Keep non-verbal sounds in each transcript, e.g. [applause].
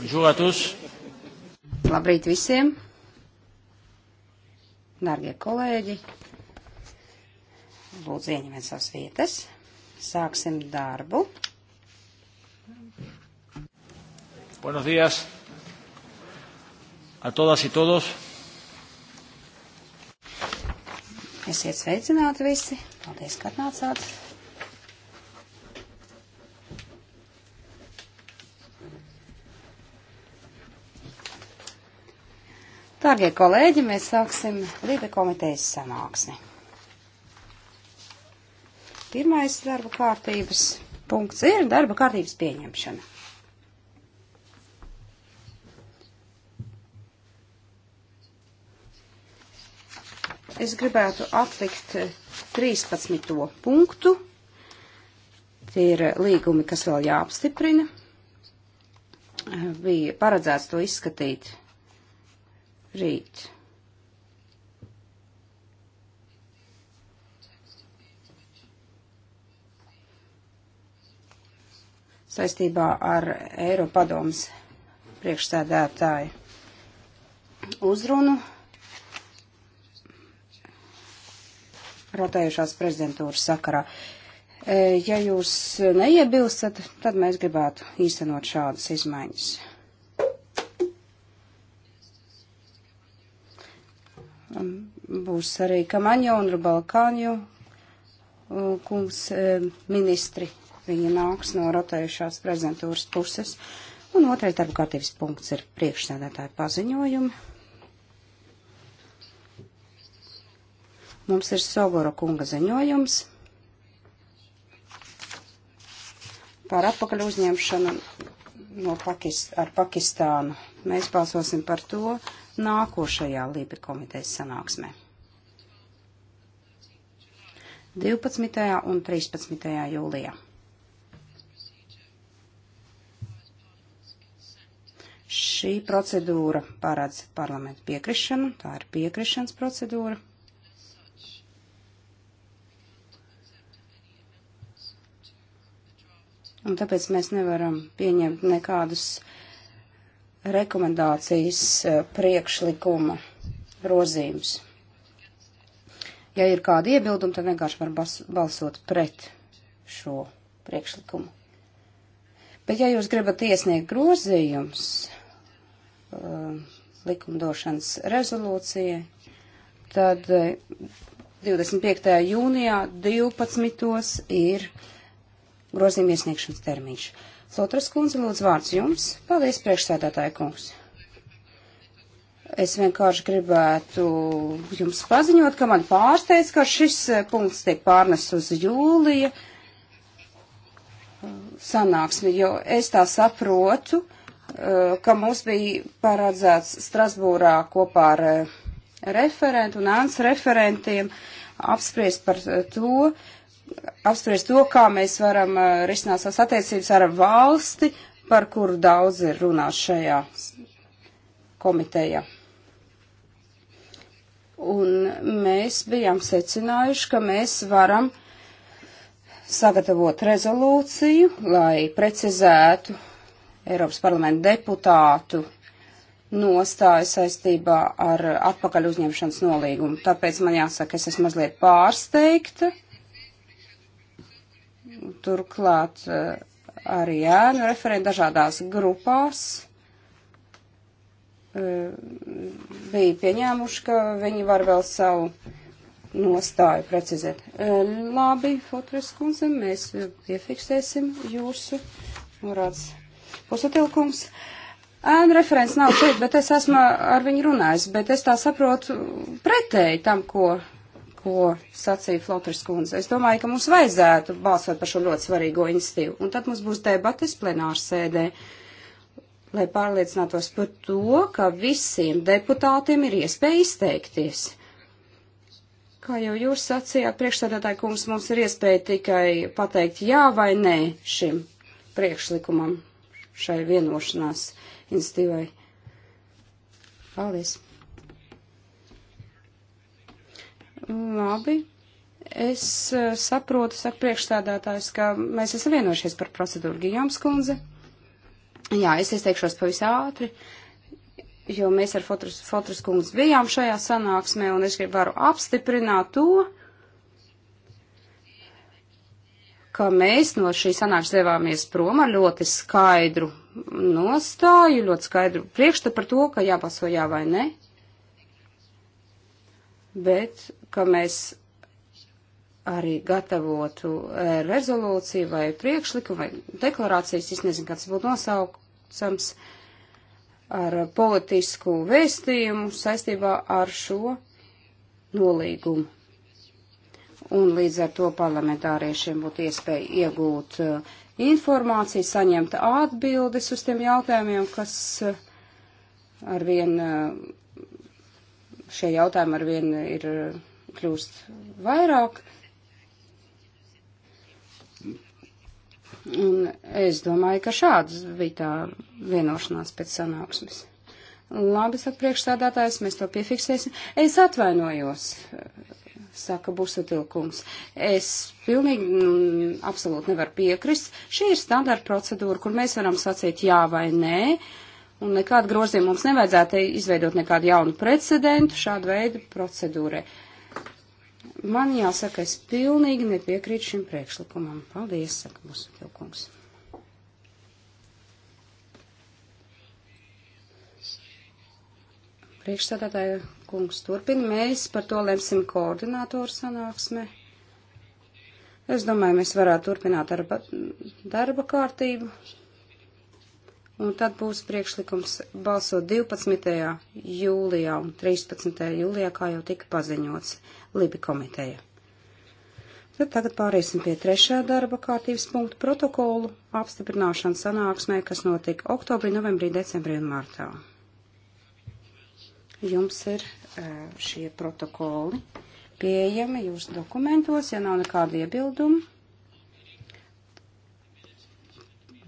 Bonjour à tous. Labrīt visiem. Dargie kolēģi. Lūdzu, ieņemiet savas vietas. Sāksim darbu. Buenos días a todas y todos. Esiet sveicināti visi. Paldies, ka atnācāt. Dārgie kolēģi, mēs sāksim Līta komitejas sanāksni. Pirmais darba kārtības punkts ir darba kārtības pieņemšana. Es gribētu atlikt 13. punktu. Tie ir līgumi, kas vēl jāapstiprina. Bija paredzēts to izskatīt rīt. saistībā ar Eiropadomas priekšsēdētāju uzrunu rotējušās prezidentūras sakarā. E, ja jūs neiebilstat, tad mēs gribētu īstenot šādas izmaiņas. Būs arī Kamaņo un Rubalkāņu kungs e, ministri. Viņi nāks no rotējušās prezentūras puses. Un otrais darba kārtības punkts ir priekšsēdētāju paziņojumi. Mums ir Sogoro kunga ziņojums par apakaļ uzņemšanu no Pakist ar Pakistānu. Mēs balsosim par to nākošajā Lībi komitejas sanāksmē. 12. un 13. jūlijā. Šī procedūra parāds parlamentu piekrišanu, tā ir piekrišanas procedūra. Un tāpēc mēs nevaram pieņemt nekādus rekomendācijas eh, priekšlikuma grozījums. Ja ir kādi iebildumi, tad vienkārši var bas, balsot pret šo priekšlikumu. Bet ja jūs gribat iesniegt grozījums uh, likumdošanas rezolūcijai, tad 25. Eh, jūnijā 12. ir grozījuma iesniegšanas termiņš. Uh, Lotras kundze, lūdzu vārds jums. Paldies, priekšsēdētāja kungs. Es vienkārši gribētu jums paziņot, ka man pārsteidz, ka šis eh, punkts tiek pārnests uz jūlija eh, sanāksmi, jo es tā saprotu, eh, ka mums bija paredzēts Strasbūrā kopā ar referentu un āns referentiem apspriest par to, apspriest to, kā mēs varam eh, risināt savas attiecības ar valsti, par kuru daudz ir runāts šajā komiteja. Un mēs bijām secinājuši, ka mēs varam sagatavot rezolūciju, lai precizētu Eiropas parlamenta deputātu nostāju saistībā ar atpakaļ uzņemšanas nolīgumu. Tāpēc man jāsaka, es esmu mazliet pārsteigta turklāt eh, arī ēnu referenti dažādās grupās eh, bija pieņēmuši, ka viņi var vēl savu nostāju precizēt. Eh, labi, Fotres kundze, mēs piefiksēsim jūsu norādes pusotilkums. Ēnu referents nav šeit, bet es esmu ar viņu runājis, bet es tā saprotu pretēji tam, ko ko sacīja Flotras kundze. Es domāju, ka mums vajadzētu balsot par šo ļoti svarīgo institīvu. Un tad mums būs debates plenārsēdē, lai pārliecinātos par to, ka visiem deputātiem ir iespēja izteikties. Kā jau jūs sacījāt, priekšstādātāji kungs, mums ir iespēja tikai pateikt jā vai nē šim priekšlikumam, šai vienošanās institīvai. Paldies! Labi. Es eh, saprotu, saka priekšstādātājs, ka mēs esam vienojušies par procedūru Gijāms kundze. Jā, es izteikšos pavisam ātri, jo mēs ar Fotras, Fotras kundze bijām šajā sanāksmē, un es gribu varu apstiprināt to, ka mēs no šī sanāks devāmies prom ar ļoti skaidru nostāju, ļoti skaidru priekšstatu par to, ka jābalso jā vai nē bet ka mēs arī gatavotu e, rezolūciju vai priekšlikumu vai deklarācijas, es nezinu, kāds būtu nosaucams, ar politisku vēstījumu saistībā ar šo nolīgumu. Un līdz ar to parlamentāriešiem būtu iespēja iegūt e, informāciju, saņemt atbildes uz tiem jautājumiem, kas e, arvien šie jautājumi ar vienu ir eh, kļūst vairāk. Un es domāju, ka šāds bija tā vienošanās pēc sanāksmes. Labi, saka priekšstādātājs, mēs to piefiksēsim. Es atvainojos, saka Busutilkums. Es pilnīgi m, nu, absolūti nevaru piekrist. Šī ir standarta procedūra, kur mēs varam sacīt jā vai nē. Uh, un nekādu grozījumu mums nevajadzētu izveidot nekādu jaunu precedentu šādu veidu procedūrai. Man jāsaka, es pilnīgi nepiekrītu šim priekšlikumam. Paldies, saka mūsu tilkungs. Priekšstādātāja kungs turpina. Mēs par to lemsim koordinātoru sanāksmē. Es domāju, mēs varētu turpināt ar darba kārtību un tad būs priekšlikums balsot 12. jūlijā un 13. jūlijā, kā jau tika paziņots Libi komiteja. Tad tagad pāriesim pie trešā darba kārtības punktu protokolu apstiprināšanu sanāksmē, kas notika oktobrī, novembrī, decembrī un martā. Jums ir šie protokoli pieejami jūsu dokumentos, ja nav nekāda iebilduma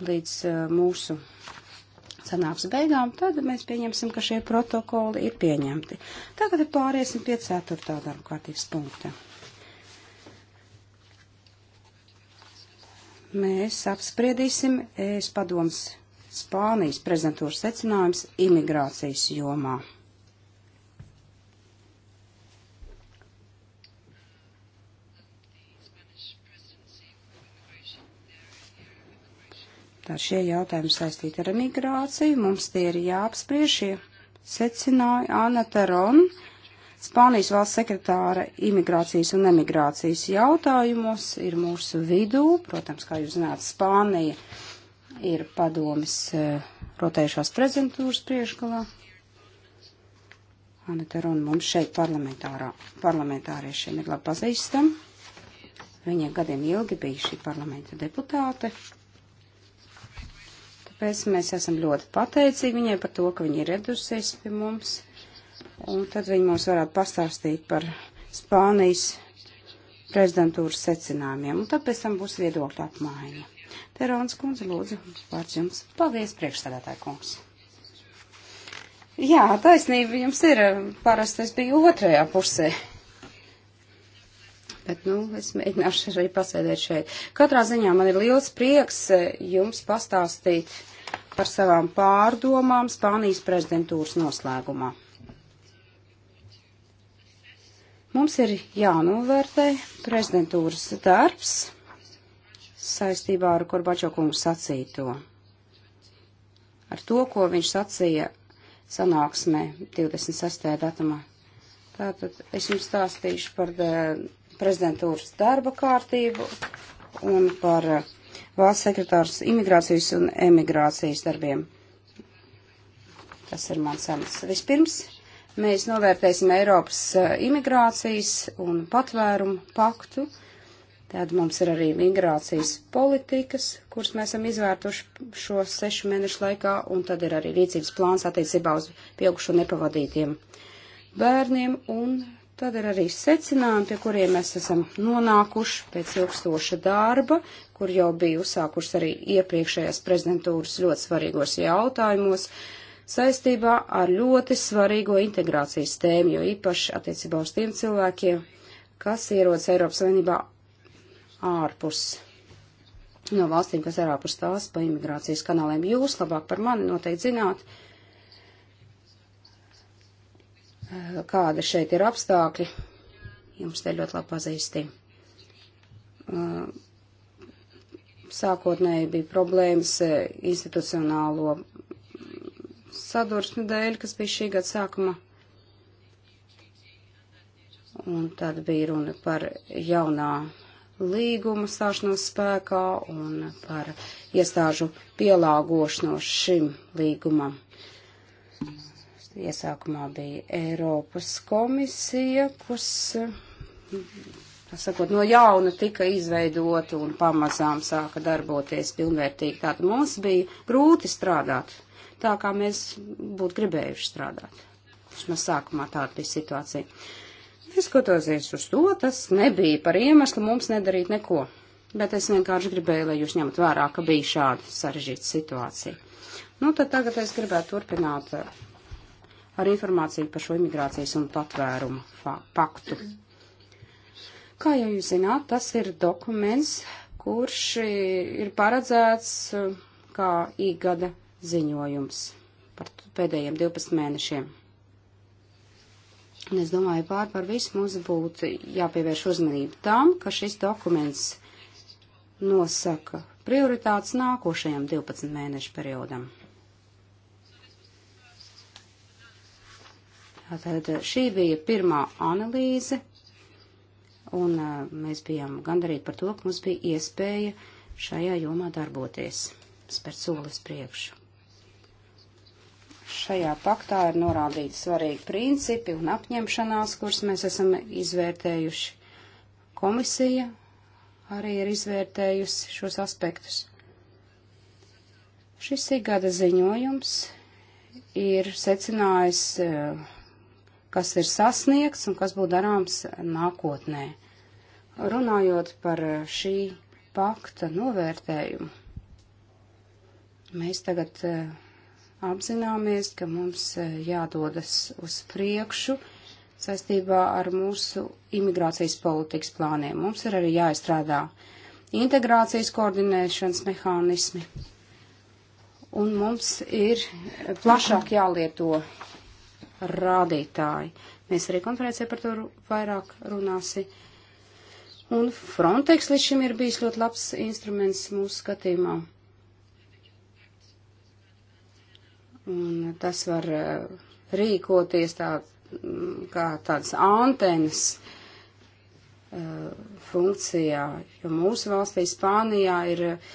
līdz mūsu sanāks beigām, tad mēs pieņemsim, ka šie protokoli ir pieņemti. Tagad pāriesim pie 4. darba kārtības punkta. Mēs apspriedīsim es padoms Spānijas prezidentūras secinājums imigrācijas jomā. Tad šie jautājumi saistīti ar migrāciju, mums tie ir jāapspriež, šie secināja Ana Teron, Spānijas valsts sekretāra imigrācijas un emigrācijas jautājumos ir mūsu vidū. Protams, kā jūs zināt, Spānija ir padomis eh, rotējušās prezentūras priekšgalā. Ana Terona mums šeit parlamentāriešiem ir labi pazīstama. Viņa gadiem ilgi bija šī parlamenta deputāte. Tāpēc mēs esam ļoti pateicīgi viņai par to, ka viņi ir redusies pie mums. Un tad viņi mums varētu pastāstīt par Spānijas prezidentūras secinājumiem. Un tad pēc tam būs viedokļa apmaiņa. Terons kundze, lūdzu, vārds jums. Paldies, priekšstādātāja kungs. Jā, taisnība jums ir. Eh, parasti es biju otrajā pusē. Bet, nu, es mēģināšu arī pasēdēt šeit. Katrā ziņā man ir liels prieks eh, jums pastāstīt par savām pārdomām Spānijas prezidentūras noslēgumā. Mums ir jānovērtē prezidentūras darbs saistībā ar Korbačo kungu sacīto. Ar to, ko viņš sacīja sanāksmē 26. datumā. Tātad es jums stāstīšu par eh, prezidentūras darba kārtību un par uh, valsts sekretārs imigrācijas un emigrācijas darbiem. Tas ir mans amats. Vispirms mēs novērtēsim Eiropas eh, imigrācijas un patvērumu paktu. Tad mums ir arī migrācijas politikas, kuras mēs esam izvērtuši šo sešu mēnešu laikā, un tad ir arī rīcības plāns attiecībā uz pieaugušo nepavadītiem bērniem un Tad ir arī secinājumi, pie kuriem mēs esam nonākuši pēc ilgstoša darba, kur jau bija uzsākušas arī iepriekšējās prezidentūras ļoti svarīgos jautājumos saistībā ar ļoti svarīgo integrācijas tēmu, jo īpaši attiecībā uz tiem cilvēkiem, kas ierodas Eiropas Savienībā ārpus no valstīm, kas ir ārpus tās pa imigrācijas kanāliem. Jūs labāk par mani noteikti zināt, uh, Eh, kāda šeit ir apstākļi, jums te ļoti labi pazīstī. Eh, sākotnēji bija problēmas eh, institucionālo sadursmi dēļ, kas bija šī gada sākuma. Un tad bija runa par jaunā līguma stāšanos spēkā un par iestāžu pielāgošanos šim līgumam. Iesākumā bija Eiropas komisija, kas, pasakot, no jauna tika izveidota un pamazām sāka darboties pilnvērtīgi. Tātad mums bija grūti strādāt tā, kā mēs būtu gribējuši strādāt. Vismaz sākumā tāda bija situācija. Neskatoties uz to, tas nebija par iemeslu mums nedarīt neko. Bet es vienkārši gribēju, lai jūs ņemat vērā, ka bija šāda sarežģīta situācija. Nu, tad tagad es gribētu turpināt ar informāciju par šo imigrācijas un patvērumu paktu. Kā jau jūs zināt, tas ir dokuments, kurš ir paredzēts uh, kā īgada ziņojums par pēdējiem 12 mēnešiem. Un es domāju, pār par visu mums būtu jāpievērš uzmanība tam, ka šis dokuments nosaka prioritātes nākošajam 12 mēnešu periodam. Tātad eh, šī bija pirmā analīze, un eh, mēs bijām gandarīti par to, ka mums bija iespēja šajā jomā darboties, spērt solis priekšu. Šajā paktā ir norādīti svarīgi principi un apņemšanās, kuras mēs esam izvērtējuši. Komisija arī ir izvērtējusi šos aspektus. Šis ikgada ziņojums ir secinājis eh, kas ir sasniegts un kas būtu darāms nākotnē. Runājot par šī pakta novērtējumu, mēs tagad eh, apzināmies, ka mums eh, jādodas uz priekšu saistībā ar mūsu imigrācijas politikas plāniem. Mums ir arī jāizstrādā integrācijas koordinēšanas mehānismi, un mums ir plašāk jālieto rādītāji. Mēs arī konferencē par to vairāk runāsim. Un Frontex līdz šim ir bijis ļoti labs instruments mūsu skatījumā. Un tas var eh, rīkoties tā, mm, kā tāds antenas eh, funkcijā, jo mūsu valstī Spānijā ir eh,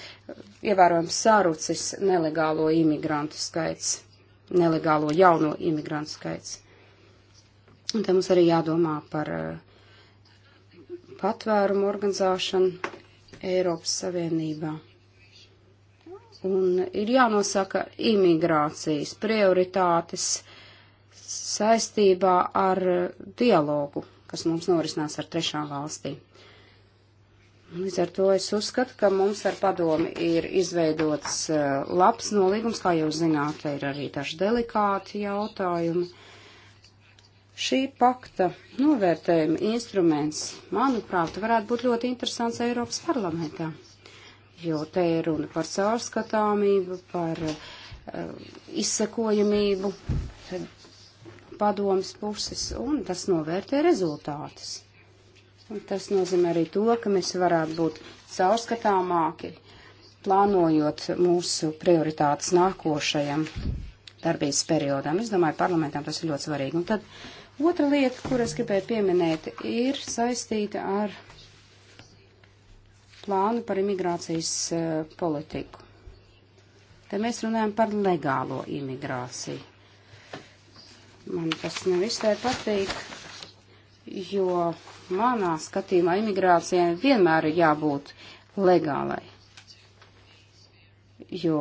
ievērojams sarucis nelegālo imigrantu skaits nelegālo jauno imigrantu skaits. Un te mums arī jādomā par eh, patvērumu organizāšanu Eiropas Savienībā. Un ir jānosaka imigrācijas prioritātes saistībā ar dialogu, kas mums norisinās ar trešām valstīm. Līdz ar to es uzskatu, ka mums ar padomi ir izveidots eh, labs nolīgums, kā jūs zināt, ir arī taši delikāti jautājumi. Šī pakta novērtējuma instruments, manuprāt, varētu būt ļoti interesants Eiropas parlamentā, jo te ir runa par caurskatāmību, par uh, izsekojamību padomas puses, un tas novērtē rezultātus. Un tas nozīmē arī to, ka mēs varētu būt caurskatāmāki, plānojot mūsu prioritātes nākošajam darbības periodam. Es domāju, parlamentam tas ir ļoti svarīgi. Un tad otra lieta, kur es gribēju pieminēt, ir saistīta ar plānu par imigrācijas uh, politiku. Te mēs runājam par legālo imigrāciju. Man tas nevisai patīk jo manā skatījumā imigrācijai vienmēr ir jābūt legālai. Jo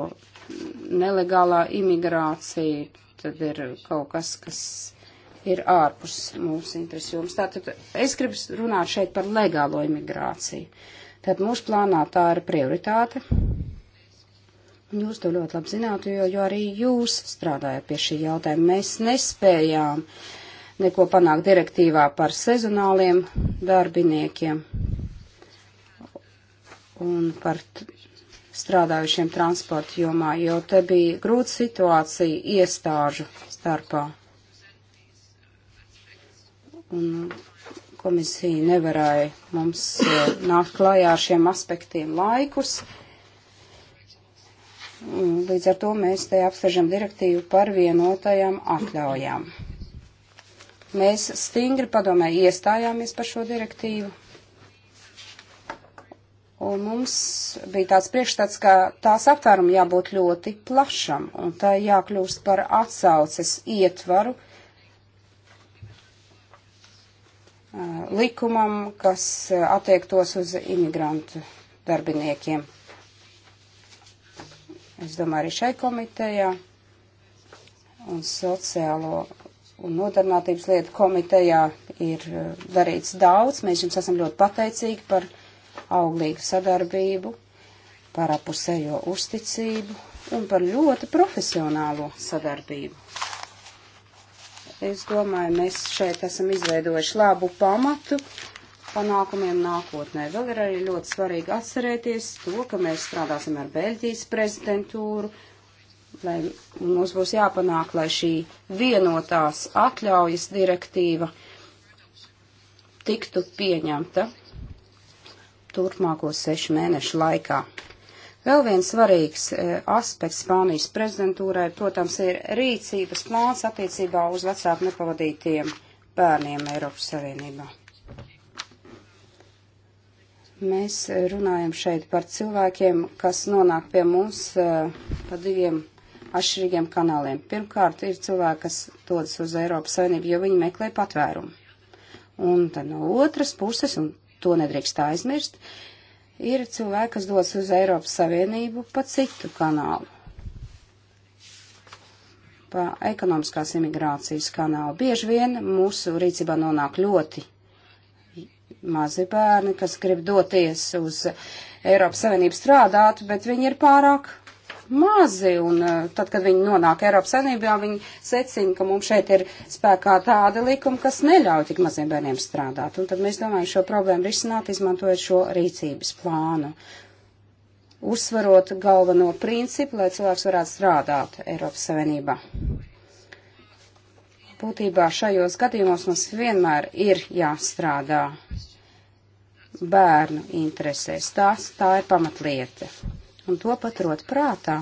nelegālā imigrācija tad ir kaut kas, kas ir ārpus mūsu interesu jums. Tātad es gribu runāt šeit par legālo imigrāciju. Tad mūsu plānā tā ir prioritāte. Un jūs to ļoti labi zinātu, jo, jo arī jūs strādājat pie šī jautājuma. Mēs nespējām uh, neko panākt direktīvā par sezonāliem darbiniekiem un par strādājušiem transporta jomā, jo te bija grūta situācija iestāžu starpā. Un komisija nevarēja mums eh, nākt klājā ar šiem aspektiem laikus. Līdz ar to mēs te apsvežam direktīvu par vienotajām atļaujām. Mēs stingri padomē iestājāmies par šo direktīvu. Un mums bija tāds priekšstats, ka tās aptvērumu jābūt ļoti plašam un tā jākļūst par atsauces ietvaru likumam, kas attiektos uz imigrantu darbiniekiem. Es domāju, arī šai komitejā un sociālo un nodarbinātības lietu komitejā ir eh, darīts daudz. Mēs jums esam ļoti pateicīgi par auglīgu sadarbību, par apusējo uzticību un par ļoti profesionālo sadarbību. Es domāju, mēs šeit esam izveidojuši labu pamatu panākumiem nākotnē. Vēl ir arī ļoti svarīgi atcerēties to, ka mēs strādāsim ar Beļģijas prezidentūru, lai mums būs jāpanāk, lai šī vienotās atļaujas direktīva tiktu pieņemta turpmāko sešu mēnešu laikā. Vēl viens svarīgs e, aspekts Spānijas prezidentūrai, protams, ir rīcības plāns attiecībā uz vecāku nepavadītiem bērniem Eiropas Savienībā. Mēs runājam šeit par cilvēkiem, kas nonāk pie mums e, pa diviem atšķirīgiem kanāliem. Pirmkārt, ir cilvēki, kas dodas uz Eiropas Savienību, jo viņi meklē patvērumu. Un tad no otras puses, un to nedrīkst aizmirst, ir cilvēki, kas dodas uz Eiropas Savienību pa citu kanālu. Pa ekonomiskās imigrācijas kanālu. Bieži vien mūsu rīcībā nonāk ļoti mazi bērni, kas grib doties uz Eiropas Savienību strādāt, bet viņi ir pārāk mazi, un eh, tad, kad viņi nonāk Eiropas Savienībā, viņi secina, ka mums šeit ir spēkā tāda likuma, kas neļauj tik maziem bērniem strādāt. Un tad mēs domājam šo problēmu risināt, izmantojot šo rīcības plānu. Uzsvarot galveno principu, lai cilvēks varētu strādāt Eiropas Savienībā. Būtībā šajos gadījumos mums vienmēr ir jāstrādā bērnu interesēs. Tās, tā ir pamatlieta un to paturot prātā.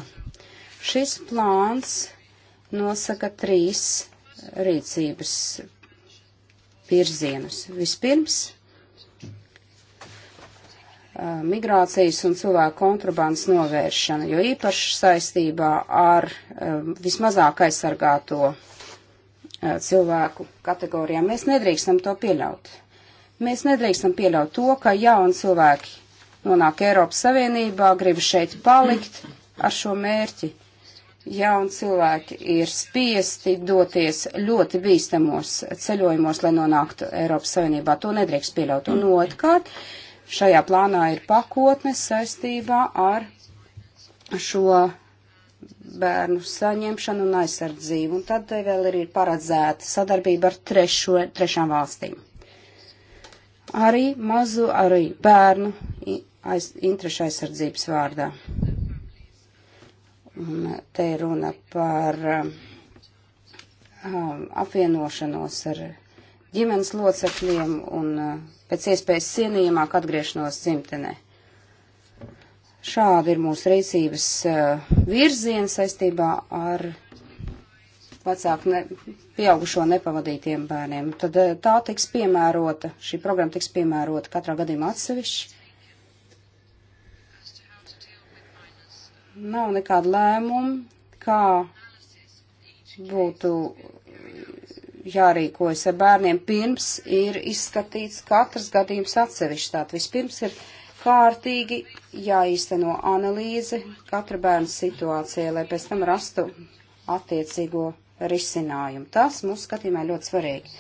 Šis plāns nosaka trīs rīcības virzienus. Vispirms migrācijas un cilvēku kontrabandas novēršana, jo īpaši saistībā ar vismazāk aizsargāto cilvēku kategorijām mēs nedrīkstam to pieļaut. Mēs nedrīkstam pieļaut to, ka jauni cilvēki nonāk Eiropas Savienībā, grib šeit palikt ar šo mērķi. Jauni cilvēki ir spiesti doties ļoti bīstamos ceļojumos, lai nonāktu Eiropas Savienībā. To nedrīkst pieļaut. Un otrkārt, šajā plānā ir pakotne saistībā ar šo bērnu saņemšanu un aizsardzību. Un tad vēl ir paredzēta sadarbība ar trešo, trešām valstīm. Arī mazu, arī bērnu aiz, interešu aizsardzības vārdā. Un te ir runa par um, um, apvienošanos ar ģimenes locekļiem un uh, pēc iespējas cienījamāk atgriešanos dzimtenē. Šāda ir mūsu rīcības uh, virziena saistībā ar vecāku ne, pieaugušo nepavadītiem bērniem. Tad uh, tā tiks piemērota, šī programma tiks piemērota katrā gadījumā atsevišķi. nav nekāda lēmuma, kā būtu jārīkojas ar bērniem, pirms ir izskatīts katrs gadījums atsevišķi. Tātad vispirms ir kārtīgi jāīsteno analīze katra bērna situācijai, lai pēc tam rastu attiecīgo risinājumu. Tas mūsu skatījumā ļoti svarīgi.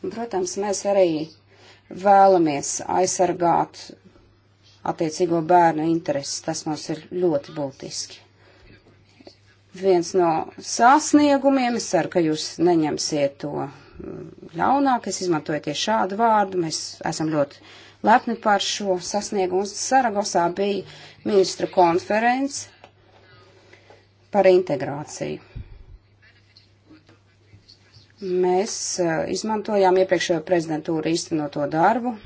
Un, protams, mēs arī vēlamies aizsargāt attiecīgo bērnu intereses. Tas mums ir ļoti būtiski. Viens no sasniegumiem, es ceru, ka jūs neņemsiet to mm, ļaunāk, es izmantoju tieši šādu vārdu, mēs esam ļoti lepni par šo sasniegumu. Saragosā bija ministra konference par integrāciju. Mēs eh, izmantojām iepriekšējo prezidentūru īstenoto darbu,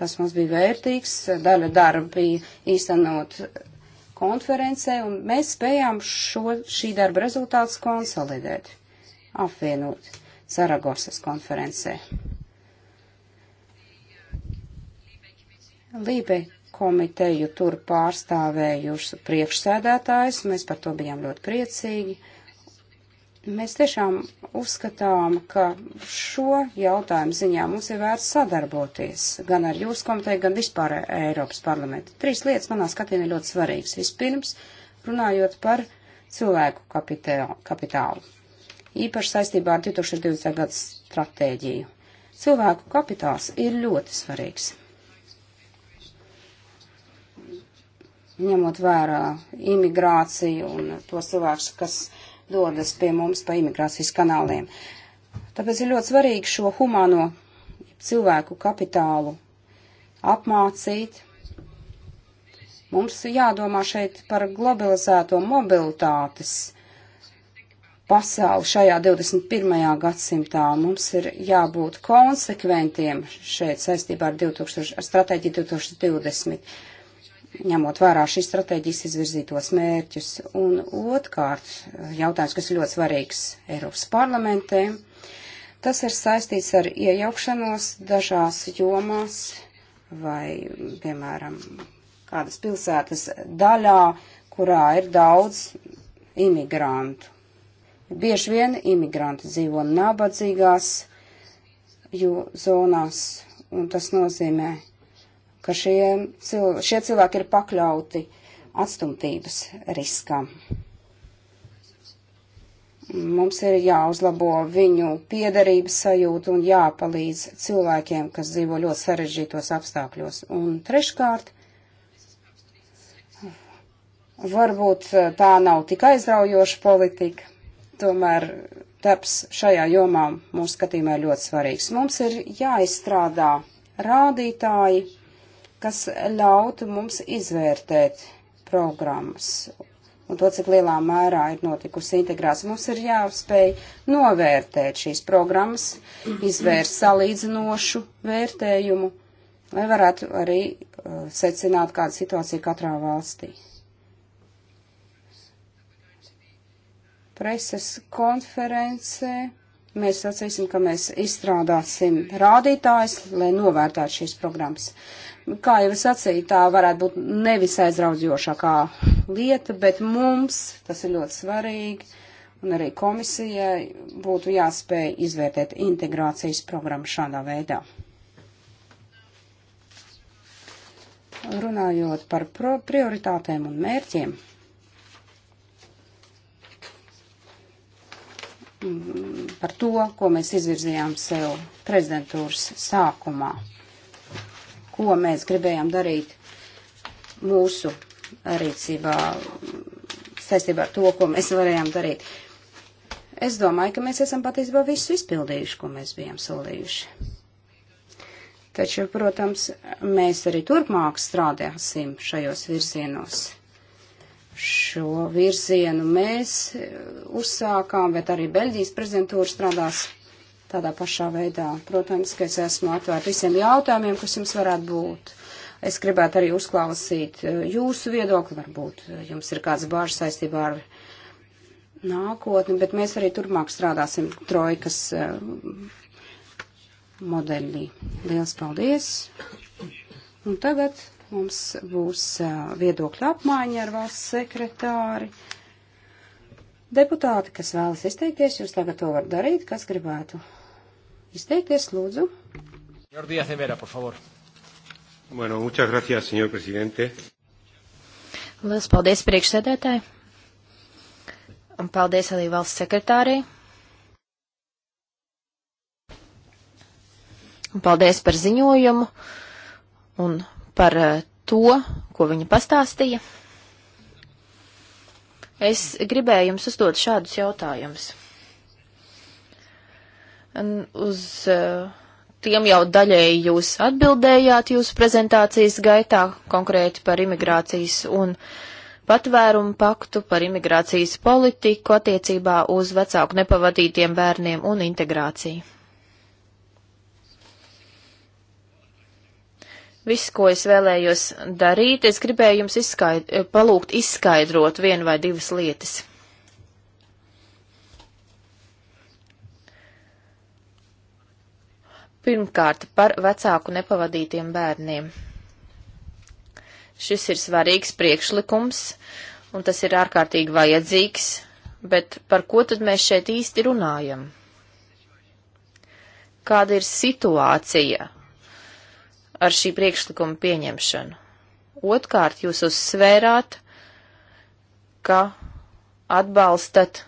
Tas mums bija vērtīgs, daļa darba bija īstenot konferencē, un mēs spējām šo, šī darba rezultātus konsolidēt, apvienot Saragosas konferencē. Lībe komiteju tur pārstāvējuši priekšsēdētājs, mēs par to bijām ļoti priecīgi. Mēs tiešām uzskatām, ka šo jautājumu ziņā mums ir vērts sadarboties gan ar jūsu komiteju, gan vispār Eiropas parlamentu. Trīs lietas manā skatījumā ļoti svarīgas. Vispirms, runājot par cilvēku kapitālu, kapitālu. īpaši saistībā ar 2020. gadu stratēģiju. Cilvēku kapitāls ir ļoti svarīgs. Ņemot vērā imigrāciju un tos cilvēkus, kas dodas pie mums pa imigrācijas kanāliem. Tāpēc ir ļoti svarīgi šo humāno cilvēku kapitālu apmācīt. Mums jādomā šeit par globalizēto mobilitātes pasauli šajā 21. gadsimtā. Mums ir jābūt konsekventiem šeit saistībā ar, 2000, ar stratēģiju 2020 ņemot vērā šīs stratēģijas izvirzītos mērķus. Un otrkārt, jautājums, kas ir ļoti svarīgs Eiropas parlamentē, tas ir saistīts ar iejaukšanos dažās jomās vai, piemēram, kādas pilsētas daļā, kurā ir daudz imigrantu. Bieži vien imigranti dzīvo nabadzīgās zonās, un tas nozīmē, ka šie, cilvēki, šie cilvēki ir pakļauti atstumtības riskam. Mums ir jāuzlabo viņu piederības sajūtu un jāpalīdz cilvēkiem, kas dzīvo ļoti sarežģītos apstākļos. Un treškārt, varbūt eh, tā nav tik aizraujoša politika, tomēr darbs šajā jomā mūsu skatījumā ir ļoti svarīgs. Mums ir jāizstrādā rādītāji, kas ļautu mums izvērtēt programmas un to, cik lielā mērā ir notikusi integrācija. Mums ir jāspēj novērtēt šīs programmas, izvērst salīdzinošu vērtējumu, lai varētu arī uh, secināt, kāda situācija katrā valstī. Preses konferencē mēs sacīsim, ka mēs izstrādāsim rādītājs, lai novērtētu šīs programmas. Uh, kā jau es sacīju, tā varētu būt nevis aizraudzjošākā lieta, bet mums tas ir ļoti svarīgi, un arī komisijai būtu jāspēj izvērtēt integrācijas programmu šādā veidā. Runājot par prioritātēm un mērķiem, mm, par to, ko mēs izvirzījām sev prezidentūras sākumā ko mēs gribējām darīt mūsu rīcībā saistībā ar to, ko mēs varējām darīt. Es domāju, ka mēs esam patiesībā visu izpildījuši, ko mēs bijām solījuši. Taču, protams, mēs arī turpmāk strādāsim šajos virzienos. Šo virzienu mēs uzsākām, bet arī Beļģijas prezidentūra strādās tādā pašā veidā. Protams, ka es esmu atvērta visiem jautājumiem, kas jums varētu būt. Es gribētu arī uzklausīt eh, jūsu viedokli, varbūt eh, jums ir kāds bāžas saistībā ar nākotni, bet mēs arī turpmāk strādāsim trojkas eh, modelī. Liels paldies! Un tagad mums būs viedokļa apmaiņa ar valsts sekretāri. Deputāti, kas vēlas izteikties, jūs tagad to var darīt, kas gribētu izteikties, lūdzu. Jordies Evera, por favor. Bueno, muchas gracias, señor presidente. Lielas paldies priekšsēdētāji. Un paldies arī valsts sekretārī. Un paldies par ziņojumu un par eh, to, ko viņa pastāstīja. Es gribēju jums uzdot šādus jautājumus. Uz eh, tiem jau daļēji jūs atbildējāt jūsu prezentācijas gaitā, konkrēti par imigrācijas un patvērumu paktu, par imigrācijas politiku attiecībā uz vecāku nepavadītiem bērniem un integrāciju. Viss, ko es vēlējos darīt, es gribēju jums izskaid palūgt izskaidrot vienu vai divas lietas. Pirmkārt, par vecāku nepavadītiem bērniem. Šis ir svarīgs priekšlikums, un tas ir ārkārtīgi vajadzīgs, bet par ko tad mēs šeit īsti runājam? Kāda ir situācija ar šī priekšlikuma pieņemšanu? Otkārt, jūs uzsvērāt, ka atbalstat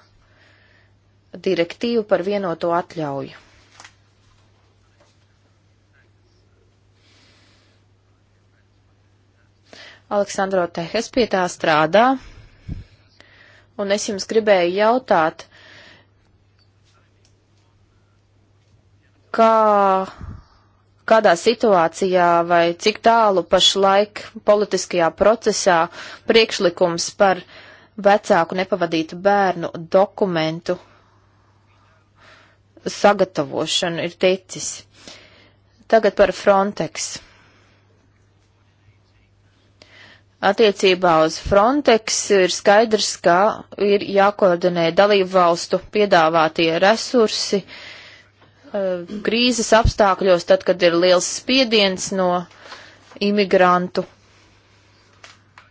direktīvu par vienoto atļauju. Aleksandro Tehes pie tā strādā, un es jums gribēju jautāt, kā, kādā situācijā vai cik tālu pašlaik politiskajā procesā priekšlikums par vecāku nepavadītu bērnu dokumentu sagatavošanu ir ticis. Tagad par Frontex. Attiecībā uz Frontex ir skaidrs, ka ir jākoordinē dalību valstu piedāvātie resursi eh, krīzes apstākļos, tad, kad ir liels spiediens no imigrantu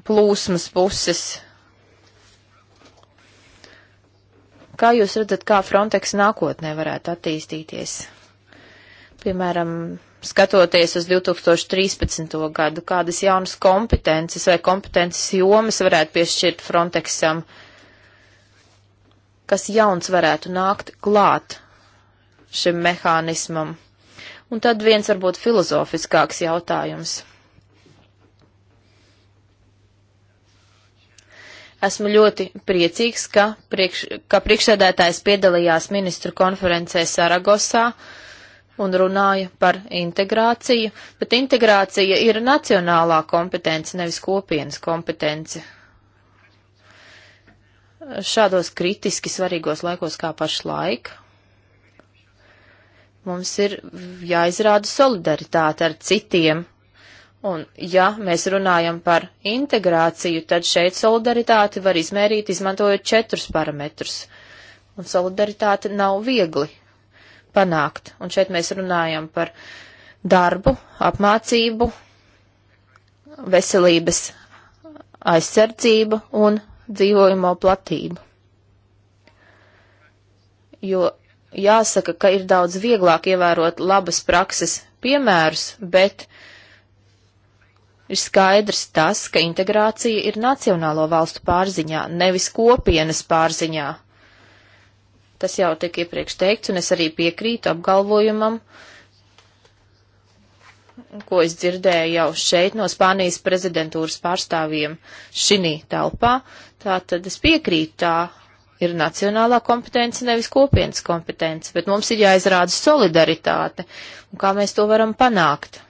plūsmas puses. Kā jūs redzat, kā Frontex nākotnē varētu attīstīties? Piemēram, skatoties uz 2013. gadu, kādas jaunas kompetences vai kompetences jomas varētu piešķirt Frontexam, kas jauns varētu nākt klāt šim mehānismam. Un tad viens varbūt filozofiskāks jautājums. Esmu ļoti priecīgs, ka, priekš, ka priekšsēdētājs piedalījās ministru konferencē Saragosā, uh, un runāja par integrāciju, bet integrācija ir nacionālā kompetence, nevis kopienas kompetence. Šādos kritiski svarīgos laikos kā pašlaik mums ir jāizrāda solidaritāte ar citiem. Un, ja mēs runājam par integrāciju, tad šeit solidaritāti var izmērīt, izmantojot četrus parametrus. Un solidaritāte nav viegli panākt. Un šeit mēs runājam par darbu, apmācību, veselības aizsardzību un dzīvojamo platību. Jo jāsaka, ka ir daudz vieglāk ievērot labas prakses piemērus, bet ir skaidrs tas, ka integrācija ir nacionālo valstu pārziņā, nevis kopienas pārziņā. Tas jau tiek iepriekš teikts, un es arī piekrītu apgalvojumam, ko es dzirdēju jau šeit no Spānijas prezidentūras pārstāvjiem šinī telpā. Tātad es piekrītu tā ir nacionālā kompetence, nevis kopienas kompetence, bet mums ir jāizrāda solidaritāte un kā mēs to varam panākt.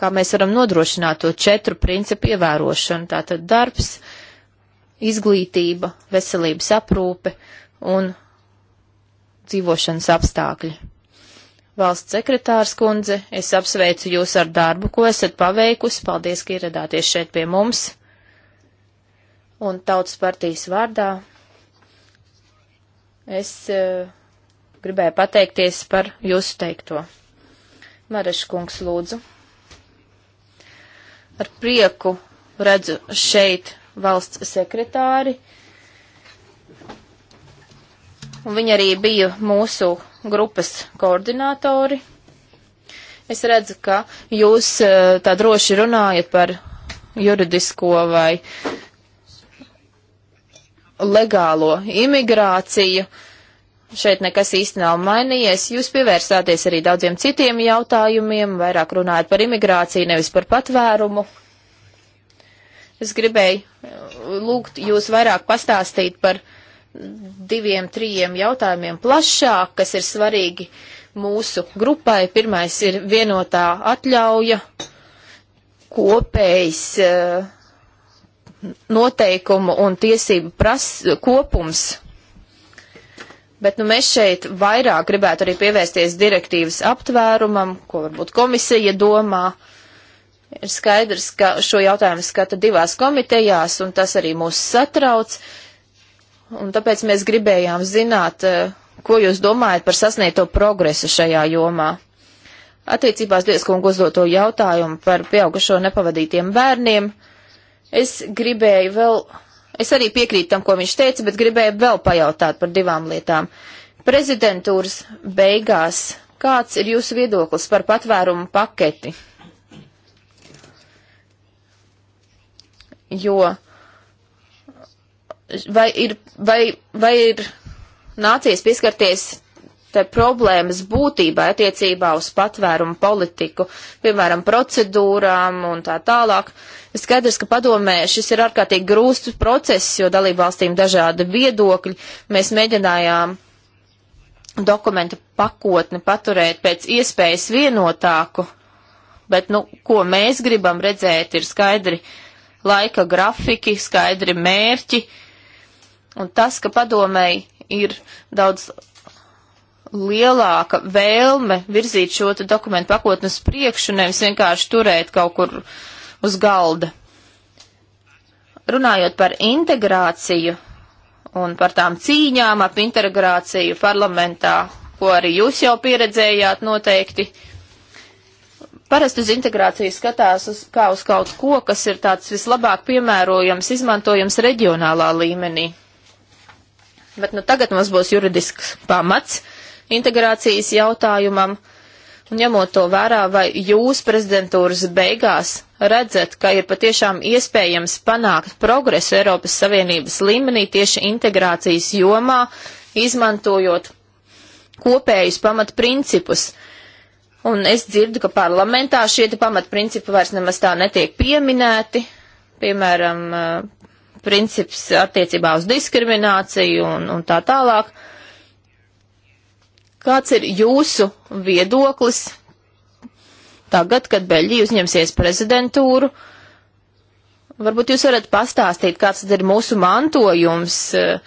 Kā mēs varam nodrošināt to četru principu ievērošanu. Tātad darbs, izglītība, veselības aprūpe un dzīvošanas apstākļi. Valsts sekretārs kundze, es apsveicu jūs ar darbu, ko esat paveikusi. Paldies, ka ieradāties šeit pie mums. Un tautas partijas vārdā es uh, gribēju pateikties par jūsu teikto. Mareškungs, lūdzu. Ar prieku redzu šeit valsts sekretāri. Un viņi arī bija mūsu grupas koordinātori. Es redzu, ka jūs eh, tā droši runājat par juridisko vai legālo imigrāciju. Šeit nekas īsti nav mainījies. Jūs pievērsāties arī daudziem citiem jautājumiem, vairāk runājat par imigrāciju, nevis par patvērumu. Es gribēju uh, lūgt jūs vairāk pastāstīt par diviem, trījiem jautājumiem plašāk, kas ir svarīgi mūsu grupai. Pirmais ir vienotā atļauja, kopējs uh, noteikumu un tiesību pras, kopums. Bet nu, mēs šeit vairāk gribētu arī pievērsties direktīvas aptvērumam, ko varbūt komisija domā. Uh, Ir skaidrs, ka šo jautājumu skata divās komitejās, un tas arī mūs satrauc. Un tāpēc mēs gribējām zināt, eh, ko jūs domājat par sasniegto progresu šajā jomā. Attiecībās Dievskungu uzdoto jautājumu par pieaugušo nepavadītiem bērniem, es gribēju vēl, es arī piekrītu tam, ko viņš teica, bet gribēju vēl pajautāt par divām lietām. Prezidentūras beigās, kāds ir jūsu viedoklis par patvērumu paketi? jo vai ir, vai, vai ir nācies pieskarties te problēmas būtībā attiecībā uz patvērumu politiku, piemēram, procedūrām un tā tālāk. Ir skaidrs, ka padomē šis ir ārkārtīgi grūsts process, jo dalībvalstīm dažādi viedokļi. Mēs mēģinājām dokumentu pakotni paturēt pēc iespējas vienotāku, bet, nu, ko mēs gribam redzēt, ir skaidri laika grafiki, skaidri mērķi, un tas, ka padomēji ir daudz lielāka vēlme virzīt šo dokumentu pakotni uz priekšu, nevis vienkārši turēt kaut kur uz galda. Runājot par integrāciju un par tām cīņām ap integrāciju parlamentā, ko arī jūs jau pieredzējāt noteikti, uh, Parasti uz integrāciju skatās uz, kā uz kaut ko, kas ir tāds vislabāk piemērojams, izmantojams reģionālā līmenī. Bet nu tagad mums būs juridisks pamats integrācijas jautājumam. Un ņemot to vērā, vai jūs prezidentūras beigās redzat, ka ir patiešām iespējams panākt progresu Eiropas Savienības līmenī tieši integrācijas jomā, izmantojot kopējus pamatprincipus, principus, Un es dzirdu, ka parlamentā šie pamatprincipi vairs nemaz tā netiek pieminēti. Piemēram, eh, princips attiecībā uz diskrimināciju un, un tā tālāk. Kāds ir jūsu viedoklis tagad, kad Beļģija uzņemsies prezidentūru? Varbūt jūs varat pastāstīt, kāds ir mūsu mantojums eh,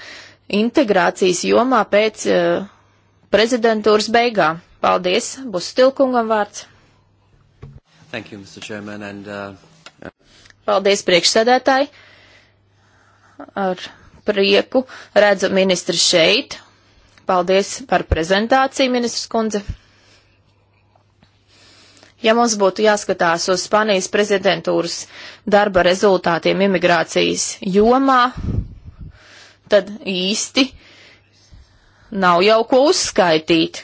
integrācijas jomā pēc eh, prezidentūras beigām. Paldies, būs stilkungam vārds. Thank you, Mr. Chairman, and, uh... Paldies, priekšsēdētāji. Ar prieku redzu ministru šeit. Paldies par prezentāciju, ministrs kundze. Ja mums būtu jāskatās uz Spānijas prezidentūras darba rezultātiem imigrācijas jomā, tad īsti nav jau ko uzskaitīt.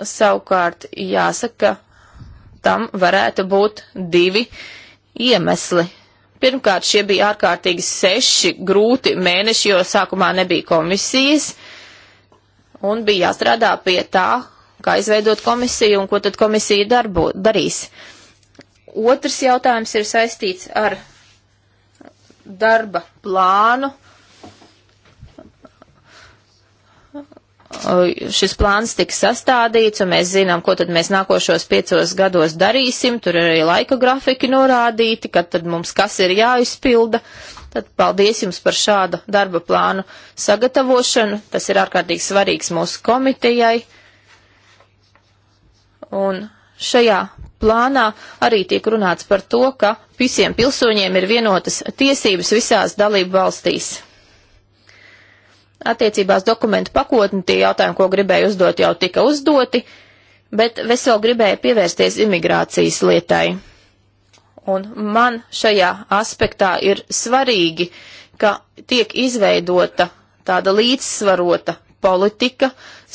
Savukārt jāsaka, tam varētu būt divi iemesli. Pirmkārt, šie bija ārkārtīgi seši grūti mēneši, jo sākumā nebija komisijas, un bija jāstrādā pie tā, kā izveidot komisiju un ko tad komisija darbu, darīs. Otrs jautājums ir saistīts ar darba plānu, šis plāns tiks sastādīts, un mēs zinām, ko tad mēs nākošos piecos gados darīsim. Tur ir arī laika grafiki norādīti, kad tad mums kas ir jāizpilda. Tad paldies jums par šādu darba plānu sagatavošanu. Tas ir ārkārtīgi svarīgs mūsu komitejai. Un šajā plānā arī tiek runāts par to, ka visiem pilsoņiem ir vienotas tiesības visās dalību valstīs. Attiecībās dokumentu pakotni tie jautājumi, ko gribēju uzdot, jau tika uzdoti, bet es vēl gribēju pievērsties imigrācijas lietai. Un man šajā aspektā ir svarīgi, ka tiek izveidota tāda līdzsvarota politika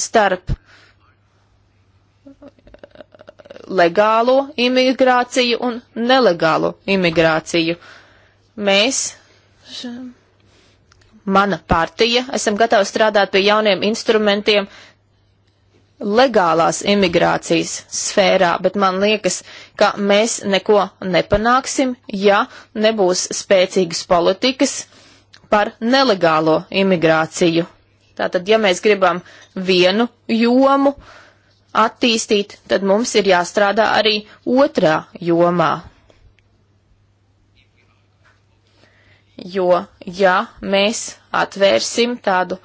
starp legālo imigrāciju un nelegālo imigrāciju. Mēs mana partija, esam gatavi strādāt pie jauniem instrumentiem legālās imigrācijas sfērā, bet man liekas, ka mēs neko nepanāksim, ja nebūs spēcīgas politikas par nelegālo imigrāciju. Tātad, ja mēs gribam vienu jomu attīstīt, tad mums ir jāstrādā arī otrā jomā. jo ja mēs atvērsim tādu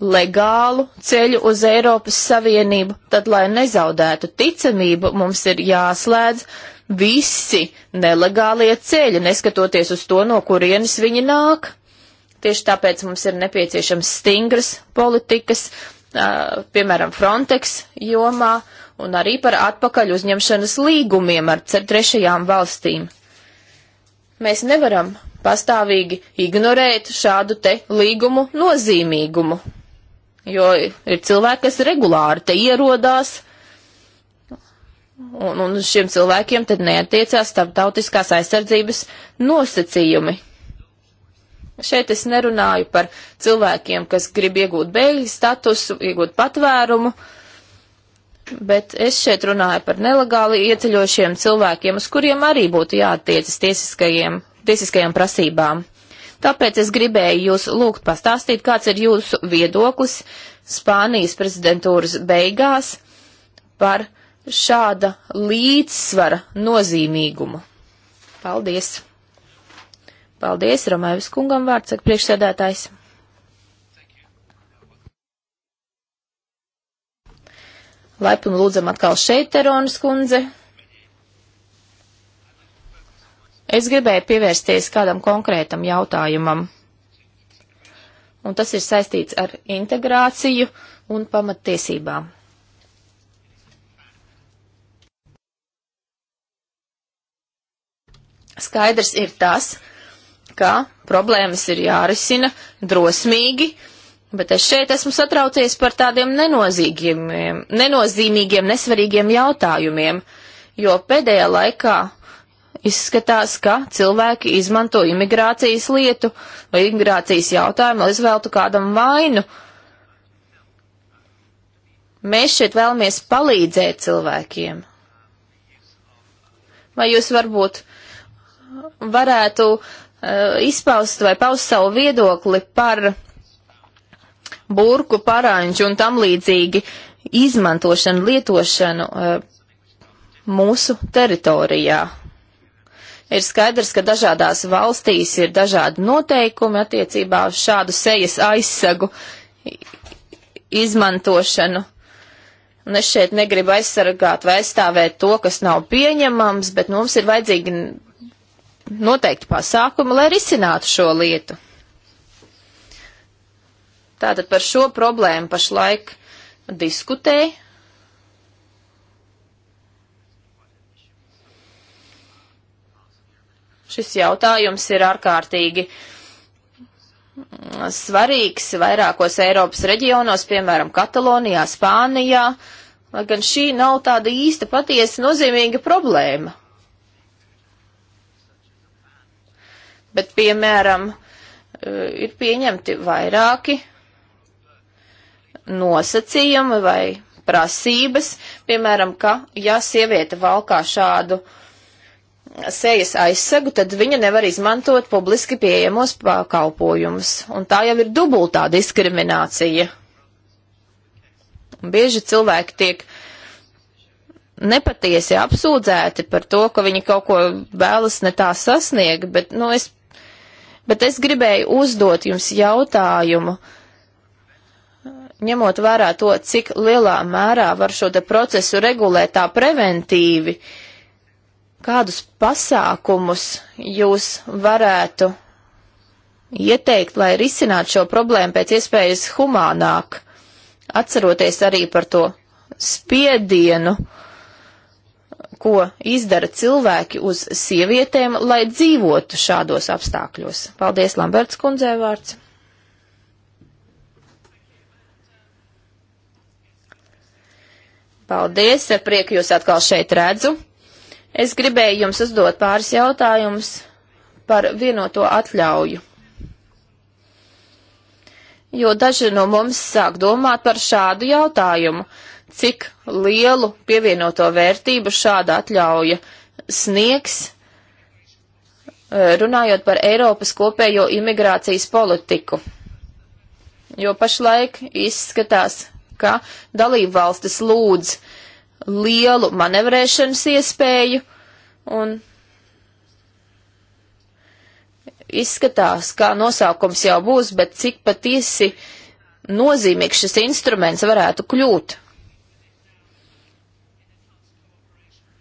legālu ceļu uz Eiropas Savienību, tad, lai nezaudētu ticamību, mums ir jāslēdz visi nelegālie ceļi, neskatoties uz to, no kurienes viņi nāk. Tieši tāpēc mums ir nepieciešams stingras politikas, piemēram, Frontex jomā un arī par atpakaļ uzņemšanas līgumiem ar trešajām valstīm. Mēs nevaram pastāvīgi ignorēt šādu te līgumu nozīmīgumu. Jo ir cilvēki, kas regulāri te ierodās, un, un šiem cilvēkiem tad neatiecās starptautiskās aizsardzības nosacījumi. Šeit es nerunāju par cilvēkiem, kas grib iegūt bēgļu statusu, iegūt patvērumu, bet es šeit runāju par nelegāli ieceļošiem cilvēkiem, uz kuriem arī būtu jātiecas tiesiskajiem tiesiskajām prasībām. Tāpēc es gribēju jūs lūgt pastāstīt, kāds ir jūsu viedoklis Spānijas prezidentūras beigās par šāda līdzsvara nozīmīgumu. Paldies! Paldies, Romēvis kungam vārds, saka priekšsēdētājs. Laipni lūdzam atkal šeit, Teronas kundze. Es gribēju pievērsties kādam konkrētam jautājumam, un tas ir saistīts ar integrāciju un pamattiesībām. Skaidrs ir tas, ka problēmas ir jārisina drosmīgi, bet es šeit esmu satraucies par tādiem nenozīmīgiem, nenozīmīgiem, nesvarīgiem jautājumiem, jo pēdējā laikā izskatās, ka cilvēki izmanto imigrācijas lietu vai imigrācijas jautājumu, lai izvēltu kādam vainu. Mēs šeit vēlamies palīdzēt cilvēkiem. Vai jūs varbūt varētu uh, izpaust vai paust savu viedokli par burku, paranču un tam līdzīgi izmantošanu, lietošanu uh, mūsu teritorijā? Ir skaidrs, ka dažādās valstīs ir dažādi noteikumi attiecībā uz šādu sejas aizsagu izmantošanu. Un es šeit negribu aizsargāt vai aizstāvēt to, kas nav pieņemams, bet mums ir vajadzīgi noteikti pasākumi, lai risinātu šo lietu. Tātad par šo problēmu pašlaik diskutēju Šis jautājums ir ārkārtīgi svarīgs vairākos Eiropas reģionos, piemēram, Katalonijā, Spānijā, lai gan šī nav tāda īsta patiesa nozīmīga problēma. Bet, piemēram, eh, ir pieņemti vairāki nosacījumi vai prasības, piemēram, ka, ja sieviete valkā šādu uh, sejas aizsegu, tad viņa nevar izmantot publiski pieejamos pakalpojumus. Un tā jau ir dubultā diskriminācija. Un bieži cilvēki tiek nepatiesi apsūdzēti par to, ka viņi kaut ko vēlas ne tā sasniegt, bet, nu, es, bet es gribēju uzdot jums jautājumu, ņemot vērā to, cik lielā mērā var šo te procesu regulēt tā preventīvi. Uh, Kādus pasākumus jūs varētu ieteikt, lai risinātu šo problēmu pēc iespējas humānāk, atceroties arī par to spiedienu, ko izdara cilvēki uz sievietēm, lai dzīvotu šādos apstākļos. Paldies, Lamberts kundzē vārds. Paldies, ar prieku jūs atkal šeit redzu. Es gribēju jums uzdot pāris jautājumus par vienoto atļauju. Jo daži no mums sāk domāt par šādu jautājumu, cik lielu pievienoto vērtību šāda atļauja sniegs, eh, runājot par Eiropas kopējo imigrācijas politiku. Jo pašlaik izskatās, ka dalību valstis lūdz uh, lielu manevrēšanas iespēju, un izskatās, kā nosaukums jau būs, bet cik patiesi nozīmīgs šis instruments varētu kļūt.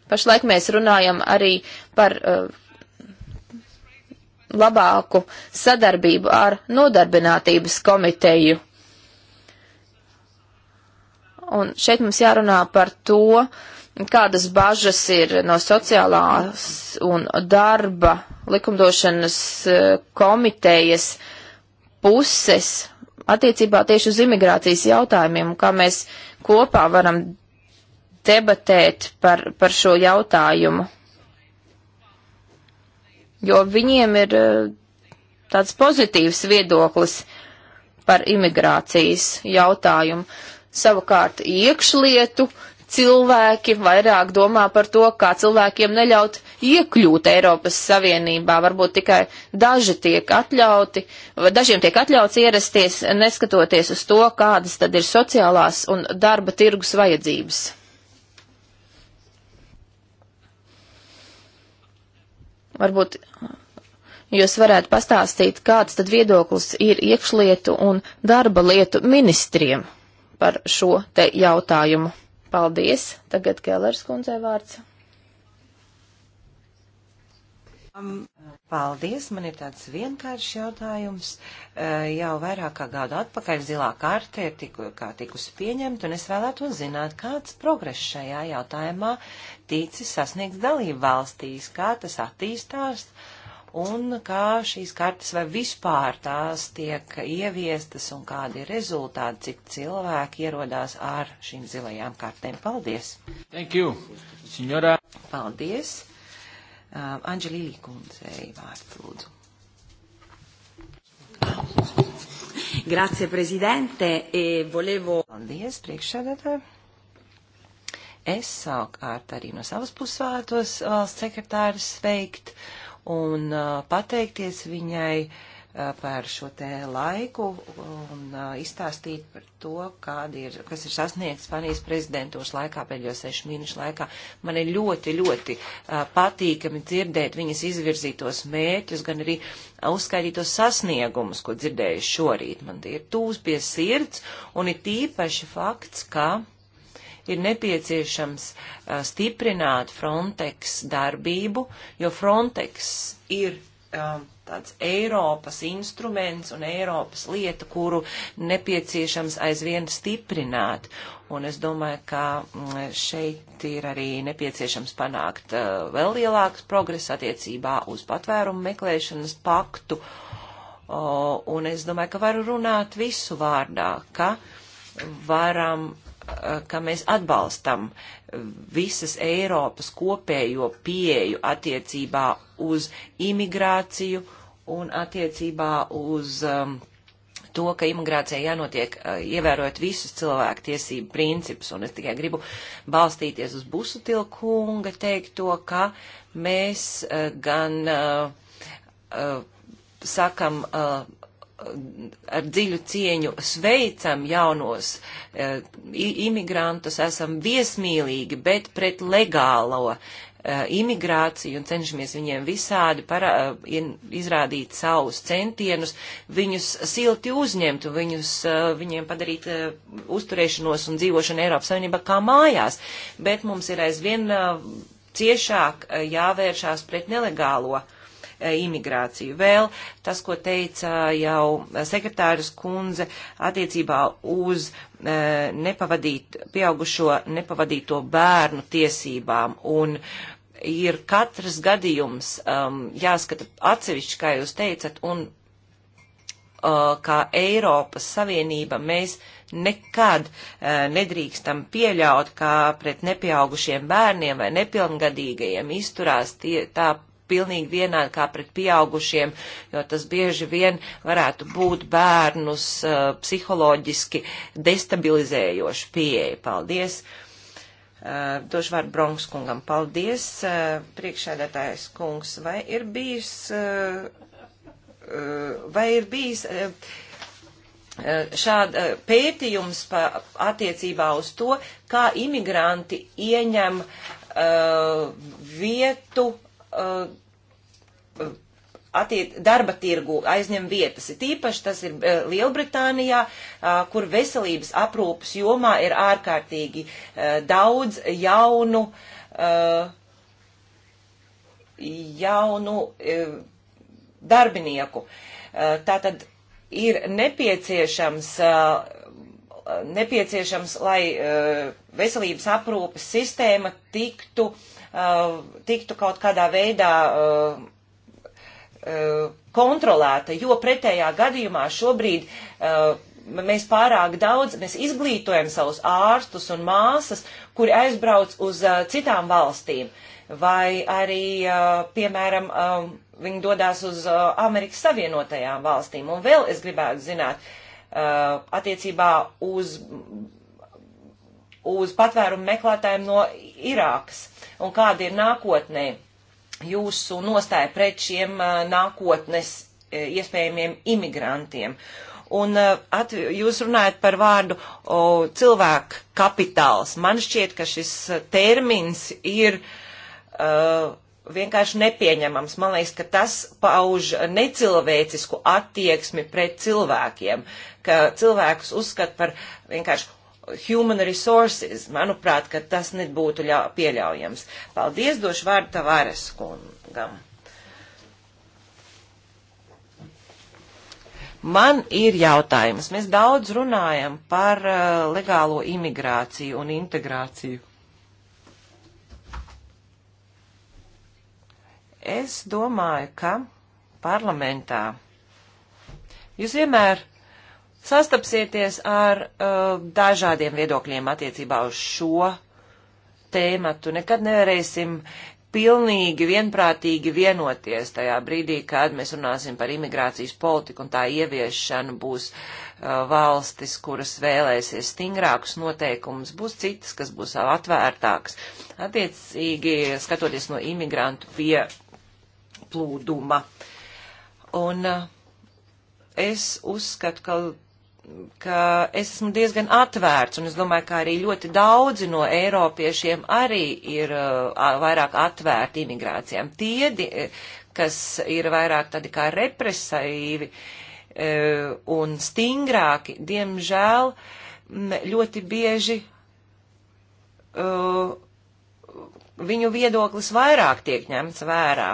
Pašlaik mēs runājam arī par uh, labāku sadarbību ar nodarbinātības komiteju. Un šeit mums jārunā par to, kādas bažas ir no sociālās un darba likumdošanas e, komitejas puses attiecībā tieši uz imigrācijas jautājumiem, kā mēs kopā varam debatēt par, par šo jautājumu. Jo viņiem ir e, tāds pozitīvs viedoklis par imigrācijas jautājumu. Savukārt iekšlietu cilvēki vairāk domā par to, kā cilvēkiem neļaut iekļūt Eiropas Savienībā. Varbūt tikai daži tiek atļauti, dažiem tiek atļauts ierasties, neskatoties uz to, kādas tad ir sociālās un darba tirgus vajadzības. Varbūt jūs varētu pastāstīt, kāds tad viedoklis ir iekšlietu un darba lietu ministriem par šo te jautājumu. Paldies! Tagad Kellers kundzei vārds. Paldies, man ir tāds vienkāršs jautājums. E, jau vairāk kā gadu atpakaļ zilā karte ir tiku, kā tikusi pieņemta, un es vēlētos zināt, kāds progress šajā jautājumā ticis sasniegts dalību valstīs, kā tas attīstās. Uh, un kā šīs kartes vai vispār tās tiek ieviestas un kādi ir rezultāti, cik cilvēki ierodās ar šīm zilajām kartēm. Paldies! Thank you, signora! Paldies! Uh, Anģelīli kundzei vārds lūdzu. Grazie, prezidente, e volevo... Paldies, priekšsēdētāji! Es savukārt arī no savas puses vēlētos valsts sekretārs sveikt. Uh, un uh, pateikties viņai uh, par šo te laiku un uh, izstāstīt par to, kāda ir, kas ir sasniegts Spanijas prezidentūras laikā pēdējo sešu mēnešu laikā. Man ir ļoti, ļoti patīkami dzirdēt viņas izvirzītos mēķus, gan arī uzskaitītos sasniegumus, ko dzirdēju šorīt. Man tie ir tūs pie sirds un ir tīpaši fakts, ka ir nepieciešams uh, stiprināt Frontex darbību, jo Frontex ir uh, tāds Eiropas instruments un Eiropas lieta, kuru nepieciešams aizvien stiprināt. Un es domāju, ka šeit ir arī nepieciešams panākt uh, vēl lielāks progress attiecībā uz patvērumu meklēšanas paktu. Uh, un es domāju, ka varu runāt visu vārdā, ka varam ka mēs atbalstam visas Eiropas kopējo pieeju attiecībā uz imigrāciju un attiecībā uz um, to, ka imigrācijai jānotiek uh, ievērojot visus cilvēku tiesību principus. Un es tikai gribu balstīties uz Busutil kunga teikto, ka mēs uh, gan uh, uh, sakam uh, ar dziļu cieņu sveicam jaunos e, imigrantus, esam viesmīlīgi, bet pret legālo e, imigrāciju un cenšamies viņiem visādi para, e, izrādīt savus centienus, viņus silti uzņemt un viņus, e, viņiem padarīt e, uzturēšanos un dzīvošanu Eiropas Savienībā kā mājās. Bet mums ir aizvien e, ciešāk jāvēršās pret nelegālo uh, Eh, imigrāciju. Vēl tas, ko teica jau sekretāras kundze attiecībā uz eh, nepavadīt, pieaugušo nepavadīto bērnu tiesībām un ir katrs gadījums um, jāskata atsevišķi, kā jūs teicat, un uh, kā Eiropas Savienība mēs nekad uh, nedrīkstam pieļaut, kā pret nepieaugušiem bērniem vai nepilngadīgajiem izturās tie, tā pilnīgi vienādi kā pret pieaugušiem, jo tas bieži vien varētu būt bērnus uh, psiholoģiski destabilizējoši pieeja. Paldies! Uh, došu vārdu Bronkskungam. Paldies, uh, priekšēdētājs kungs. Vai ir bijis, uh, uh, vai ir bijis uh, uh šāda uh, pētījums pa, attiecībā uz to, kā imigranti ieņem uh, vietu Uh, uh, attiet, darba tirgu aizņem vietas. Ir tīpaši tas ir uh, Lielbritānijā, uh, kur veselības aprūpas jomā ir ārkārtīgi uh, daudz jaunu, uh, jaunu uh, darbinieku. Uh, tātad ir nepieciešams uh, nepieciešams, lai eh, veselības aprūpes sistēma tiktu, eh, tiktu kaut kādā veidā eh, kontrolēta, jo pretējā gadījumā šobrīd mēs pārāk daudz, mēs izglītojam savus ārstus un māsas, kuri aizbrauc uz citām valstīm, vai arī, piemēram, viņi dodas uz Amerikas Savienotajām valstīm. Un vēl es gribētu zināt, uh, Uh, attiecībā uz, uz patvērumu meklētājiem no Irākas un kāda ir nākotnē jūsu nostāja pret šiem uh, nākotnes uh, iespējamiem imigrantiem. Un at, jūs runājat par vārdu o, cilvēku kapitāls. Man šķiet, ka šis termins ir uh, vienkārši nepieņemams. Man liekas, ka tas pauž necilvēcisku attieksmi pret cilvēkiem, ka cilvēkus uzskat par vienkārši human resources. Manuprāt, ka tas nebūtu pieļaujams. Paldies, došu vārdu Tavares kungam. Man ir jautājums. Mēs daudz runājam par uh, legālo imigrāciju un integrāciju Es domāju, ka parlamentā jūs vienmēr sastapsieties ar uh, dažādiem viedokļiem attiecībā uz šo tēmatu. Nekad nevarēsim pilnīgi vienprātīgi vienoties tajā brīdī, kad mēs runāsim par imigrācijas politiku un tā ieviešanu būs uh, valstis, kuras vēlēsies stingrākus noteikumus, būs citas, kas būs atvērtāks. Attiecīgi, skatoties no imigrantu pie noplūduma. Un eh, es uzskatu, ka, ka es esmu diezgan atvērts, un es domāju, ka arī ļoti daudzi no eiropiešiem arī ir eh, vairāk atvērti imigrācijām. Tie, eh, kas ir vairāk tādi kā represīvi un stingrāki, diemžēl ļoti bieži uh, viņu viedoklis vairāk tiek ņemts vērā.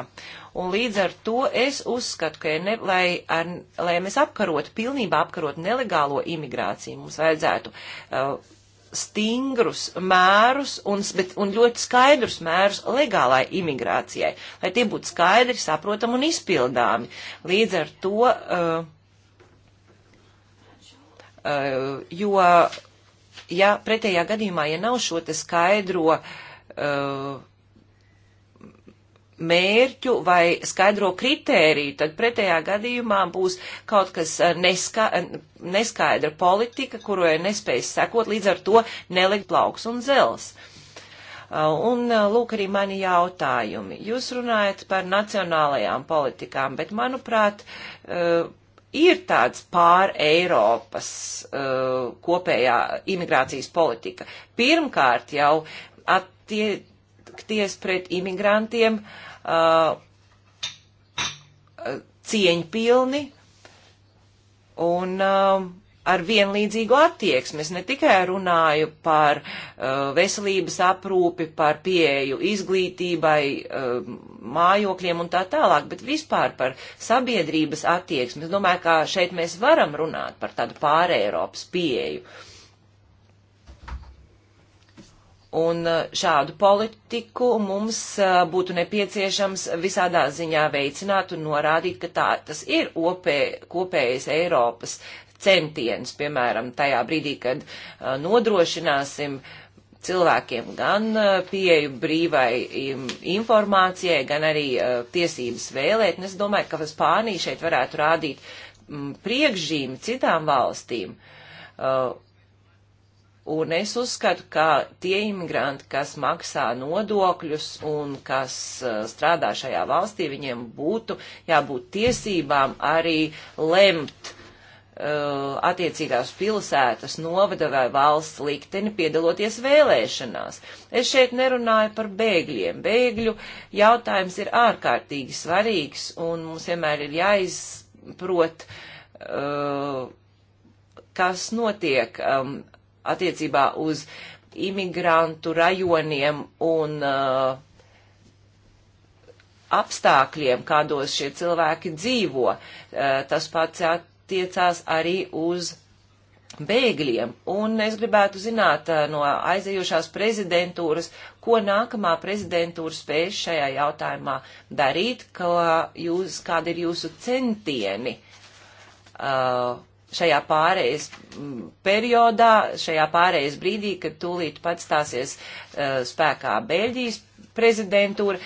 Un līdz ar to es uzskatu, ka, ne, lai, ar, lai mēs apkarotu, pilnībā apkarotu nelegālo imigrāciju, mums vajadzētu uh, stingrus mērus un, bet, un ļoti skaidrus mērus legālai imigrācijai, lai tie būtu skaidri, saprotami un izpildāmi. Līdz ar to, uh, uh, jo, ja pretējā gadījumā, ja nav šo te skaidro uh, Uh, mērķu vai skaidro kritēriju, tad pretējā gadījumā būs kaut kas uh, neska, uh, neskaidra politika, kuro ir nespējis sekot, līdz ar to nelikt plauks un zels. Un lūk arī mani jautājumi. Jūs runājat par nacionālajām politikām, bet manuprāt, ir tāds pār Eiropas uh, kopējā imigrācijas politika. Pirmkārt jau attiekties pret imigrantiem uh, cieņpilni un uh, ar vienlīdzīgu attieksmi. Es ne tikai runāju par uh, veselības aprūpi, par pieeju izglītībai, uh, mājokļiem un tā tālāk, bet vispār par sabiedrības attieksmi. Es domāju, ka šeit mēs varam runāt par tādu pārēropas pieeju. Uh, Un uh, šādu politiku mums uh, būtu nepieciešams visādā ziņā veicināt un norādīt, ka tā tas ir opē, kopējais Eiropas centiens, piemēram, tajā brīdī, kad uh, nodrošināsim cilvēkiem gan pieeju brīvai informācijai, gan arī tiesības vēlēt. Un es domāju, ka Spānija šeit varētu rādīt mm, priekšžīmi citām valstīm. Uh, Un es uzskatu, ka tie imigranti, kas maksā nodokļus un kas uh, strādā šajā valstī, viņiem būtu jābūt tiesībām arī lemt uh, attiecīgās pilsētas, novada vai valsts likteni piedaloties vēlēšanās. Es šeit nerunāju par bēgļiem. Bēgļu jautājums ir ārkārtīgi svarīgs un mums vienmēr ir jāizprot, uh, kas notiek um, attiecībā uz imigrantu rajoniem un uh, apstākļiem, kādos šie cilvēki dzīvo. Uh, tas pats attiecās arī uz bēgļiem. Un es gribētu zināt uh, no aizējušās prezidentūras, ko nākamā prezidentūra spēj šajā jautājumā darīt, kā jūs, kādi ir jūsu centieni. Uh, šajā pārējais mm, periodā, šajā pārējais brīdī, kad tūlīt pats stāsies uh, spēkā Beļģijas prezidentūra.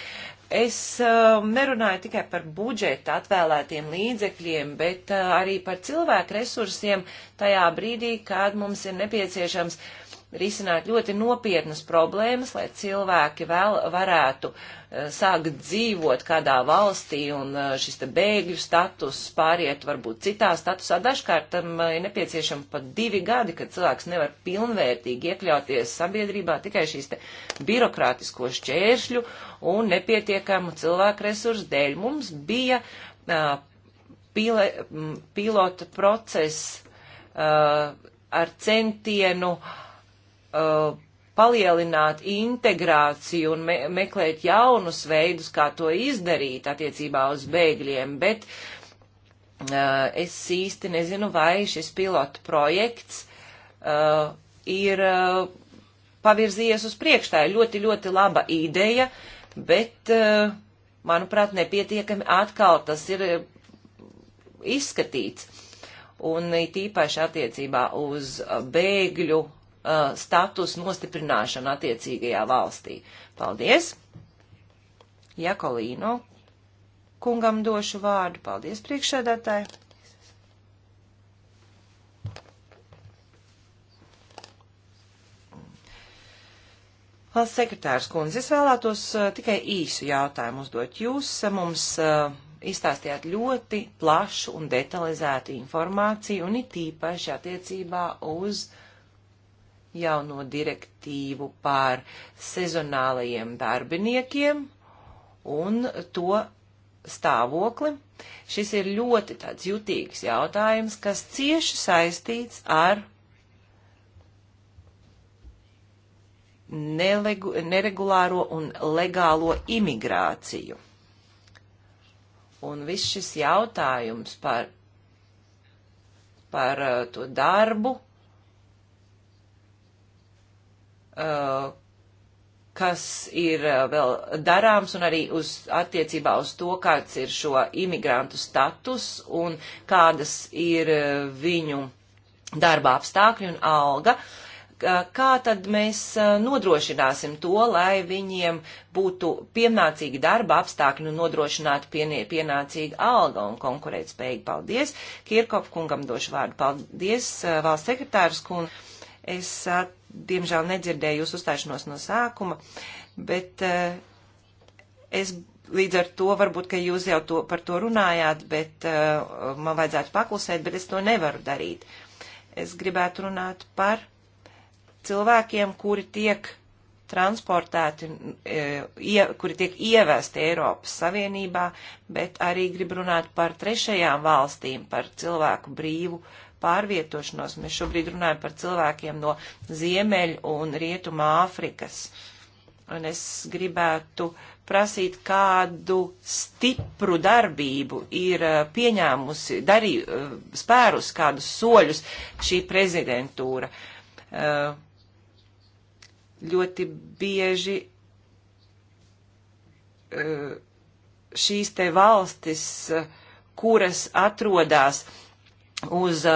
Es uh, nerunāju tikai par budžeta atvēlētiem līdzekļiem, bet uh, arī par cilvēku resursiem tajā brīdī, kad mums ir nepieciešams uh, risināt ļoti nopietnas problēmas, lai cilvēki vēl varētu eh, sākt dzīvot kādā valstī un eh, šis te bēgļu status pāriet varbūt citā statusā. Dažkārt tam eh, ir nepieciešama pat divi gadi, kad cilvēks nevar pilnvērtīgi iekļauties sabiedrībā tikai šīs te birokrātisko šķēršļu un nepietiekamu cilvēku resursu dēļ. Mums bija uh, pile, pilota process uh, ar centienu uh, uh, palielināt integrāciju un me meklēt jaunus veidus, kā to izdarīt attiecībā uz bēgļiem, bet uh, es īsti nezinu, vai šis pilotu projekts uh, ir uh, pavirzījies uz priekšu. Tā ir ļoti, ļoti laba ideja, bet, uh, manuprāt, nepietiekami atkal tas ir uh, izskatīts. Un it īpaši attiecībā uz bēgļu uh, status nostiprināšanu attiecīgajā valstī. Paldies! Jakolīno kungam došu vārdu. Paldies priekšsēdētāji! Valsts sekretārs kundze, es vēlētos uh, tikai īsu jautājumu uzdot. Jūs uh, mums uh, izstāstījāt ļoti plašu un detalizētu informāciju un it īpaši attiecībā uz uh, jauno direktīvu pār sezonālajiem darbiniekiem un to stāvokli. Šis ir ļoti tāds jutīgs jautājums, kas cieši saistīts ar nelegu, neregulāro un legālo imigrāciju. Un viss šis jautājums par, par uh, to darbu, Uh, kas ir uh, vēl darāms un arī uz attiecībā uz to, kāds ir šo imigrantu status un kādas ir uh, viņu darba apstākļi un alga. Kā tad mēs nodrošināsim to, lai viņiem būtu pienācīgi darba apstākļi un nodrošinātu pienācīga alga un konkurētspējīga? Paldies! Kirkop kungam došu vārdu. Paldies, valsts sekretārs kundze. Es at, diemžēl nedzirdēju jūsu uzstāšanos no sākuma, bet eh, es līdz ar to varbūt, ka jūs jau to, par to runājāt, bet eh, man vajadzētu paklusēt, bet es to nevaru darīt. Es gribētu runāt par cilvēkiem, kuri tiek transportēti, eh, ie, kuri tiek ievesti Eiropas Savienībā, bet arī grib runāt par trešajām valstīm, par cilvēku brīvu uh, pārvietošanos. Mēs šobrīd runājam par cilvēkiem no Ziemeļ un Rietuma Āfrikas. Un es gribētu prasīt, kādu stipru darbību ir eh, pieņēmusi, darī, eh, spērus kādus soļus šī prezidentūra. Eh, ļoti bieži šīs te valstis, kuras atrodas uh, uz uh,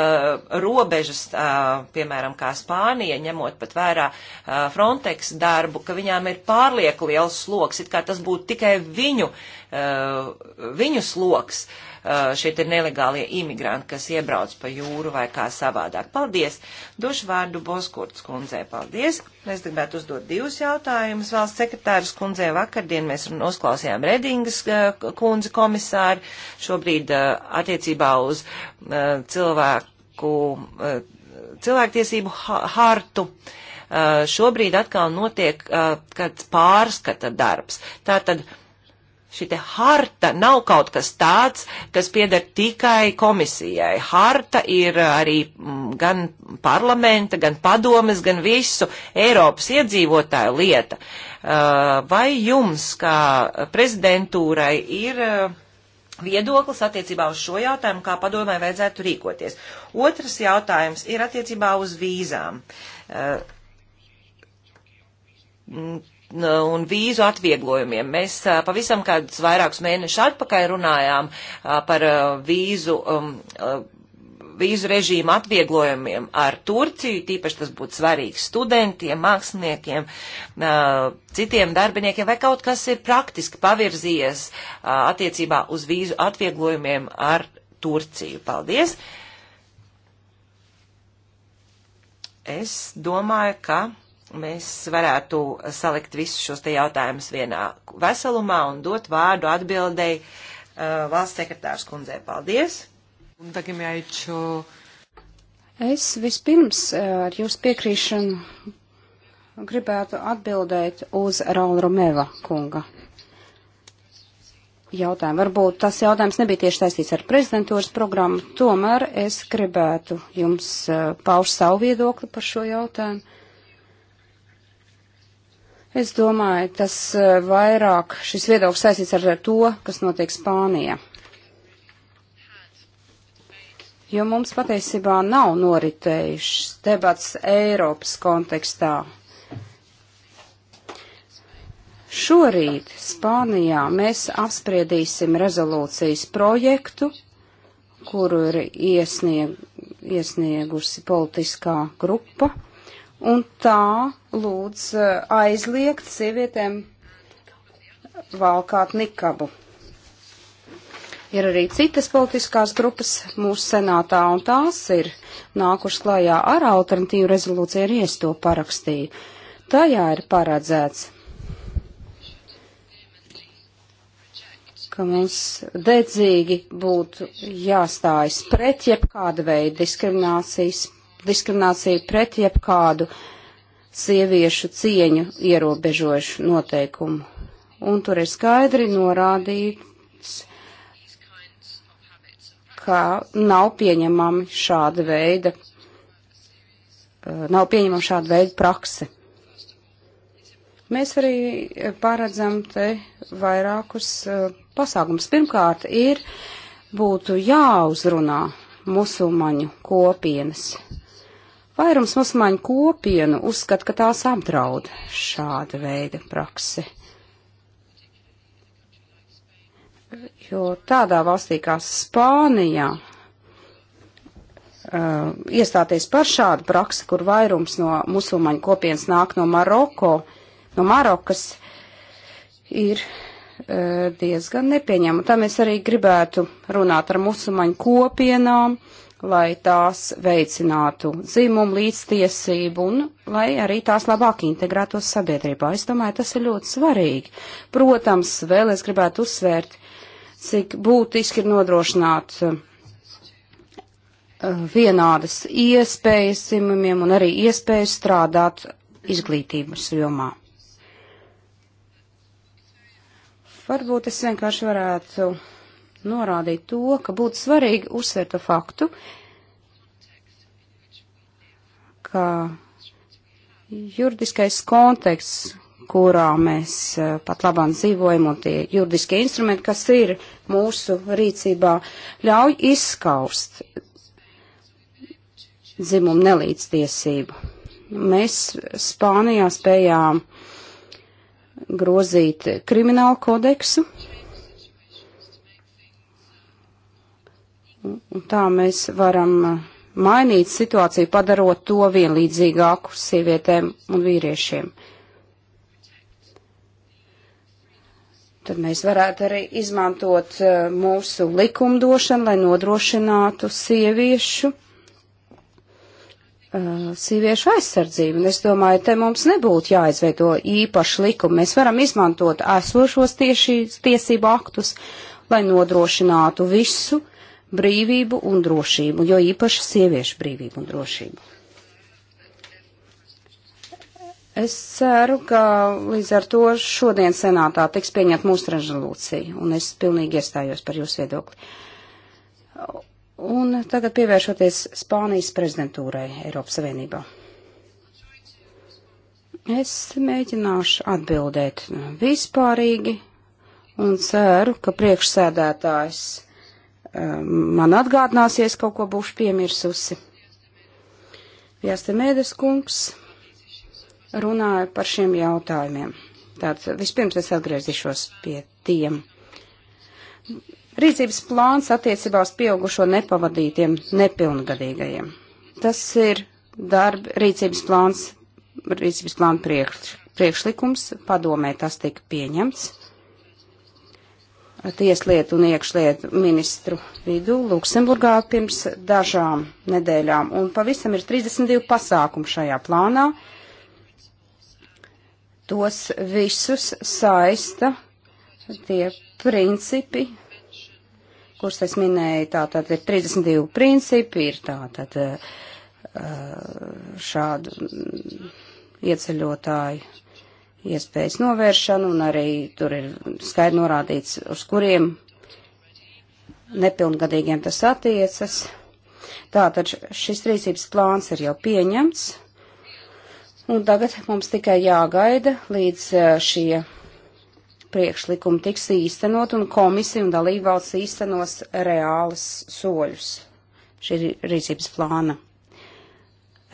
robežas, uh, piemēram, kā Spānija, ņemot pat vērā uh, Frontex darbu, ka viņām ir pārlieku liels sloks, it kā tas būtu tikai viņu, uh, viņu sloks. Uh, Uh, šeit ir nelegālie imigranti, kas iebrauc pa jūru vai kā savādāk. Paldies! Došu vārdu Boskurts kundzē. Paldies! Es gribētu uzdot divus jautājumus valsts sekretāras kundzē. Vakardien mēs uzklausījām Redingas uh, kundzi komisāru. Šobrīd uh, attiecībā uz cilvēku, cilvēktiesību hartu šobrīd atkal notiek kāds pārskata darbs. Tātad šī te harta nav kaut kas tāds, kas pieder tikai komisijai. Harta ir arī mm, gan parlamenta, gan padomes, gan visu Eiropas iedzīvotāju lieta. Uh, vai jums, kā prezidentūrai, ir uh, viedoklis attiecībā uz šo jautājumu, kā padomē vajadzētu rīkoties? Otrs jautājums ir attiecībā uz vīzām uh, un vīzu atvieglojumiem. Mēs pavisam kādus vairākus mēnešus atpakaļ runājām par vīzu, um, vīzu režīmu atvieglojumiem ar Turciju, tīpaši tas būtu svarīgs studentiem, māksliniekiem, citiem darbiniekiem, vai kaut kas ir praktiski pavirzījies attiecībā uz vīzu atvieglojumiem ar Turciju. Paldies! Es domāju, ka mēs varētu salikt visus šos te jautājumus vienā veselumā un dot vārdu atbildēji uh, valsts sekretārs kundzei. Paldies! Es vispirms uh, ar jūs piekrīšanu gribētu atbildēt uz Raula Romeva kunga jautājumu. Varbūt tas jautājums nebija tieši saistīts ar prezidentūras programmu, tomēr es gribētu jums uh, paust savu viedokli par šo jautājumu. Es domāju, tas eh, vairāk šis viedoklis saistīts ar to, kas notiek Spānijā. Jo mums patiesībā nav noritējušas debats Eiropas kontekstā. Šorīt Spānijā mēs apspriedīsim rezolūcijas projektu, kuru ir iesnieg, iesniegusi politiskā grupa un tā lūdz eh, aizliegt sievietēm valkāt nikabu. Ir arī citas politiskās grupas mūsu senātā, un tās ir nākušas klājā ar alternatīvu rezolūciju, arī es to parakstīju. Tajā ir paredzēts, ka mums dedzīgi būtu jāstājas pret jebkāda veida diskriminācijas diskriminācija pret jebkādu sieviešu cieņu ierobežošu noteikumu. Un tur ir skaidri norādīts, ka nav pieņemami šāda veida, eh, nav pieņemama šāda veida prakse. Mēs arī paredzam te vairākus eh, pasākums. Pirmkārt, ir būtu jāuzrunā musulmaņu kopienas Vairums musulmaņu kopienu uzskata, ka tās apdraud šāda veida praksi. Jo tādā valstī kā Spānijā uh, iestāties par šādu praksi, kur vairums no musulmaņu kopienas nāk no Maroko, no Marokas, ir uh, diezgan nepieņemama. Tā mēs arī gribētu runāt ar musulmaņu kopienām. Uh, lai tās veicinātu dzimumu līdztiesību un lai arī tās labāk integrētos sabiedrībā. Es domāju, tas ir ļoti svarīgi. Protams, vēl es gribētu uzsvērt, cik būtiski ir nodrošināt eh, vienādas iespējas dzimumiem un arī iespējas strādāt izglītības jomā. Varbūt es vienkārši varētu norādīt to, ka būtu svarīgi uzsvērt to faktu, ka juridiskais konteksts, kurā mēs eh, pat labāk dzīvojam, un tie juridiskie instrumenti, kas ir mūsu rīcībā, ļauj izskaust dzimumu nelīdztiesību. Mēs Spānijā spējām grozīt kriminālu kodeksu, Tā mēs varam eh, mainīt situāciju, padarot to vienlīdzīgāku sievietēm un vīriešiem. Tad mēs varētu arī izmantot eh, mūsu likumdošanu, lai nodrošinātu sieviešu, eh, sieviešu aizsardzību. Un es domāju, te mums nebūtu jāizveido īpaši likumi. Mēs varam izmantot esošos tieši tiesību aktus, lai nodrošinātu visu brīvību un drošību, jo īpaši sieviešu brīvību un drošību. Es ceru, ka līdz ar to šodien senātā tiks pieņemt mūsu rezolūcija, un es pilnīgi iestājos par jūsu viedokli. Un tagad pievēršoties Spānijas prezidentūrai Eiropas Savienībā. Es mēģināšu atbildēt vispārīgi un ceru, ka priekšsēdētājs Um, man atgādināsies, kaut ko būšu piemirsusi. Jāstemēdes kungs runāja par šiem jautājumiem. Tātad vispirms es atgriezīšos pie tiem. Rīcības plāns attiecībā uz pieaugušo nepavadītiem nepilngadīgajiem. Tas ir darba rīcības plāns, rīcības plāna priekš, priekšlikums, padomē tas tika pieņemts tieslietu un iekšlietu ministru vidū Luksemburgā pirms dažām nedēļām. Un pavisam ir 32 pasākumi šajā plānā. Tos visus saista tie principi, kurus es minēju. Tātad ir 32 principi, ir tātad eh, šādu mm, ieceļotāju iespējas novēršanu, un arī tur ir skaidri norādīts, uz kuriem nepilngadīgiem tas attiecas. Tātad šis rīcības plāns ir jau pieņemts, un tagad mums tikai jāgaida, līdz šie priekšlikumi tiks īstenot, un komisija un dalībvalsts īstenos reālas soļus šī rīcības plāna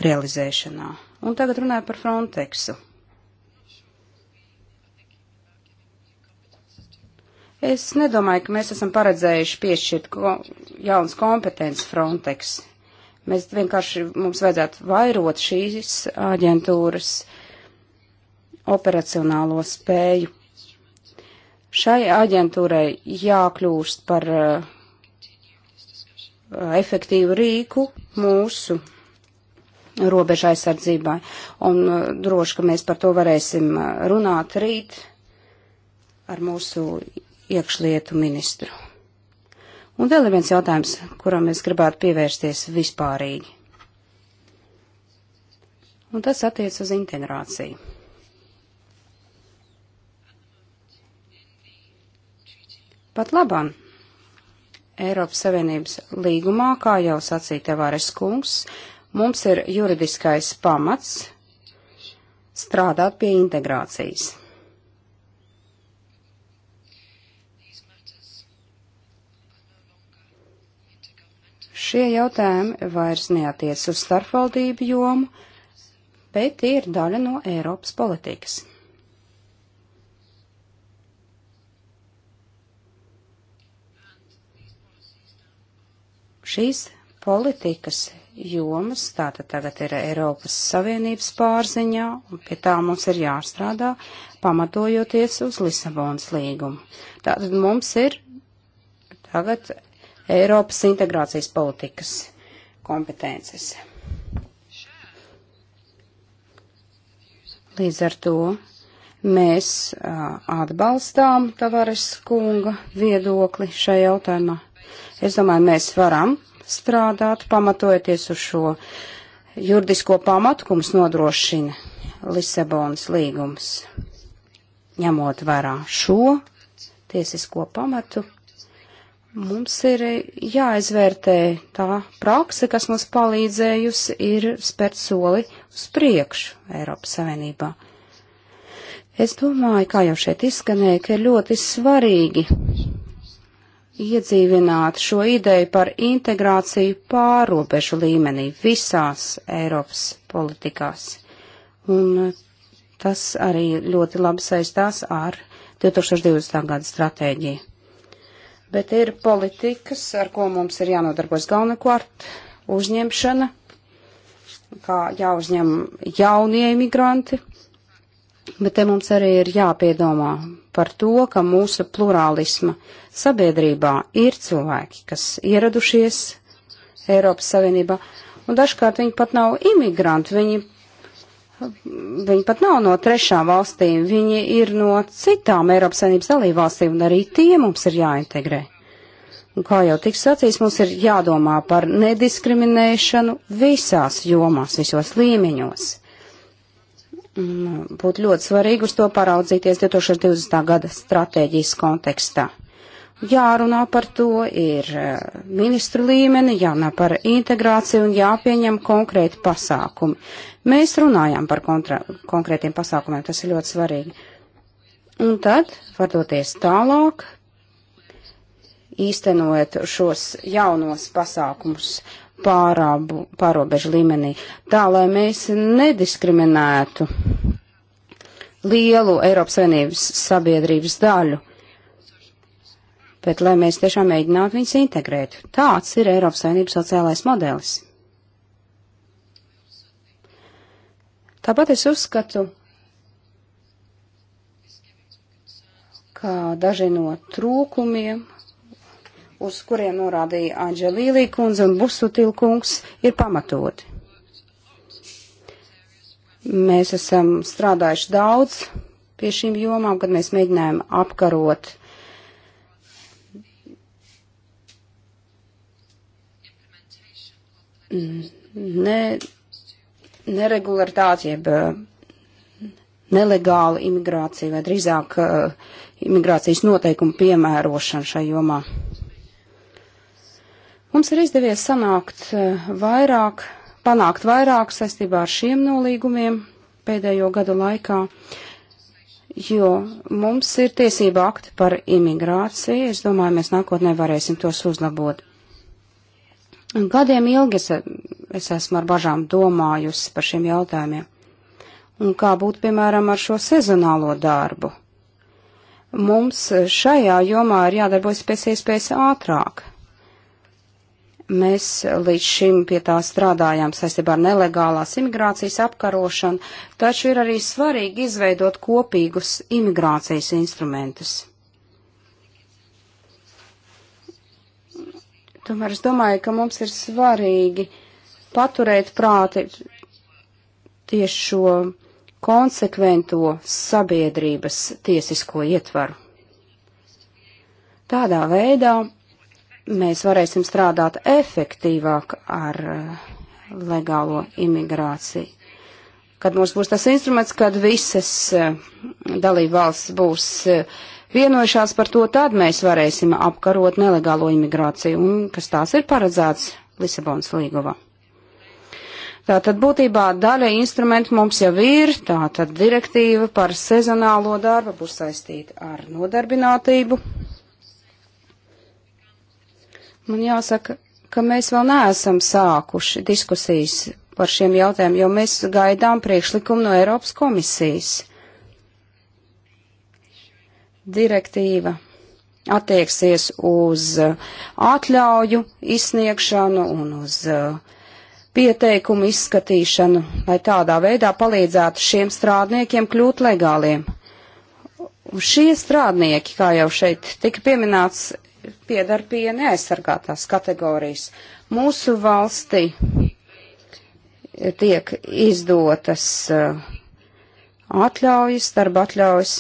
realizēšanā. Un tagad runāju par Frontexu. Es nedomāju, ka mēs esam paredzējuši piešķirt ko, jaunas kompetences Frontex. Mēs vienkārši mums vajadzētu vairot šīs aģentūras operacionālo spēju. Šai aģentūrai jākļūst par uh, efektīvu rīku mūsu robeža aizsardzībai. Un eh, droši, ka mēs par to varēsim eh, runāt rīt ar mūsu iekšlietu ministru. Un vēl ir viens jautājums, kuram es gribētu pievērsties vispārīgi. Un tas attiec uz integrāciju. Pat labam Eiropas Savienības līgumā, kā jau sacīja Tevāres kungs, mums ir juridiskais pamats strādāt pie integrācijas. Šie jautājumi vairs neatiec uz starpvaldību jomu, bet tie ir daļa no Eiropas politikas. Šīs politikas jomas, tātad tagad ir Eiropas Savienības pārziņā, un pie tā mums ir jāstrādā, pamatojoties uz Lisabonas līgumu. Tātad mums ir tagad Eiropas integrācijas politikas kompetences. Līdz ar to mēs atbalstām Tavares kunga viedokli šajā jautājumā. Es domāju, mēs varam strādāt, pamatojoties uz šo juridisko pamatu, ko mums nodrošina Lisabonas līgums. Ņemot vērā šo tiesisko pamatu, Mums ir jāizvērtē tā prakse, kas mums palīdzējusi, ir spērt soli uz priekšu Eiropas Savienībā. Es domāju, kā jau šeit izskanēja, ka ir ļoti svarīgi iedzīvināt šo ideju par integrāciju pārobežu līmenī visās Eiropas politikās. Un tas arī ļoti labi saistās ar 2020. gada stratēģiju bet ir politikas, ar ko mums ir jānodarbojas galvenokārt - uzņemšana, kā jāuzņem jaunie imigranti, bet te mums arī ir jāpiedomā par to, ka mūsu plurālisma sabiedrībā ir cilvēki, kas ieradušies Eiropas Savienībā, un dažkārt viņi pat nav imigranti, viņi Viņi pat nav no trešām valstīm, viņi ir no citām Eiropas Savienības dalībvalstīm, un arī tie mums ir jāintegrē. Un kā jau tiks sacīts, mums ir jādomā par nediskriminēšanu visās jomās, visos līmeņos. Uh, būtu ļoti svarīgi uz to paraudzīties 2020. gada stratēģijas kontekstā jārunā par to, ir e, ministru līmeni, jārunā par integrāciju un jāpieņem konkrēti pasākumi. Mēs runājām par kontra, konkrētiem pasākumiem, tas ir ļoti svarīgi. Un tad, vadoties tālāk, īstenojot šos jaunos pasākumus pārābu, pārobežu līmenī, tā lai mēs nediskriminētu lielu Eiropas Savienības sabiedrības daļu bet lai mēs tiešām mēģinātu viņus integrēt. Tāds ir Eiropas Savienības sociālais modelis. Tāpat es uzskatu, ka daži no trūkumiem, uz kuriem norādīja Anģelīlī kundze un Busutil kungs, ir pamatoti. Mēs esam strādājuši daudz pie šīm jomām, kad mēs mēģinājām apkarot ne, neregularitāti, jeb eh, nelegāla imigrācija vai drīzāk eh, imigrācijas noteikumu piemērošana šai jomā. Mums ir izdevies sanākt eh, vairāk, panākt vairāk saistībā ar šiem nolīgumiem pēdējo gadu laikā, jo mums ir tiesība akti par imigrāciju. Es domāju, mēs nākotnē varēsim tos uzlabot. Gadiem ilgi es, es esmu ar bažām domājusi par šiem jautājumiem. Un kā būtu, piemēram, ar šo sezonālo darbu? Mums šajā jomā ir jādarbojas pēc iespējas ātrāk. Mēs līdz šim pie tā strādājām saistībā ar nelegālās imigrācijas apkarošanu, taču ir arī svarīgi izveidot kopīgus imigrācijas instrumentus. Tomēr es domāju, ka mums ir svarīgi paturēt prāti tieši šo konsekvento sabiedrības tiesisko ietvaru. Tādā veidā mēs varēsim strādāt efektīvāk ar eh, legālo imigrāciju. Kad mums būs tas instruments, kad visas eh, dalībvalsts būs uh, vienojušās par to, tad mēs varēsim apkarot nelegālo imigrāciju, un kas tās ir paredzēts Lisabonas līgumā. Tātad būtībā daļa instrumentu mums jau ir, tātad direktīva par sezonālo darbu būs saistīta ar nodarbinātību. Man jāsaka, ka mēs vēl neesam sākuši diskusijas par šiem jautājumiem, jo mēs gaidām priekšlikumu no Eiropas komisijas direktīva attieksies uz uh, atļauju izsniegšanu un uz uh, pieteikumu izskatīšanu, lai tādā veidā palīdzētu šiem strādniekiem kļūt legāliem. Un šie strādnieki, kā jau šeit tika pieminēts, piedar pie neaizsargātās kategorijas. Mūsu valstī tiek izdotas uh, atļaujas, darba atļaujas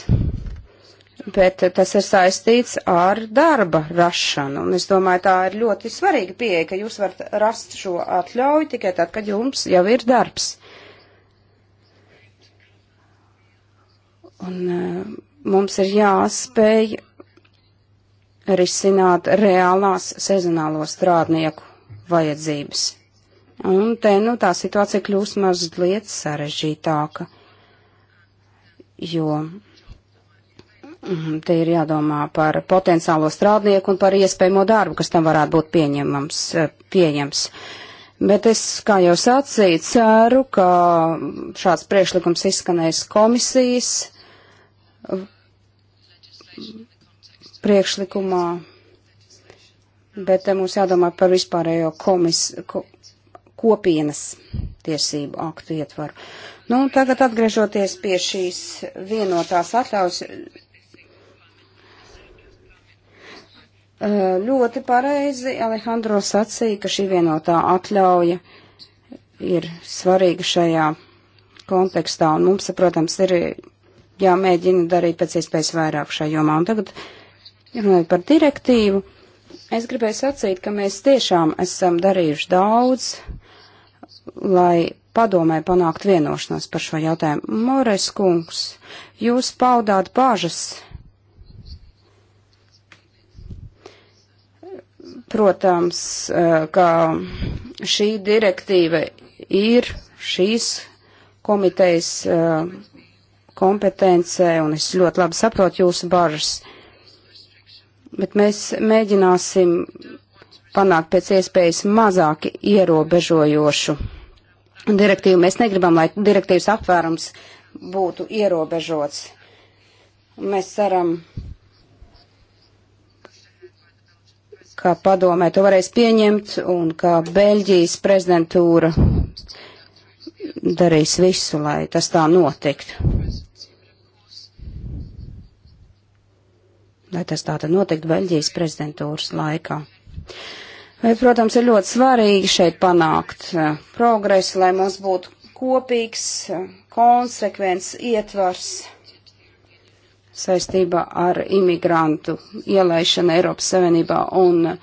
bet tas ir saistīts ar darba rašanu. Un es domāju, tā ir ļoti svarīga pieeja, ka jūs varat rast šo atļauju tikai tad, kad jums jau ir darbs. Un e, mums ir jāspēj risināt reālās sezonālo strādnieku vajadzības. Un te, nu, tā situācija kļūst mazliet sarežģītāka, jo Mhm, te ir jādomā par potenciālo strādnieku un par iespējamo darbu, kas tam varētu būt pieņemams, eh, pieņems. Bet es, kā jau sacīju, ceru, ka šāds priekšlikums izskanēs komisijas eh, priekšlikumā, bet te mums jādomā par vispārējo komis, ko, kopienas tiesību aktu ietvaru. Nu, tagad atgriežoties pie šīs vienotās atļaus Ļoti pareizi Alejandro sacīja, ka šī vienotā atļauja ir svarīga šajā kontekstā, un mums, protams, ir jāmēģina darīt pēc iespējas vairāk šajā jomā. Un tagad, runājot par direktīvu, es gribēju sacīt, ka mēs tiešām esam darījuši daudz, lai padomē panākt vienošanos par šo jautājumu. Mores kungs, jūs paudāt bāžas Protams, eh, ka šī direktīva ir šīs komitejas eh, kompetencē, un es ļoti labi saprotu jūsu bažas. Bet mēs mēģināsim panākt pēc iespējas mazāk ierobežojošu direktīvu. Mēs negribam, lai direktīvas apvērums būtu ierobežots. Mēs ceram, ka padomē to varēs pieņemt un ka Beļģijas prezidentūra darīs visu, lai tas tā notiktu. Lai tas tā tad notiktu Beļģijas prezidentūras laikā. Bet, protams, ir ļoti svarīgi šeit panākt eh, progresu, lai mums būtu kopīgs, eh, konsekvents ietvars saistībā ar imigrantu ielaišanu Eiropas Savienībā un uh,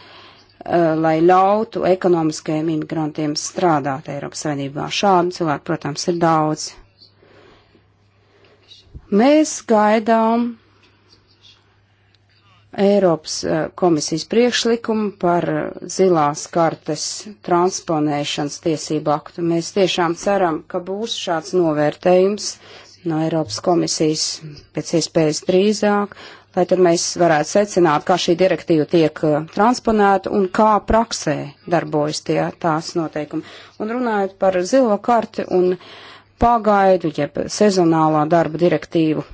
lai ļautu ekonomiskajiem imigrantiem strādāt Eiropas Savienībā. Šādu cilvēku, protams, ir daudz. Mēs gaidām Eiropas eh, komisijas priekšlikumu par eh, zilās kartes transponēšanas tiesību aktu. Mēs tiešām ceram, ka būs šāds novērtējums no Eiropas komisijas pēc iespējas drīzāk, lai tad mēs varētu secināt, kā šī direktīva tiek uh, transponēta un kā praksē darbojas tie tās noteikumi. Un runājot par zilo karti un pagaidu, jeb sezonālā darba direktīvu.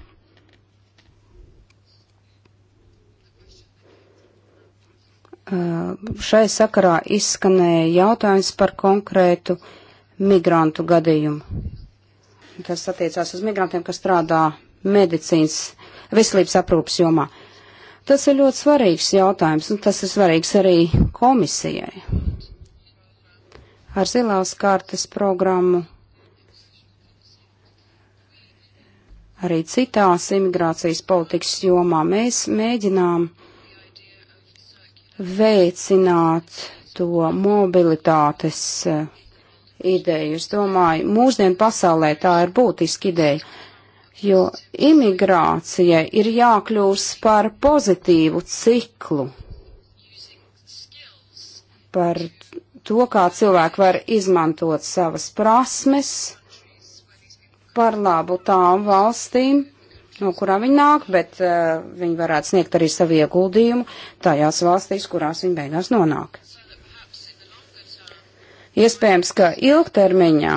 Uh, šai sakarā izskanēja jautājums par konkrētu migrantu gadījumu kas attiecās uz migrantiem, kas strādā medicīnas veselības aprūpas jomā. Tas ir ļoti svarīgs jautājums, un tas ir svarīgs arī komisijai. Ar zilās kārtas programmu arī citās imigrācijas politikas jomā mēs mēģinām veicināt to mobilitātes uh, ideja. Es domāju, mūsdienu pasaulē tā ir būtiska ideja, jo imigrācija ir jākļūst par pozitīvu ciklu, par to, kā cilvēki var izmantot savas prasmes par labu tām valstīm, no kurām viņi nāk, bet uh, viņi varētu sniegt arī savu ieguldījumu tajās valstīs, kurās viņi beigās nonāk. Iespējams, ka ilgtermiņā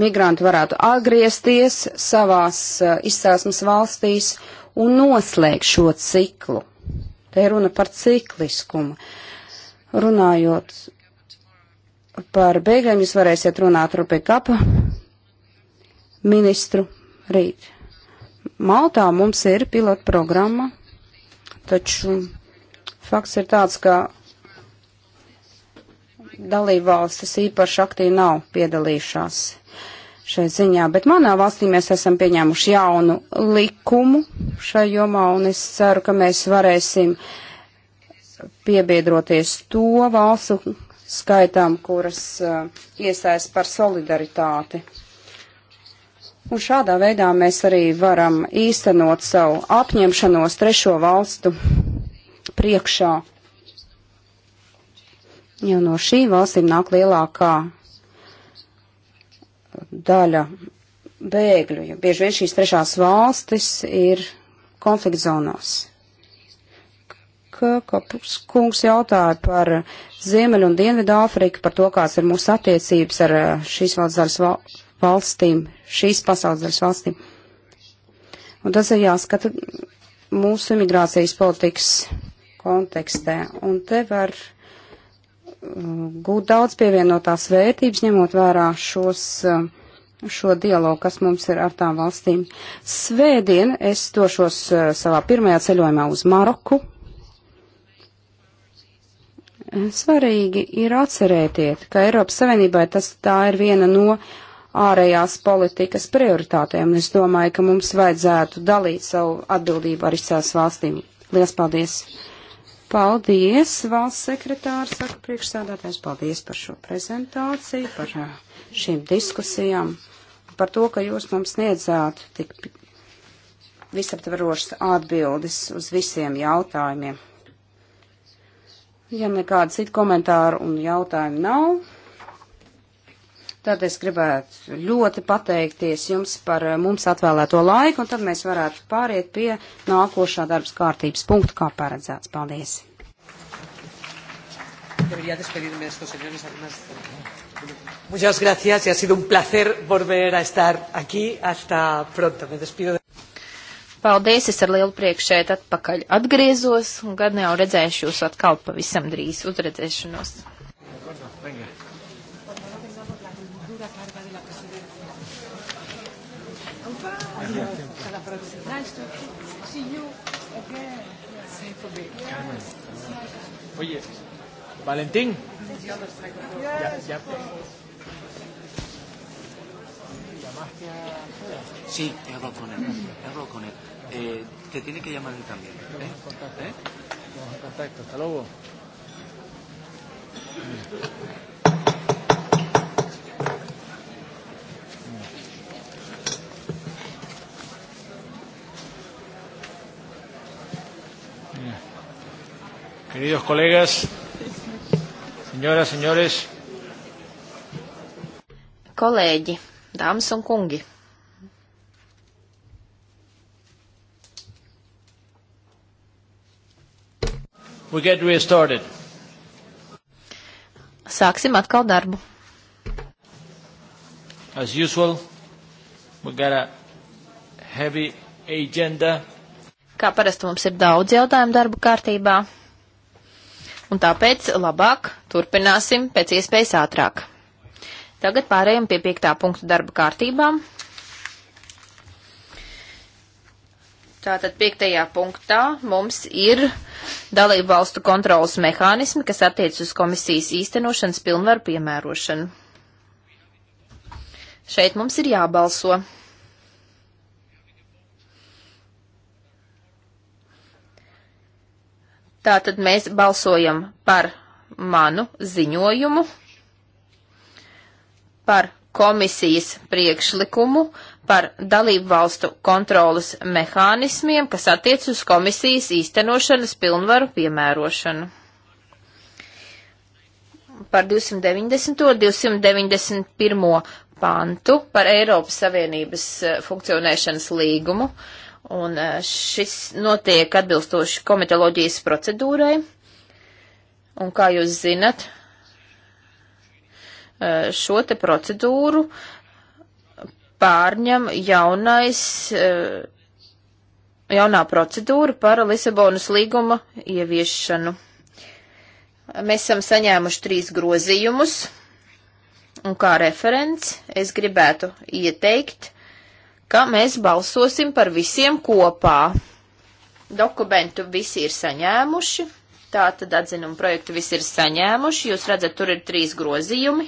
migranti varētu atgriezties savās eh, izcelsmes valstīs un noslēgt šo ciklu. Te ir runa par cikliskumu. Runājot par bēgļiem, jūs varēsiet runāt ar Pekapa ministru rīt. Maltā mums ir pilota programma, taču fakts ir tāds, ka dalībvalstis īpaši aktīvi nav piedalījušās šai ziņā, bet manā valstī mēs esam pieņēmuši jaunu likumu šai jomā, un es ceru, ka mēs varēsim piebiedroties to valstu skaitām, kuras uh, iestājas par solidaritāti. Un šādā veidā mēs arī varam īstenot savu apņemšanos trešo valstu priekšā jo no šīm valstīm nāk lielākā daļa bēgļu, jo bieži vien šīs trešās valstis ir konflikt zonās. Kāpēc kungs jautāja par Ziemeļu un Dienvidu Āfriku, par to, kāds ir mūsu attiecības ar eh, šīs valsts valstīm, šīs pasaules daļas valstīm. Un tas ir jāskata mūsu imigrācijas politikas kontekstē. Un te var gūt daudz pievienotās vērtības, ņemot vērā šos, eh, šo dialogu, kas mums ir ar tām valstīm. Svētdien es došos eh, savā pirmajā ceļojumā uz Maroku. Svarīgi ir atcerēties, ka Eiropas Savienībai tas tā ir viena no ārējās politikas prioritātēm, un es domāju, ka mums vajadzētu dalīt savu atbildību arī savās valstīm. Lielas paldies! Paldies, valsts sekretārs, saka priekšsādātājs, paldies par šo prezentāciju, par uh, šīm diskusijām, par to, ka jūs mums sniedzāt tik visaptvarošas atbildes uz visiem jautājumiem. Ja nekādas citu komentāru un jautājumu nav, Tad es gribētu ļoti pateikties jums par eh, mums atvēlēto laiku, un tad mēs varētu pāriet pie nākošā darbas kārtības punkta, kā paredzēts. Paldies! Muchas gracias y ha sido un placer volver a estar aquí. Hasta pronto. Me despido. De... Paldies, es ar lielu prieku šeit atpakaļ atgriezos un gadu jau redzēšu jūs atkal pavisam drīz uzredzēšanos. Venga. nice to see you again. Same for me. Yes. Nice. Oye, Valentín. Yes, ya, ya. ¿Llamaste a Sí, he hablado con él. He hablado con él. Eh, te tiene que llamar él también. ¿eh? Estamos en contacto. ¿Eh? Estamos en contacto. Hasta luego. Mm. Queridos colegas, señoras, señores. Kolēģi, dāmas un kungi. We get restarted. Sāksim atkal darbu. As usual, we got a heavy agenda. Kā parasti mums ir daudz jautājumu darbu kārtībā un tāpēc labāk turpināsim pēc iespējas ātrāk. Tagad pārējām pie piektā punktu darba kārtībām. Tātad piektajā punktā mums ir dalību valstu kontrolas mehānismi, kas attiec uz komisijas īstenošanas pilnvaru piemērošanu. Šeit mums ir jābalso. Tātad mēs balsojam par manu ziņojumu, par komisijas priekšlikumu, par dalību valstu kontrolas mehānismiem, kas attiec uz komisijas īstenošanas pilnvaru piemērošanu. Par 290. un 291. pantu par Eiropas Savienības eh, funkcionēšanas līgumu. Uh, Un e, šis notiek atbilstoši komitoloģijas procedūrai. Un kā jūs zinat, e, šo te procedūru pārņem jaunais, e, jaunā procedūra par Lisabonas līguma ieviešanu. Mēs esam saņēmuši trīs grozījumus, un kā referents es gribētu ieteikt, ka mēs balsosim par visiem kopā. Dokumentu visi ir saņēmuši, tā tad atzinumu projektu visi ir saņēmuši. Jūs redzat, tur ir trīs grozījumi.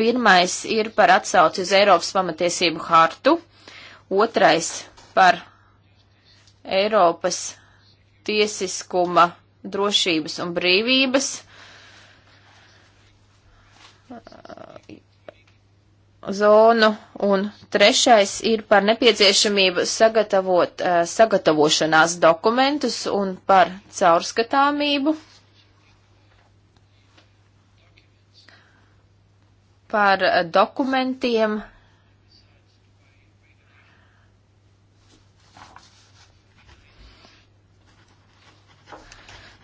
Pirmais ir par atsauci uz Eiropas pamatiesību hartu, otrais par Eiropas tiesiskuma drošības un brīvības zonu, un trešais ir par nepieciešamību sagatavot uh, sagatavošanās dokumentus un par caurskatāmību, par uh, dokumentiem.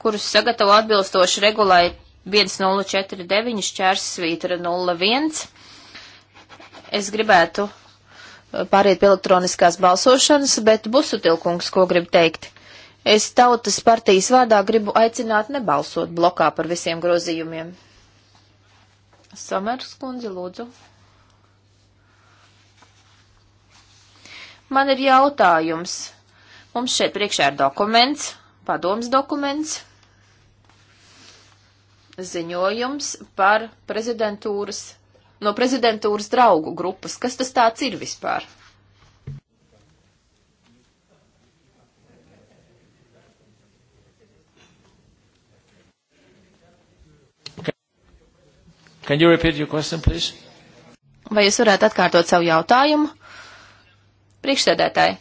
kurus sagatavo atbilstoši regulai 1049 šķērsvītra 01 es gribētu uh, pāriet pie elektroniskās balsošanas, bet Busutilkungs, ko grib teikt? Es tautas partijas vārdā gribu aicināt nebalsot blokā par visiem grozījumiem. Samers kundze, lūdzu. Man ir jautājums. Mums šeit priekšā ir dokuments, padoms dokuments, ziņojums par prezidentūras no prezidentūras draugu grupas. Kas tas tāds ir vispār? Can you repeat your question, please? Vai jūs varētu atkārtot savu jautājumu? Priekšsēdētāji,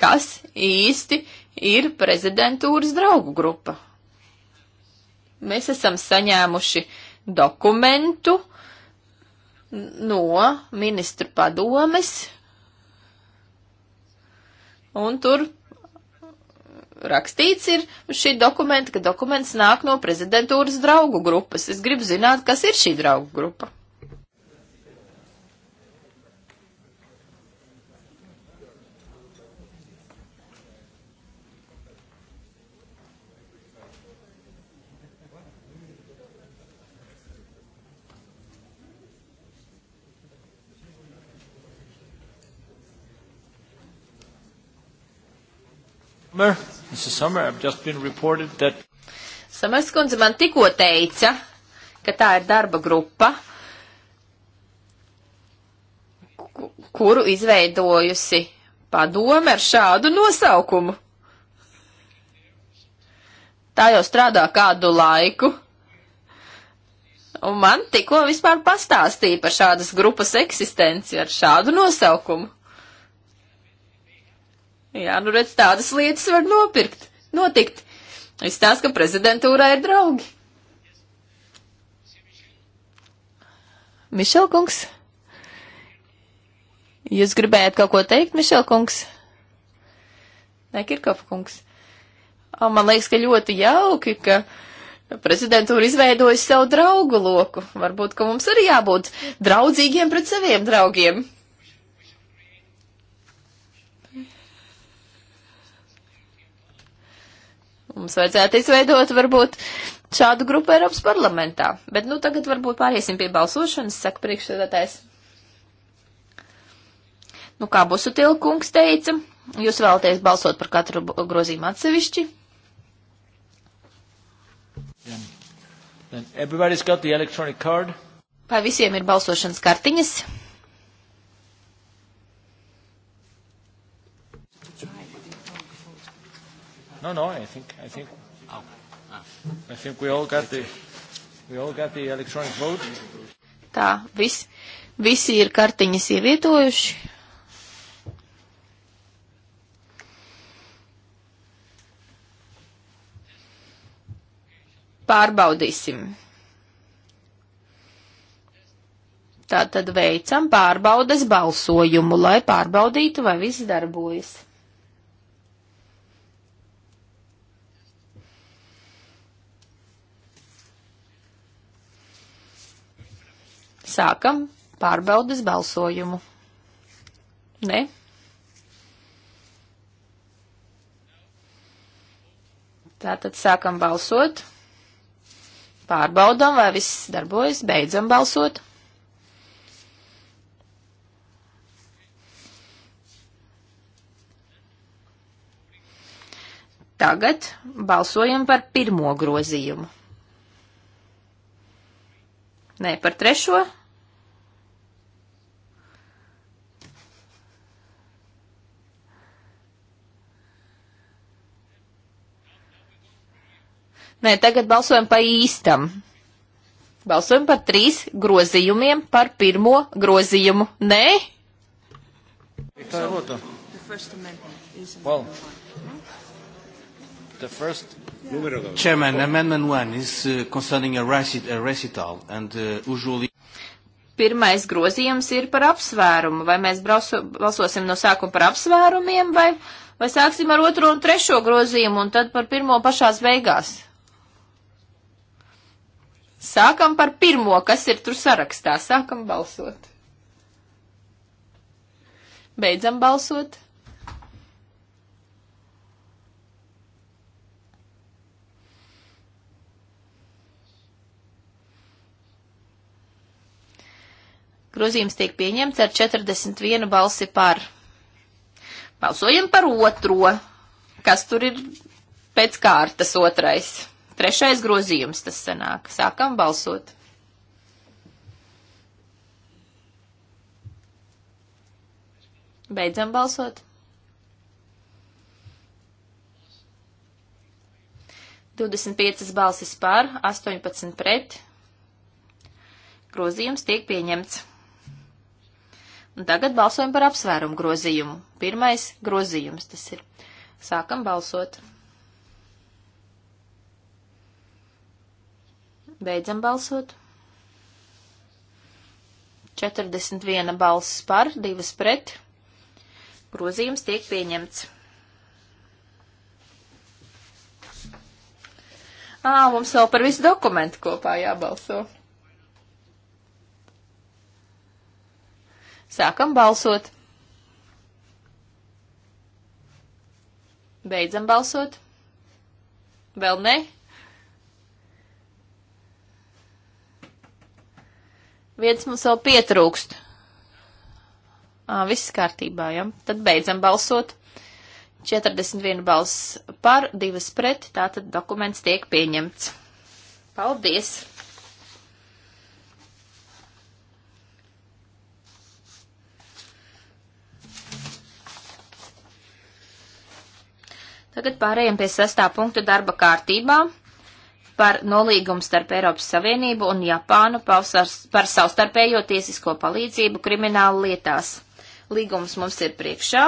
kas īsti ir prezidentūras draugu grupa? Mēs esam saņēmuši uh, dokumentu no ministru padomes, un tur rakstīts ir šī dokumenta, ka dokuments nāk no prezidentūras draugu grupas. Es gribu zināt, kas ir šī draugu grupa. Summer, Mrs. Summer, I've just been reported that. Samers kundze man tikko teica, ka tā ir darba grupa, kuru izveidojusi padome ar šādu nosaukumu. Tā jau strādā kādu laiku. Un man tikko vispār pastāstīja par šādas grupas eksistenci ar šādu nosaukumu. Jā, nu redz, tādas lietas var nopirkt, notikt. Izstāst, ka prezidentūrā ir draugi. Mišelkungs? Jūs gribējāt kaut ko teikt, Mišelkungs? Nē, Kirkopkungs. O, man liekas, ka ļoti jauki, ka prezidentūra izveidojas savu draugu loku. Varbūt, ka mums arī jābūt draudzīgiem pret saviem draugiem. Mums vajadzētu izveidot varbūt šādu grupu Eiropas parlamentā. Bet nu tagad varbūt pāriesim pie balsošanas, saka priekšsēdētājs. Nu kā Busutil kungs teica, jūs vēlaties balsot par katru grozīmu atsevišķi? Vai visiem ir balsošanas kartiņas? No, no, I think, I think, oh. ah. I think we all got the, we all got the electronic vote. Tā, vis, visi ir kartiņas ievietojuši. Pārbaudīsim. Tātad veicam pārbaudes balsojumu, lai pārbaudītu, vai viss darbojas. Sākam pārbaudas balsojumu. Ne? Tātad sākam balsot, pārbaudam, vai viss darbojas, beidzam balsot. Tagad balsojam par pirmo grozījumu. Nē, par trešo Nē, tagad balsojam pa īstam. Balsojam par trīs grozījumiem, par pirmo grozījumu. Nē? Well, the first Chairman, Amendment 1 is uh, concerning a, recit a recital and uh, usually... Pirmais grozījums ir par apsvērumu. Vai mēs brauso, balsosim no sākuma par apsvērumiem vai, vai sāksim ar otro un trešo grozījumu un tad par pirmo pašās beigās? Sākam par pirmo, kas ir tur sarakstā. Sākam balsot. Beidzam balsot. Grozījums tiek pieņemts ar 41 balsi par. Balsojam par otro, kas tur ir pēc kārtas otrais. Trešais grozījums tas sanāk. Sākam balsot. Beidzam balsot. 25 balsis par, 18 pret. Grozījums tiek pieņemts. Un tagad balsojam par apsvērumu grozījumu. Pirmais grozījums tas ir. Sākam balsot. Beidzam balsot. 41 balss par, 2 pret. Grozījums tiek pieņemts. Ā, mums vēl par visu dokumentu kopā jābalso. Sākam balsot. Beidzam balsot. Vēl ne? Viens mums vēl pietrūkst. À, viss kārtībā, ja? Tad beidzam balsot. 41 balss par, 2 pret, tātad dokuments tiek pieņemts. Paldies! Tagad pārējiem pie sestā punktu darba kārtībā par nolīgumu starp Eiropas Savienību un Japānu par savstarpējo tiesisko palīdzību kriminālu lietās. Līgums mums ir priekšā.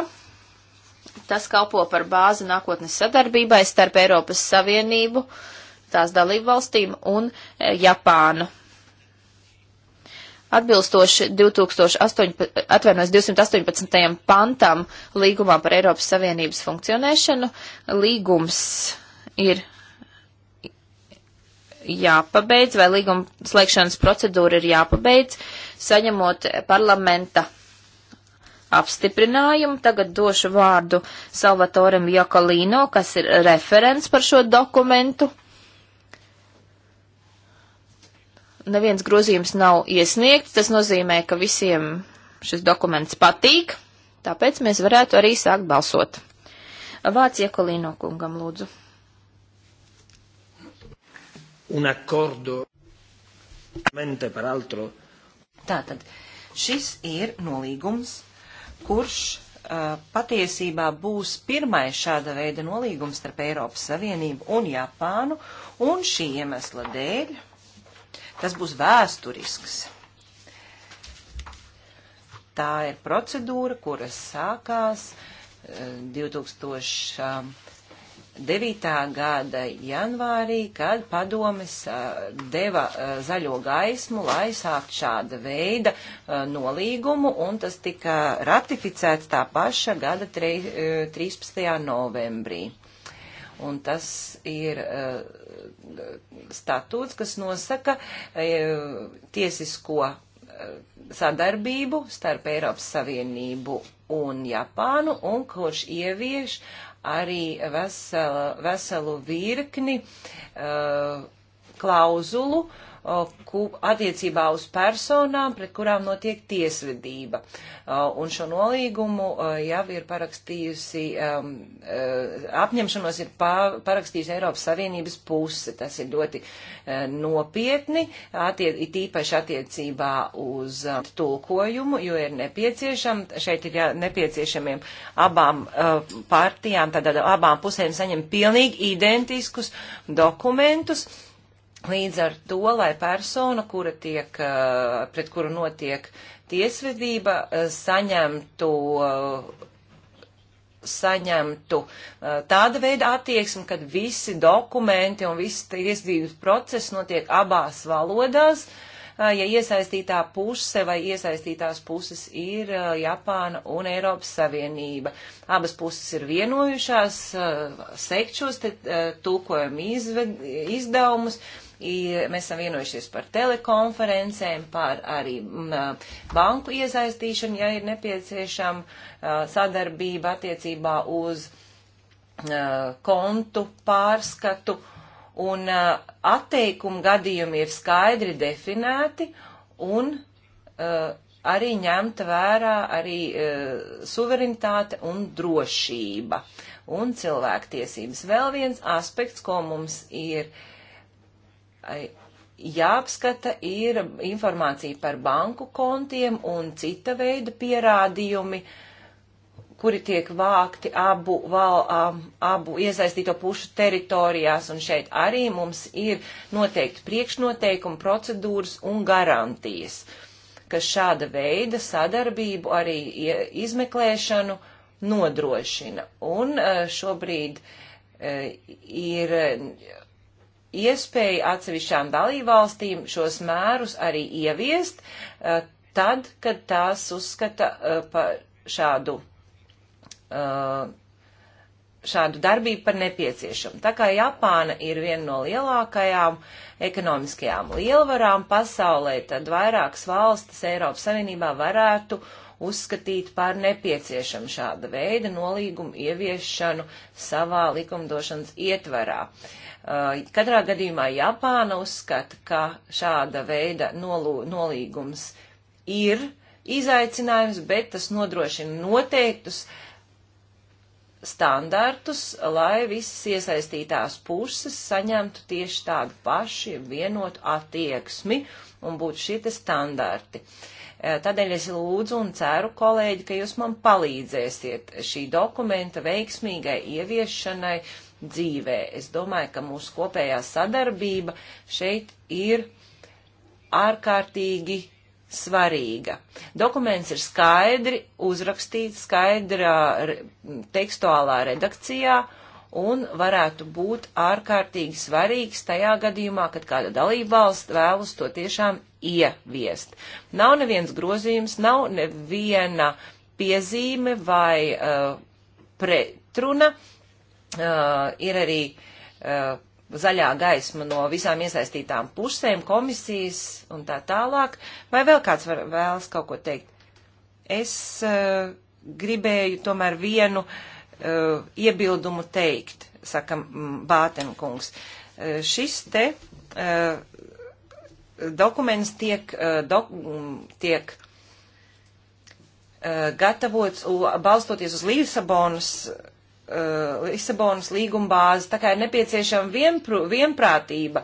Tas kalpo par bāzi nākotnes sadarbībai starp Eiropas Savienību, tās dalību valstīm un e, Japānu. Atbilstoši 2008, atvainojas 218. pantam līgumā par Eiropas Savienības funkcionēšanu, līgums ir jāpabeidz, vai līguma slēgšanas procedūra ir jāpabeidz, saņemot parlamenta apstiprinājumu. Tagad došu vārdu Salvatorem Jokalīno, kas ir referents par šo dokumentu. Neviens grozījums nav iesniegts, tas nozīmē, ka visiem šis dokuments patīk, tāpēc mēs varētu arī sākt balsot. Vācija Kolīno kungam lūdzu un accordo mente par altro. Tātad šis ir nolīgums, kurš uh, patiesībā būs pirmais šāda veida nolīgums starp Eiropas Savienību un Japānu, un šī iemesla dēļ tas būs vēsturisks. Tā ir procedūra, kuras sākās uh, 2000. Uh, 9. gada janvārī, kad padomis deva zaļo gaismu, lai sākt šāda veida nolīgumu, un tas tika ratificēts tā paša gada 13. novembrī. Un tas ir statūts, kas nosaka tiesisko sadarbību starp Eiropas Savienību un Japānu, un kurš ievieš arī vesela, veselu virkni uh, klauzulu, uh, attiecībā uz personām, pret kurām notiek tiesvedība. Un šo nolīgumu jau ir parakstījusi, um, e, apņemšanos ir parakstījusi Eiropas Savienības puse. Tas ir ļoti e, nopietni, attiec, tīpaši attiecībā uz um, tulkojumu, jo ir nepieciešama, šeit ir jā, nepieciešamiem abām e, partijām, tātad abām pusēm saņem pilnīgi identiskus dokumentus. Līdz ar to, lai persona, kura tiek, eh, pret kuru notiek tiesvedība, eh, saņemtu, eh, saņemtu tāda veida attieksmi, kad visi dokumenti un viss tiesvedības process notiek abās valodās, ja iesaistītā puse vai iesaistītās puses ir Japāna un Eiropas Savienība. Abas puses ir vienojušās, sekšos te tūkojumu izdevumus. Izved, Mēs esam vienojušies par telekonferencēm, par arī banku iesaistīšanu, ja ir nepieciešama sadarbība attiecībā uz kontu pārskatu. Un atteikumu gadījumi ir skaidri definēti un arī ņemta vērā arī suverenitāte un drošība un cilvēktiesības. Vēl viens aspekts, ko mums ir uh, jāapskata ir informācija par banku kontiem un cita veida pierādījumi, kuri tiek vākti abu, val, abu iesaistīto pušu teritorijās, un šeit arī mums ir noteikti priekšnoteikumi, procedūras un garantijas, kas šāda veida sadarbību arī izmeklēšanu nodrošina. Un šobrīd ir iespēja atsevišķām dalībvalstīm šos mērus arī ieviest, eh, tad, kad tās uzskata eh, par šādu, eh, šādu darbību par nepieciešamu. Tā kā Japāna ir viena no lielākajām ekonomiskajām lielvarām pasaulē, tad vairākas valstis Eiropas Savienībā varētu uh, uzskatīt par nepieciešamu šāda veida nolīgumu ieviešanu savā likumdošanas ietvarā. Uh, katrā gadījumā Japāna uzskata, ka šāda veida nolū, nolīgums ir izaicinājums, bet tas nodrošina noteiktus standartus, lai visas iesaistītās puses saņemtu tieši tādu pašu vienotu attieksmi un būtu šie standarti. Uh, Eh, tādēļ es lūdzu un ceru, kolēģi, ka jūs man palīdzēsiet šī dokumenta veiksmīgai ieviešanai dzīvē. Es domāju, ka mūsu kopējā sadarbība šeit ir ārkārtīgi svarīga. Dokuments ir skaidri uzrakstīts, skaidrā tekstuālā redakcijā un varētu būt ārkārtīgi svarīgs tajā gadījumā, kad kāda dalībvalsts vēlas to tiešām ieviest. Nav neviens grozījums, nav neviena piezīme vai uh, pretruna. Uh, ir arī uh, zaļā gaisma no visām iesaistītām pusēm, komisijas un tā tālāk. Vai vēl kāds var, vēlas kaut ko teikt? Es uh, gribēju tomēr vienu uh, Uh, iebildumu teikt, saka mm, Bātenkungs. Uh, šis te uh, dokuments tiek, dok, mm, tiek gatavots balstoties uz Lisabonas, Lisabonas līguma bāzi, tā kā ir nepieciešama vienpru, vienprātība.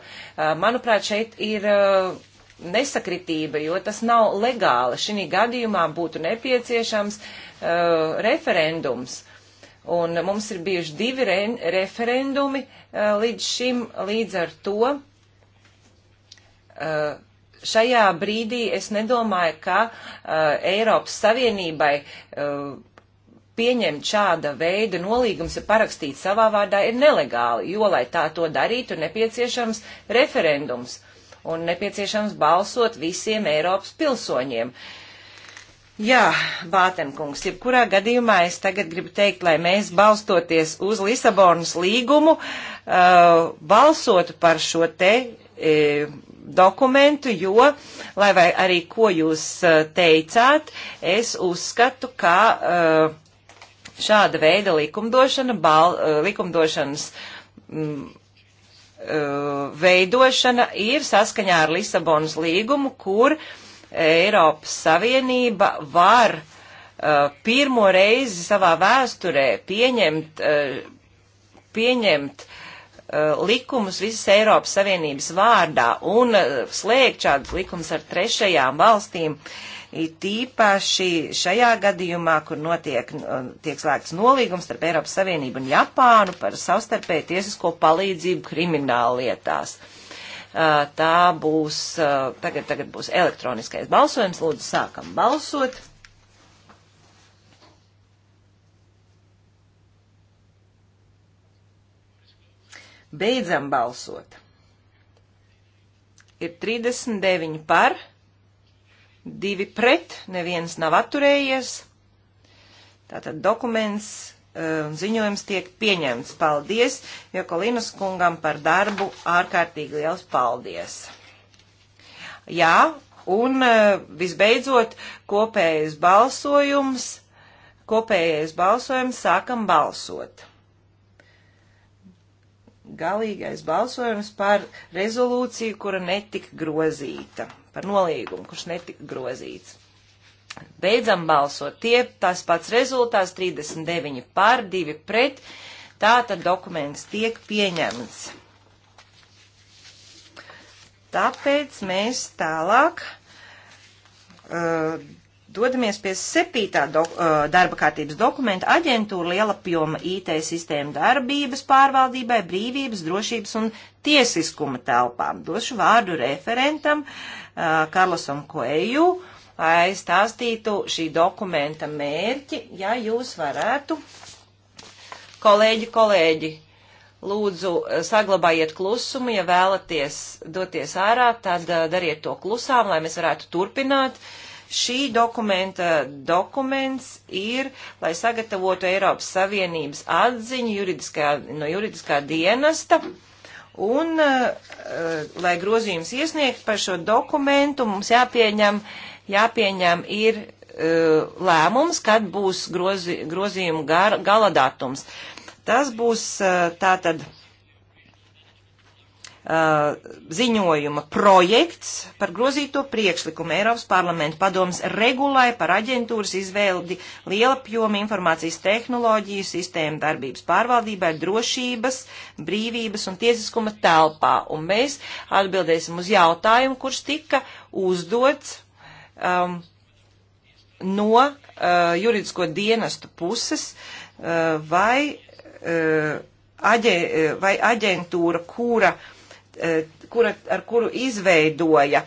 Manuprāt, šeit ir nesakritība, jo tas nav legāli. Šī gadījumā būtu nepieciešams referendums Un mums ir bijuši divi re referendumi uh, līdz šim, līdz ar to. Uh, šajā brīdī es nedomāju, ka uh, Eiropas Savienībai pieņemt šāda veida nolīgums, ja parakstīt savā vārdā, ir nelegāli, jo, lai tā to darītu, nepieciešams referendums un nepieciešams balsot visiem Eiropas pilsoņiem. Uh, Jā, Bātenkungs, jebkurā gadījumā es tagad gribu teikt, lai mēs balstoties uz Lisabonas līgumu uh, balsotu par šo te uh, dokumentu, jo, lai vai arī ko jūs uh, teicāt, es uzskatu, ka uh, šāda veida likumdošana, bal, uh, likumdošanas. Mm, veidošana ir saskaņā ar Lisabonas līgumu, kur uh, Eiropas Savienība var uh, pirmo reizi savā vēsturē pieņemt, uh, pieņemt uh, likumus visas Eiropas Savienības vārdā un uh, slēgt šādus likumus ar trešajām valstīm. It īpaši šajā gadījumā, kur notiek, uh, tiek slēgts nolīgums starp Eiropas Savienību un Japānu par savstarpēju tiesisko palīdzību krimināllietās. lietās. Eh, tā būs, eh, tagad, tagad būs elektroniskais balsojums. Lūdzu, sākam balsot. Beidzam balsot. Ir 39 par, 2 pret, neviens nav atturējies. Tātad dokuments Um, ziņojums tiek pieņemts. Paldies Jokolinas kungam par darbu. Ārkārtīgi liels paldies! Jā, un uh, visbeidzot kopējais balsojums. Kopējais balsojums sākam balsot. Galīgais balsojums par rezolūciju, kura netika grozīta, par nolīgumu, kurš netika grozīts. Beidzam balsot. Tie tas pats rezultāts - 39 pār, 2 pret. Tātad dokuments tiek pieņemts. Tāpēc mēs tālāk uh, dodamies pie septītā do, uh, darba kārtības dokumenta aģentūra lielapjoma IT sistēma darbības pārvaldībai, brīvības, drošības un tiesiskuma telpām. Došu vārdu referentam uh, Karlosam Koeju. Uh, lai stāstītu šī dokumenta mērķi, ja jūs varētu, kolēģi, kolēģi, lūdzu saglabājiet klusumu, ja vēlaties doties ārā, tad eh, dariet to klusām, lai mēs varētu turpināt. Šī dokumenta dokuments ir, lai sagatavotu Eiropas Savieniības atziņu juridiskā, no juridiskā dienesta. Un, uh, lai grozījums iesniegt par šo dokumentu, mums jāpieņem uh, jāpieņem ir e, lēmums, kad būs grozi, grozījuma gar, gala datums. Tas būs e, tātad e, ziņojuma projekts par grozīto priekšlikumu Eiropas parlamenta padomas regulai par aģentūras izvēldi lielapjoma informācijas tehnoloģiju sistēmu darbības pārvaldībai drošības, brīvības un tiesiskuma telpā. Un mēs atbildēsim uz jautājumu, kurš tika uzdots um, no uh, juridisko dienestu puses uh, vai, uh, aģe, uh, vai aģentūra, kura uh, kura, ar kuru izveidoja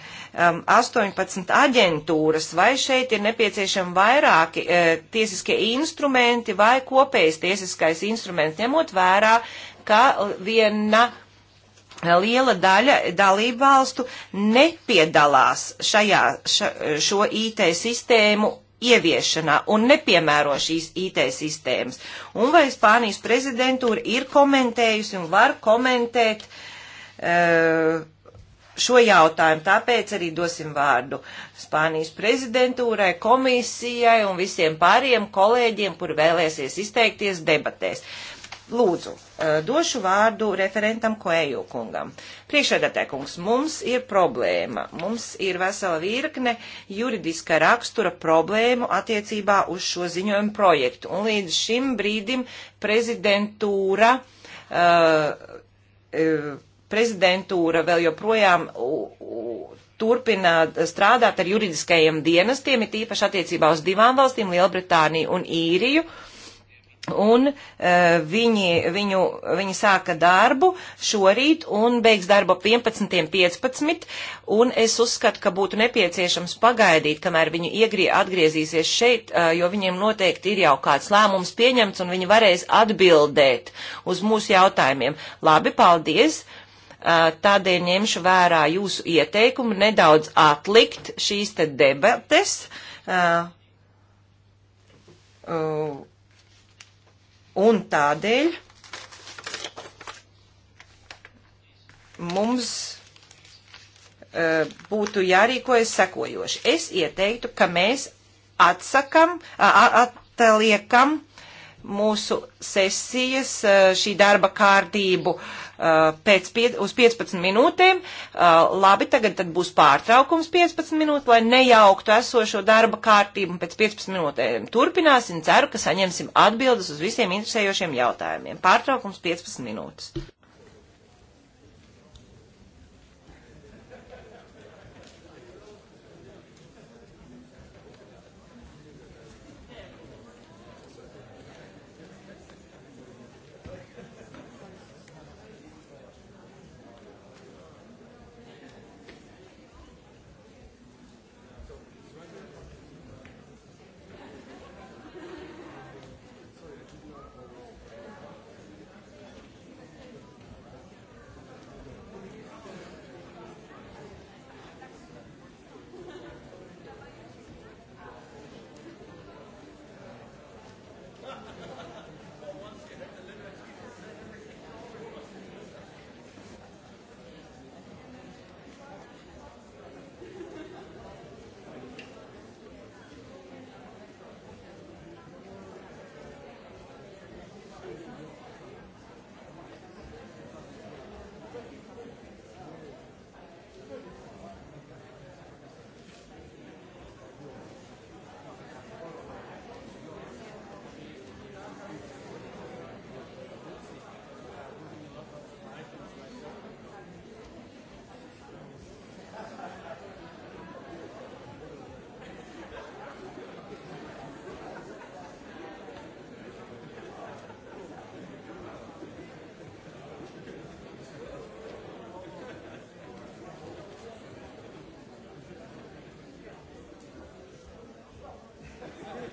um, 18 aģentūras, vai šeit ir nepieciešami vairāki e, tiesiskie instrumenti vai kopējs tiesiskais instruments, ņemot vērā, ka viena liela daļa dalību valstu nepiedalās šajā, ša, šo IT sistēmu ieviešanā un nepiemēro šīs IT sistēmas. Un vai Spānijas prezidentūra ir komentējusi un var komentēt uh, šo jautājumu, tāpēc arī dosim vārdu Spānijas prezidentūrai, komisijai un visiem pāriem kolēģiem, kur vēlēsies izteikties debatēs. Lūdzu, Eh, došu vārdu referentam Koeju kungam. Priekšredatē kungs, mums ir problēma. Mums ir vesela virkne juridiska rakstura problēmu attiecībā uz šo ziņojumu projektu. Un līdz šim brīdim prezidentūra. Uh, uh, prezidentūra vēl joprojām turpina strādāt ar juridiskajiem dienestiem, it īpaši attiecībā uz divām valstīm - Lielbritāniju un Īriju. Uh, Un uh, viņi, viņu, viņi sāka darbu šorīt un beigs darbu ap 11.15. Un es uzskatu, ka būtu nepieciešams pagaidīt, kamēr viņi iegrie, atgriezīsies šeit, uh, jo viņiem noteikti ir jau kāds lēmums pieņemts un viņi varēs atbildēt uz mūsu jautājumiem. Labi, paldies! Uh, tādēļ ņemšu vērā jūsu ieteikumu nedaudz atlikt šīs te debates. Uh, uh, Un tādēļ mums uh, būtu jārīkojas sekojoši. Es ieteiktu, ka mēs atsakam, atliekam mūsu sesijas, eh, šī darba kārtību eh, pēc, uz 15 minūtēm. Eh, labi, tagad tad būs pārtraukums 15 minūtes, lai nejauktu esošo darba kārtību. Pēc 15 minūtēm turpināsim, ceru, ka saņemsim atbildes uz visiem interesējošiem jautājumiem. Pārtraukums 15 minūtes.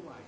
ด้วย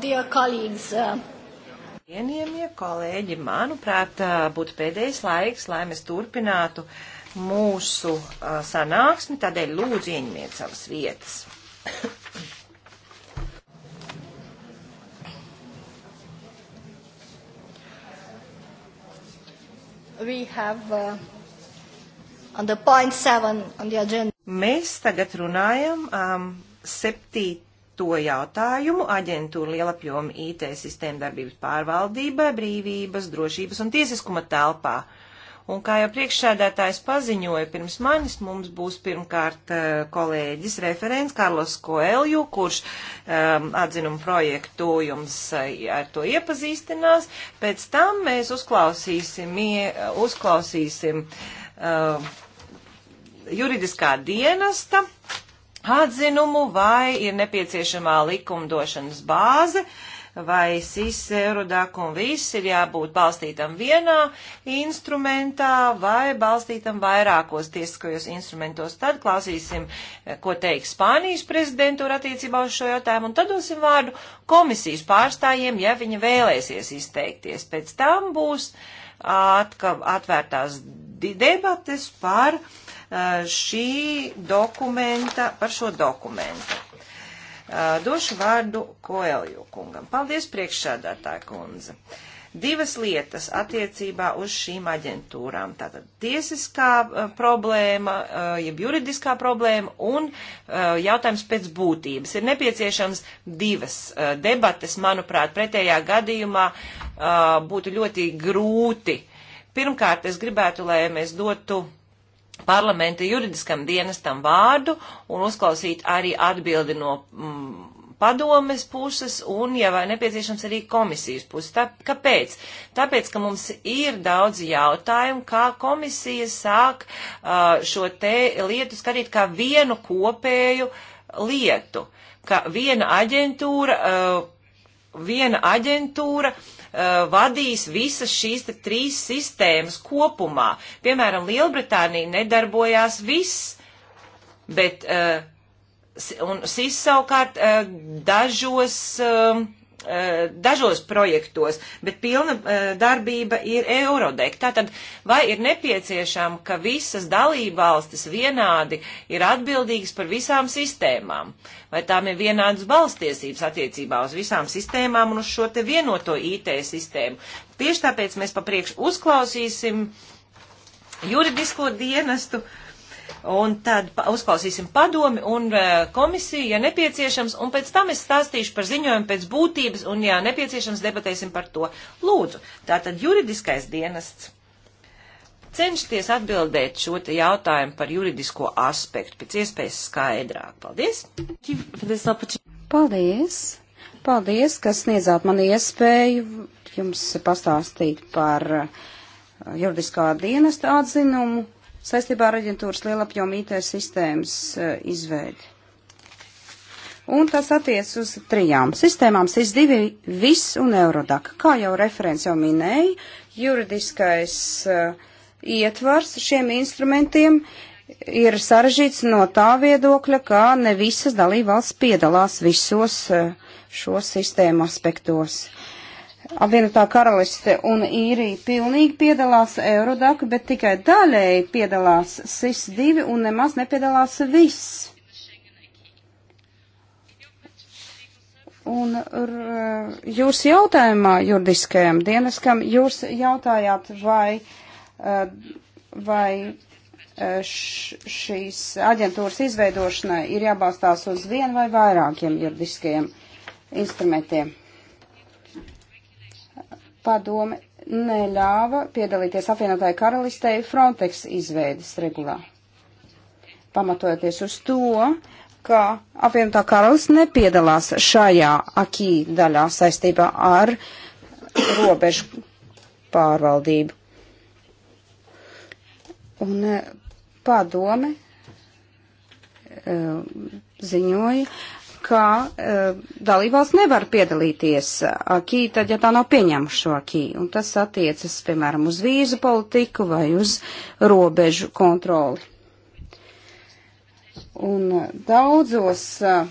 dear colleagues. Vienījamie uh, kolēģi, manuprāt, uh, būtu pēdējais laiks, lai mēs turpinātu mūsu uh, sanāksmi, tādēļ lūdzu ieņemiet savas vietas. [coughs] We have uh, on the point seven on the agenda. Mēs tagad runājam um, septīt to jautājumu aģentūra lielapjoma IT sistēma darbības pārvaldībai, brīvības, drošības un tiesiskuma telpā. Un kā jau priekšsēdētājs paziņoja pirms manis, mums būs pirmkārt eh, kolēģis referents Karlos Koelju, kurš um, atzinumu projektu jums eh, ar to iepazīstinās. Pēc tam mēs uzklausīsim, uzklausīsim uh, juridiskā dienesta atzinumu, vai ir nepieciešamā likumdošanas bāze, vai SIS, Eurodak un viss ir jābūt balstītam vienā instrumentā vai balstītam vairākos tiesiskajos instrumentos. Tad klausīsim, ko teiks Spānijas prezidentūra attiecībā uz šo jautājumu, un tad dosim vārdu komisijas pārstājiem, ja viņi vēlēsies izteikties. Pēc tam būs atka, atvērtās debates par uh, Eh, šī dokumenta, par šo dokumentu. Eh, došu vārdu Koelju kungam. Paldies priekšsādātāja kundze. Divas lietas attiecībā uz šīm aģentūrām. Tātad tiesiskā eh, problēma, jeb juridiskā problēma un jautājums pēc būtības. Ir nepieciešams divas debates, manuprāt, pretējā gadījumā būtu ļoti grūti. Pirmkārt, es gribētu, lai mēs dotu parlamenta juridiskam dienestam vārdu un uzklausīt arī atbildi no mm, padomes puses un, ja vai nepieciešams, arī komisijas puses. Tā, kāpēc? Tāpēc, ka mums ir daudz jautājumu, kā komisija sāk uh, šo te lietu skatīt kā vienu kopēju lietu, ka viena aģentūra, uh, viena aģentūra uh, Uh, vadīs visas šīs te, trīs sistēmas kopumā. Piemēram, Lielbritānija nedarbojās viss, bet uh, un SIS savukārt uh, dažos. Um, Eh, dažos projektos, bet pilna eh, darbība ir Eurodek. Tātad, vai ir nepieciešama, ka visas dalībvalstis vienādi ir atbildīgas par visām sistēmām? Vai tām ir vienādas balstiesības attiecībā uz visām sistēmām un uz šo te vienoto IT sistēmu? Tieši tāpēc mēs papriekš uzklausīsim juridisko dienestu. Uh, un tad uzklausīsim padomi un e, komisiju, ja nepieciešams, un pēc tam es stāstīšu par ziņojumu pēc būtības, un ja nepieciešams, debatēsim par to. Lūdzu, tātad juridiskais dienests. Cenšties atbildēt šo te jautājumu par juridisko aspektu pēc iespējas skaidrāk. Paldies! Paldies! Paldies, ka sniedzāt man iespēju jums pastāstīt par e, juridiskā dienesta atzinumu saistībā ar aģentūras lielapjomu IT sistēmas e, izveidi. Un tas attiec uz trijām sistēmām - SIS2, VIS un Eurodak. Kā jau referents jau minēja, juridiskais uh, ietvars šiem instrumentiem ir sarežģīts no tā viedokļa, ka ne visas dalībvalsts piedalās visos uh, e, šo sistēmu aspektos. Apvienotā karaliste un īrija pilnīgi piedalās Eurodaka, bet tikai daļēji piedalās SIS-2 un nemaz nepiedalās viss. Un jūs jautājumā juridiskajam dieneskam, jūs jautājāt, vai, eh, vai eh, šīs aģentūras izveidošanai ir jābalstās uz vienu vai vairākiem juridiskajiem instrumentiem padome neļāva piedalīties apvienotāju karalistei Frontex izveidas regulā. Pamatojoties uz to, ka apvienotā karalis nepiedalās šajā akī daļā saistībā ar robežu pārvaldību. Un eh, padome eh, ziņoja, ka uh, dalībvalsts nevar piedalīties eh, akī, tad, ja tā nav pieņemuši šo akī. Un tas attiecas, piemēram, uz vīzu politiku vai uz robežu kontroli. Un eh, daudzos uh,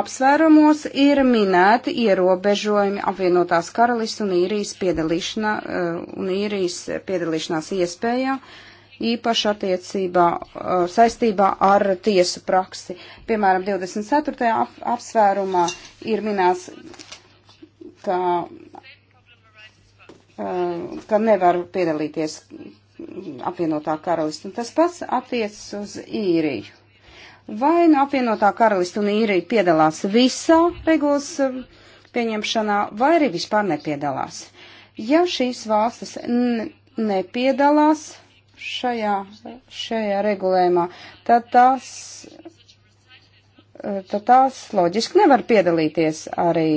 apsvērumos ir minēti ierobežojumi apvienotās karalists un īrijas piedalīšanā uh, un īrijas piedalīšanās iespējā. Uh, īpaši attiecībā uh, saistībā ar tiesu praksi. Piemēram, 24. apsvērumā ir minēts, ka, uh, ka nevar piedalīties apvienotā karalista. Un tas pats attiecas uz īriju. Vai nu apvienotā karalista un īrija piedalās visā regulas um, pieņemšanā, vai arī vispār nepiedalās. Ja šīs valstis nepiedalās, šajā, šajā regulējumā, tad tās, eh, tad tās loģiski nevar piedalīties arī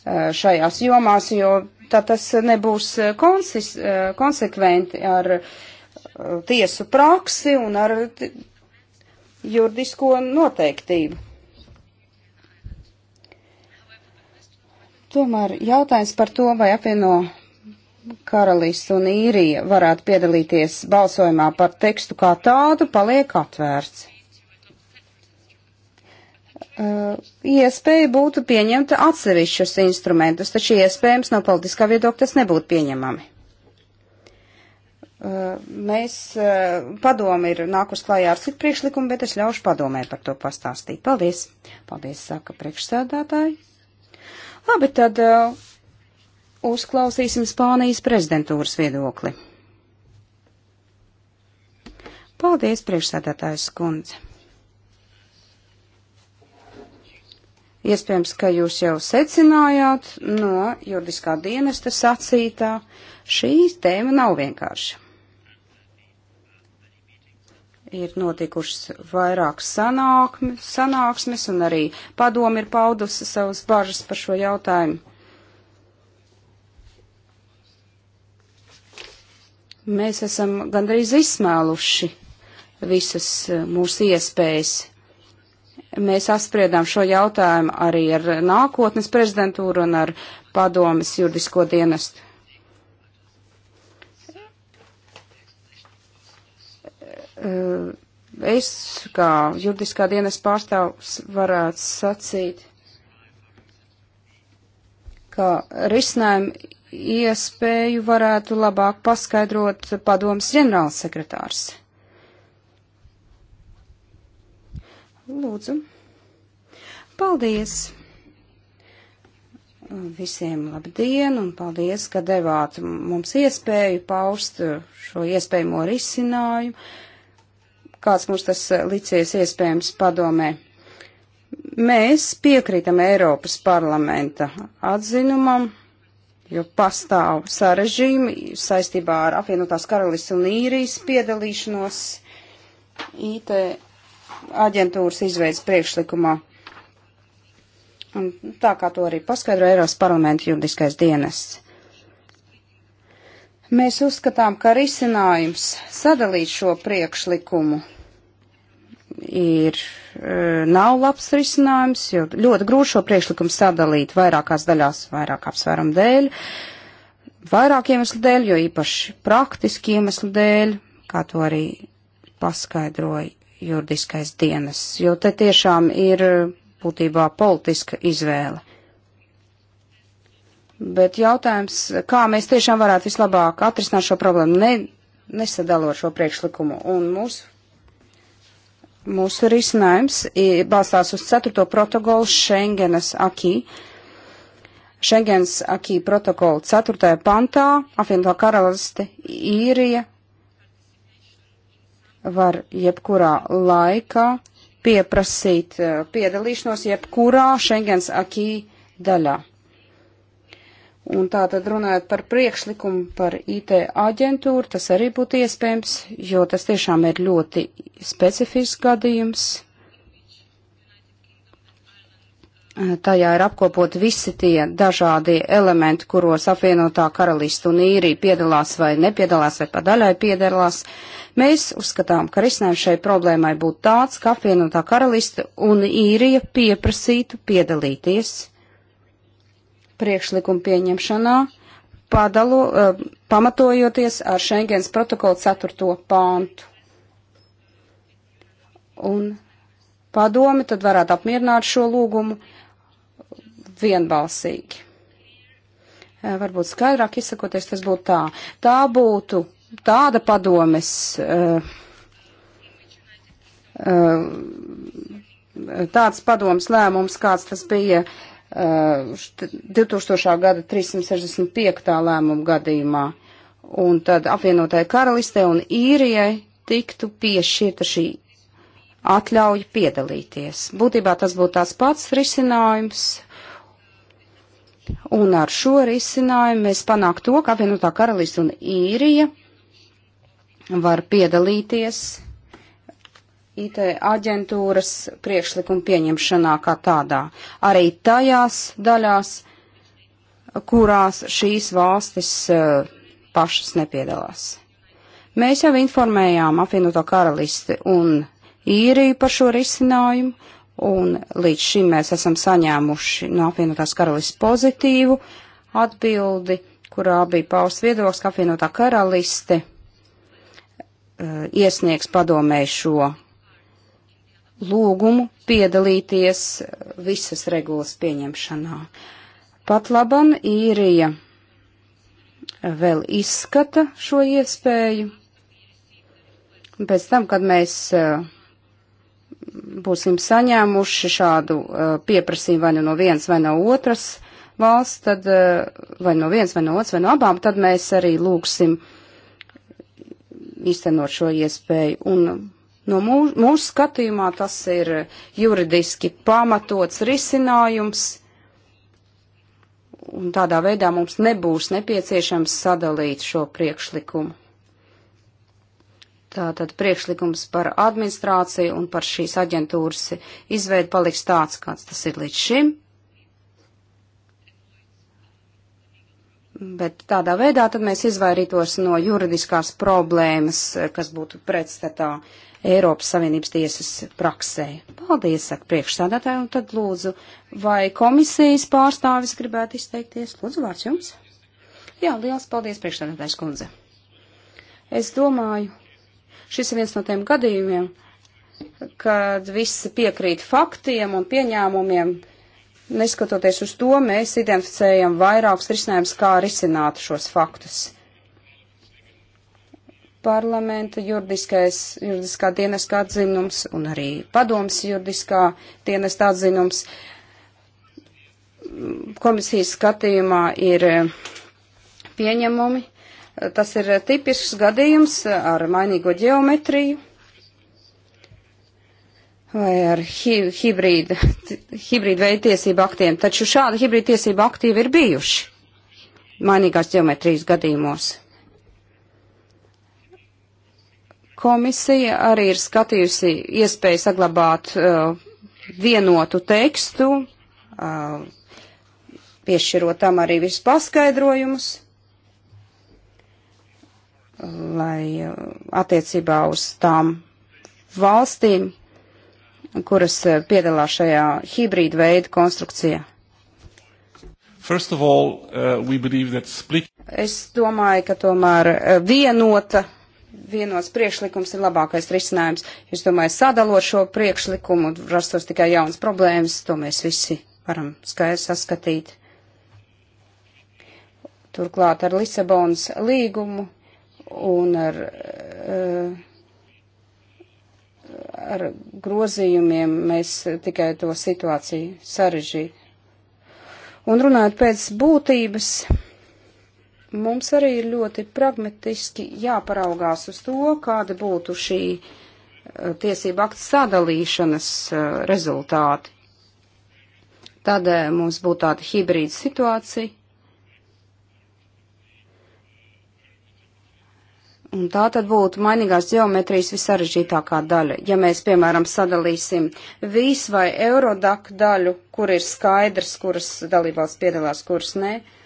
eh, šajās jomās, jo tad tas nebūs eh, konsis, konsekventi ar tiesu praksi un ar juridisko noteiktību. Tomēr jautājums par to, vai apvieno karalists un īrija varētu piedalīties balsojumā par tekstu kā tādu, paliek atvērts. Uh, iespēja būtu pieņemt atsevišķus instrumentus, taču iespējams no politiskā viedokļa tas nebūtu pieņemami. Uh, mēs, uh, padomi ir nākus klājā ar citu priekšlikumu, bet es ļaušu padomē par to pastāstīt. Paldies! Paldies, saka priekšsēdētāji. Labi, tad uh, uzklausīsim Spānijas prezidentūras viedokli. Paldies, priekšsēdētājs kundze. Iespējams, ka jūs jau secinājāt no juridiskā dienesta sacītā, šī tēma nav vienkārša. Ir notikušas vairākas sanāksmes, sanāksmes, un arī padomi ir paudusi savas bažas par šo jautājumu. Mēs esam gandrīz izsmēluši visas e, mūsu iespējas. Mēs apspriedām šo jautājumu arī ar nākotnes prezidentūru un ar padomes juridisko dienestu. E, es kā juridiskā dienas pārstāvs varētu sacīt, ka risinājumi iespēju varētu labāk paskaidrot padomas ģenerālsekretārs. Lūdzu. Paldies! Visiem labdien un paldies, ka devāt mums iespēju paust šo iespējamo risinājumu, kāds mums tas licies iespējams padomē. Mēs piekrītam Eiropas parlamenta atzinumam jo pastāv sarežģījumi saistībā ar apvienotās karalists un īrijas piedalīšanos IT aģentūras izveidas priekšlikumā. Un tā kā to arī paskaidro Eiropas parlamenta juridiskais dienests. Mēs uzskatām, ka risinājums sadalīt šo priekšlikumu ir, e, nav labs risinājums, jo ļoti grūti šo priekšlikumu sadalīt vairākās daļās, vairāk apsvērumu dēļ, vairāk iemeslu dēļ, jo īpaši praktiski iemeslu dēļ, kā to arī paskaidroja juridiskais dienas, jo te tiešām ir būtībā politiska izvēle. Bet jautājums, kā mēs tiešām varētu vislabāk atrisināt šo problēmu, ne, nesadalot šo priekšlikumu. Un mūsu Mūsu risinājums balstās uz 4. protokolu Schengenas akī. Schengens akī protokola 4. pantā apvienotā karaliste īrija var jebkurā laikā pieprasīt eh, piedalīšanos jebkurā Schengens akī daļā. Un tā tad runājot par priekšlikumu par IT aģentūru, tas arī būtu iespējams, jo tas tiešām ir ļoti specifisks gadījums. Tajā ir apkopot visi tie dažādie elementi, kuros apvienotā karalista un īrija piedalās vai nepiedalās vai pa daļai piedalās. Mēs uzskatām, ka risinājums šai problēmai būtu tāds, ka apvienotā karalista un īrija pieprasītu piedalīties priekšlikuma pieņemšanā, padalo, uh, e, pamatojoties ar Schengens protokolu 4. pāntu. Un padomi tad varētu apmierināt šo lūgumu vienbalsīgi. Uh, varbūt skaidrāk izsakoties, tas būtu tā. Tā būtu tāda padomes. Uh, tāds padoms lēmums, kāds tas bija 2000. Uh, gada 365. lēmumu gadījumā, un tad apvienotāja karalistē un īrijai tiktu piešķirta šī atļauja piedalīties. Būtībā tas būtu tās pats risinājums, un ar šo risinājumu mēs panāk to, ka apvienotā karalista un īrija var piedalīties IT aģentūras priekšlikuma pieņemšanā kā tādā. Arī tajās daļās, kurās šīs valstis eh, pašas nepiedalās. Mēs jau informējām apvienoto karalisti un īriju par šo risinājumu, un līdz šim mēs esam saņēmuši no apvienotās karalists pozitīvu atbildi, kurā bija paust viedoklis, ka apvienotā karaliste uh, iesniegs padomē šo lūgumu piedalīties visas regulas pieņemšanā. Pat labam īrija vēl izskata šo iespēju. Pēc tam, kad mēs eh, būsim saņēmuši šādu eh, pieprasījumu vai nu no vienas vai no otras valsts, tad eh, vai no vienas vai no otras vai no abām, tad mēs arī lūgsim īstenot šo iespēju. Un No mūsu, mūsu skatījumā tas ir juridiski pamatots risinājums, un tādā veidā mums nebūs nepieciešams sadalīt šo priekšlikumu. Tātad priekšlikums par administrāciju un par šīs aģentūras izveidu paliks tāds, kāds tas ir līdz šim. Bet tādā veidā tad mēs izvairītos no juridiskās problēmas, kas būtu pretstatā uh, Eiropas Savienības tiesas praksē. Paldies, saka priekšsādātāji, un tad lūdzu, vai komisijas pārstāvis gribētu izteikties? Lūdzu, vārds jums. Jā, liels paldies, priekšsādātājs kundze. Es domāju, šis ir viens no tiem gadījumiem, kad viss piekrīt faktiem un pieņēmumiem. Neskatoties uz to, mēs identificējam vairākus risinājumus, kā risināt šos faktus parlamenta juridiskais, juridiskā dienesta atzinums un arī padomas juridiskā dienesta atzinums komisijas skatījumā ir eh, pieņemumi. Tas ir tipisks gadījums ar mainīgo ģeometriju vai ar hi hibrīda, hibrīda veidu tiesību aktiem, taču šādi hibrīda tiesību aktīvi ir bijuši mainīgās ģeometrijas gadījumos. Komisija arī ir skatījusi iespēju saglabāt uh, vienotu tekstu, uh, piešķirot tam arī visus paskaidrojumus, lai uh, attiecībā uz tām valstīm, kuras uh, piedalās šajā hibrīda veida konstrukcijā. All, uh, split... Es domāju, ka tomēr uh, vienota vienots priekšlikums ir labākais risinājums. Es domāju, sadalot šo priekšlikumu un rastos tikai jaunas problēmas, to mēs visi varam skaidri saskatīt. Turklāt ar Lisabonas līgumu un ar, eh, ar grozījumiem mēs tikai to situāciju sarežģītu. Un runājot pēc būtības, mums arī ir ļoti pragmatiski jāparaugās uz to, kāda būtu šī eh, tiesība akta sadalīšanas eh, rezultāti. Tad eh, mums būtu tāda hibrīda situācija. Un tā tad būtu mainīgās geometrijas visarežģītākā daļa. Ja mēs, piemēram, sadalīsim visu vai eurodaku daļu, kur ir skaidrs, kuras dalībvalsts piedalās, kuras nē, uh,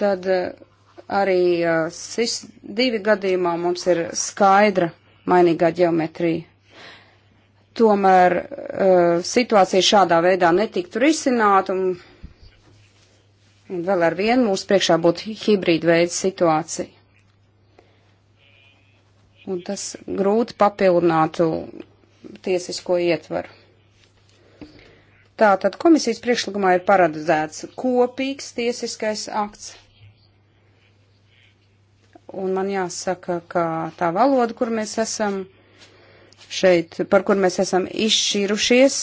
tad eh, arī eh, SIS divi gadījumā mums ir skaidra mainīgā ģeometrija. Tomēr eh, situācija šādā veidā netiktu risināta un, un vēl ar vienu mūsu priekšā būtu hibrīda veida situācija. Un tas grūti papildinātu tiesisko ietvaru. Tātad komisijas priekšlikumā ir paredzēts kopīgs tiesiskais akts un man jāsaka, ka tā valoda, kur mēs esam šeit, par kur mēs esam izšķīrušies,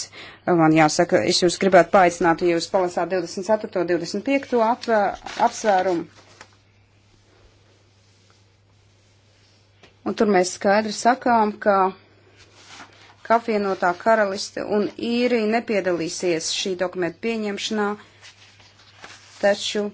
man jāsaka, es jūs gribētu paaicināt, ja jūs palasāt 24. un 25. Ap, apsvērumu. Un tur mēs skaidri sakām, ka apvienotā karaliste un īrija nepiedalīsies šī dokumenta pieņemšanā, taču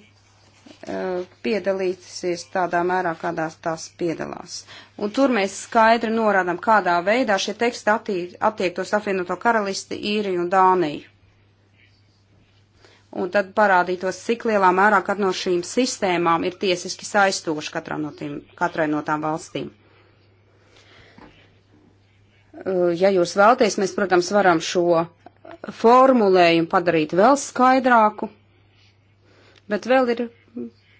Eh, piedalīsies tādā mērā, kādā tās piedalās. Un tur mēs skaidri norādām, kādā veidā šie teksti attī, attiektos apvienoto karalisti, īriju un Dāniju. Un tad parādītos, cik lielā mērā katra no šīm sistēmām ir tiesiski saistoša no tīm, katrai no tām valstīm. Eh, ja jūs vēlties, mēs, protams, varam šo formulējumu padarīt vēl skaidrāku, bet vēl ir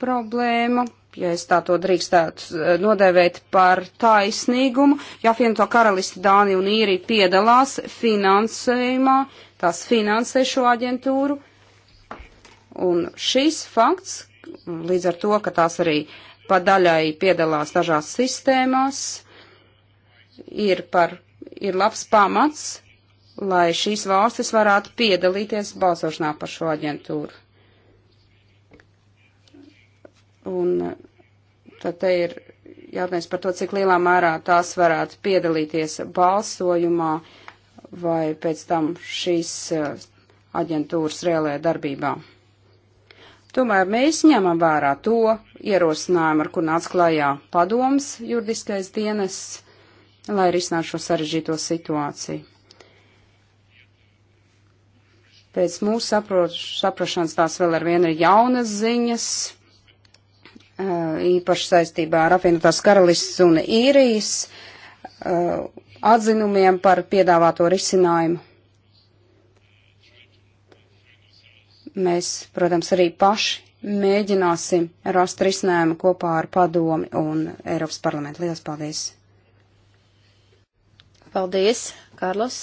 problēma, ja es tā to drīkstētu eh, nodēvēt par taisnīgumu, ja apvienoto karalisti Dānija un Īrija piedalās finansējumā, tās finansē šo aģentūru. Un šis fakts, līdz ar to, ka tās arī pa daļai piedalās dažās sistēmās, ir, par, ir labs pamats, lai šīs valstis varētu piedalīties balsošanā par šo aģentūru. Un eh, tad te ir jautājums par to, cik lielā mērā tās varētu piedalīties balsojumā vai pēc tam šīs eh, aģentūras reālajā darbībā. Tomēr mēs ņemam vērā to ierosinājumu, ar kur nāca klajā padoms juridiskais dienests, lai risinātu šo sarežģīto situāciju. Pēc mūsu saproš, saprašanas tās vēl ar vienu ir jaunas ziņas, Eh, īpaši saistībā ar apvienotās karalists un īrijas eh, atzinumiem par piedāvāto risinājumu. Mēs, protams, arī paši mēģināsim rast risinājumu kopā ar padomi un Eiropas parlamentu. Lielas paldies! Paldies, Kārlis!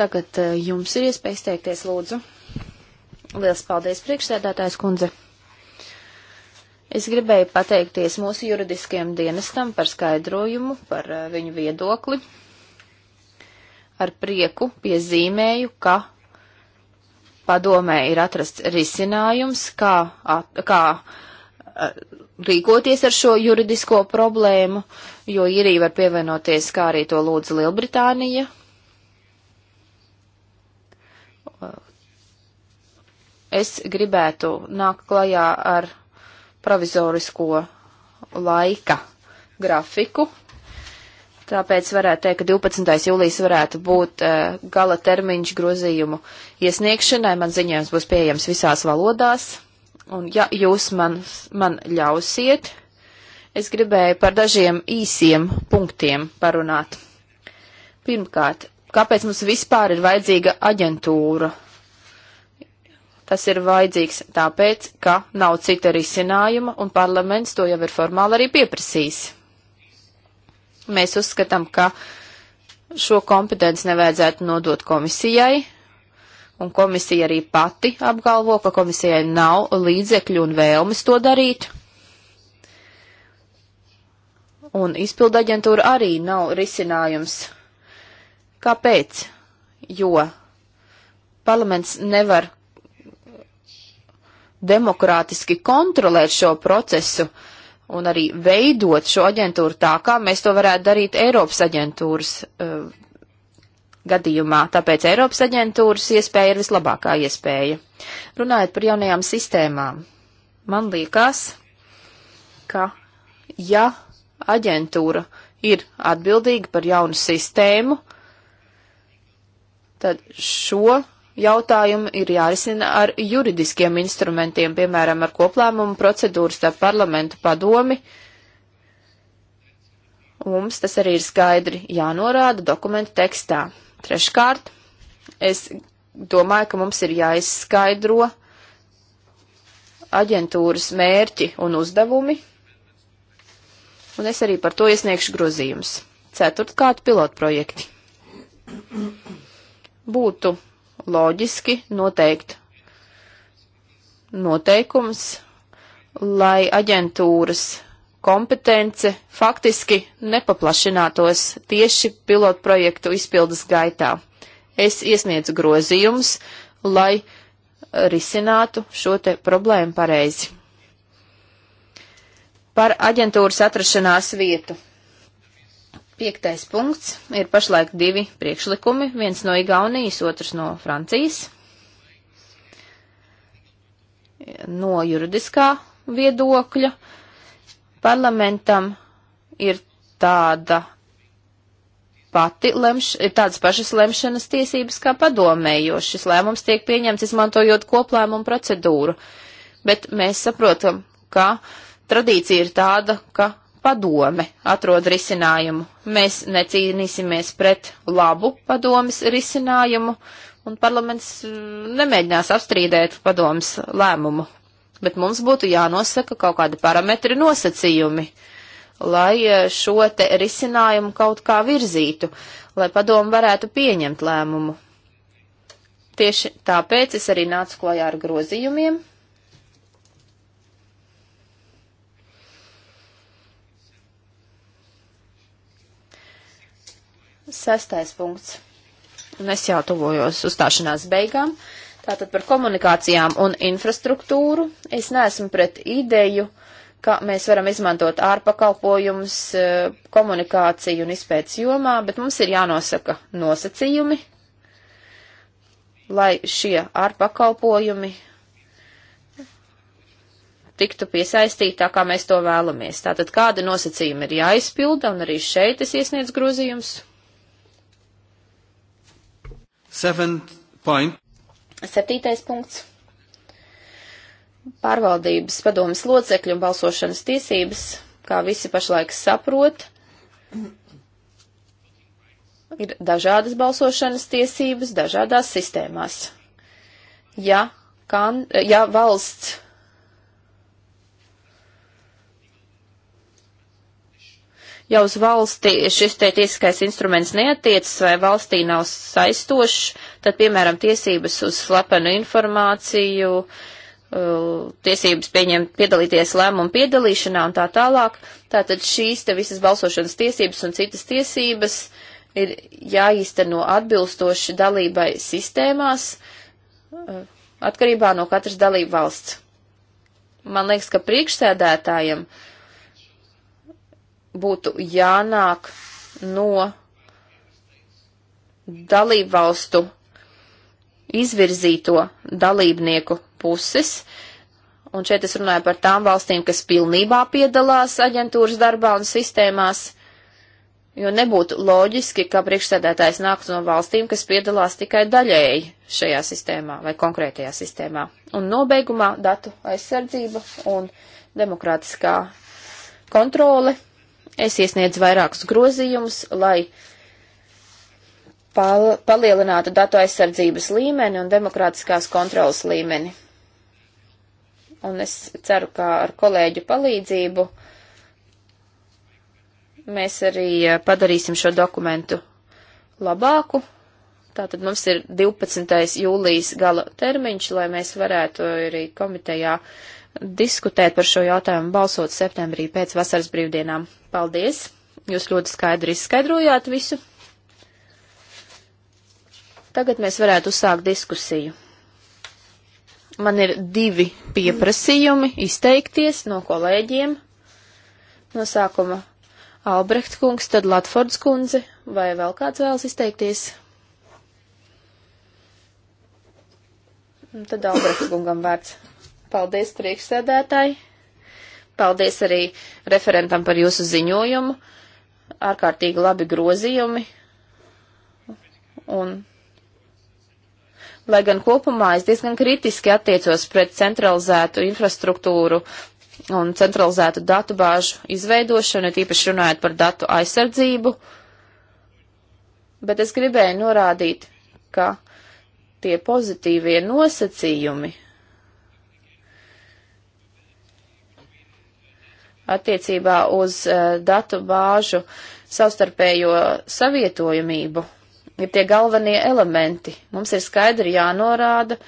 Tagad eh, jums ir iespēja izteikties, lūdzu. Lielas paldies, priekšsēdētājs kundze! Es gribēju pateikties mūsu juridiskajam dienestam par skaidrojumu, par eh, viņu viedokli. Ar prieku piezīmēju, ka padomē ir atrasts risinājums, kā, at, kā eh, rīkoties ar šo juridisko problēmu, jo īrija var pievienoties, kā arī to lūdza Lielbritānija. Eh, es gribētu nākt klajā ar provizorisko laika grafiku. Tāpēc varētu teikt, ka 12. jūlijas varētu būt uh, gala termiņš grozījumu iesniegšanai. Man ziņojums būs pieejams visās valodās. Un ja jūs man, man ļausiet, es gribēju par dažiem īsiem punktiem parunāt. Pirmkārt, kāpēc mums vispār ir vajadzīga aģentūra? Tas ir vajadzīgs tāpēc, ka nav cita risinājuma, un parlaments to jau ir formāli arī pieprasījis. Mēs uzskatām, ka šo kompetenci nevajadzētu nodot komisijai, un komisija arī pati apgalvo, ka komisijai nav līdzekļu un vēlmes to darīt. Un izpilda aģentūra arī nav risinājums. Kāpēc? Jo parlaments nevar demokrātiski kontrolēt šo procesu un arī veidot šo aģentūru tā, kā mēs to varētu darīt Eiropas aģentūras uh, gadījumā. Tāpēc Eiropas aģentūras iespēja ir vislabākā iespēja. Runājot par jaunajām sistēmām, man liekas, ka ja aģentūra ir atbildīga par jaunu sistēmu, tad šo jautājumi ir jārisina ar juridiskiem instrumentiem, piemēram, ar koplēmumu procedūru starp parlamentu padomi. Mums tas arī ir skaidri jānorāda dokumentu tekstā. Treškārt, es domāju, ka mums ir jāizskaidro aģentūras mērķi un uzdevumi, un es arī par to iesniegšu grozījumus. Ceturtkārt, pilotprojekti. Būtu loģiski noteikt noteikums, lai aģentūras kompetence faktiski nepaplašinātos tieši pilotprojektu izpildas gaitā. Es iesniedzu grozījumus, lai risinātu šo te problēmu pareizi. Par aģentūras atrašanās vietu. Piektais punkts ir pašlaik divi priekšlikumi, viens no Igaunijas, otrs no Francijas. No juridiskā viedokļa parlamentam ir tāda pati lemš, tādas pašas lemšanas tiesības kā padomē, jo šis lēmums tiek pieņemts izmantojot koplēmumu procedūru. Bet mēs saprotam, ka tradīcija ir tāda, ka padome atrod risinājumu. Mēs necīnīsimies pret labu padomes risinājumu, un parlaments mm, nemēģinās apstrīdēt padomes lēmumu. Bet mums būtu jānosaka kaut kādi parametri nosacījumi, lai e, šo te risinājumu kaut kā virzītu, lai padomu varētu pieņemt lēmumu. Tieši tāpēc es arī nācu klajā ar grozījumiem Sestais punkts. Un es jau tuvojos uzstāšanās beigām. Tātad par komunikācijām un infrastruktūru. Es neesmu pret ideju, ka mēs varam izmantot ārpakalpojumus eh, komunikāciju un izpētes jomā, bet mums ir jānosaka nosacījumi, lai šie ārpakalpojumi tiktu piesaistīti tā, kā mēs to vēlamies. Tātad kāda nosacījuma ir jāizpilda, un arī šeit es iesniedzu grozījumus Septītais punkts. Pārvaldības padomas locekļu un balsošanas tiesības, kā visi pašlaik saprot, ir dažādas balsošanas tiesības dažādās sistēmās. Ja, kan, ja valsts ja uz valsti šis te tiesiskais instruments neatiecas vai valstī nav saistošs, tad, piemēram, tiesības uz slepenu informāciju, uh, tiesības pieņemt, piedalīties lēmumu piedalīšanā un tā tālāk. Tātad šīs te visas balsošanas tiesības un citas tiesības ir jāīsteno atbilstoši dalībai sistēmās, uh, atkarībā no katras dalību valsts. Man liekas, ka priekšsēdētājiem uh, būtu jānāk no dalībvalstu izvirzīto dalībnieku puses. Un šeit es runāju par tām valstīm, kas pilnībā piedalās aģentūras darbā un sistēmās, jo nebūtu loģiski, ka priekšsēdētājs nāktu no valstīm, kas piedalās tikai daļēji šajā sistēmā vai konkrētajā sistēmā. Un nobeigumā datu aizsardzība un demokrātiskā kontrole Es iesniedzu vairākus grozījumus, lai pal palielinātu datu aizsardzības līmeni un demokrātiskās kontrolas līmeni. Un es ceru, ka ar kolēģu palīdzību mēs arī eh, padarīsim šo dokumentu labāku. Tātad mums ir 12. jūlijas gala termiņš, lai mēs varētu arī komitejā uh, diskutēt par šo jautājumu, balsot septembrī pēc vasaras brīvdienām. Paldies! Jūs ļoti skaidri izskaidrojāt visu. Tagad mēs varētu uzsākt diskusiju. Man ir divi pieprasījumi izteikties no kolēģiem. No sākuma Albrecht kungs, tad Latfords kundze, vai vēl kāds vēlas izteikties? Un tad Albrecht kungam vārds. Paldies priekšsēdētāji. Paldies arī referentam par jūsu ziņojumu. Ārkārtīgi labi grozījumi. Un, lai gan kopumā es diezgan kritiski attiecos pret centralizētu infrastruktūru un centralizētu datu bāžu izveidošanu, tīpaši runājot par datu aizsardzību. Bet es gribēju norādīt, ka tie pozitīvie nosacījumi attiecībā uz uh, datu bāžu savstarpējo savietojamību ir tie galvenie elementi. Mums ir skaidri jānorāda,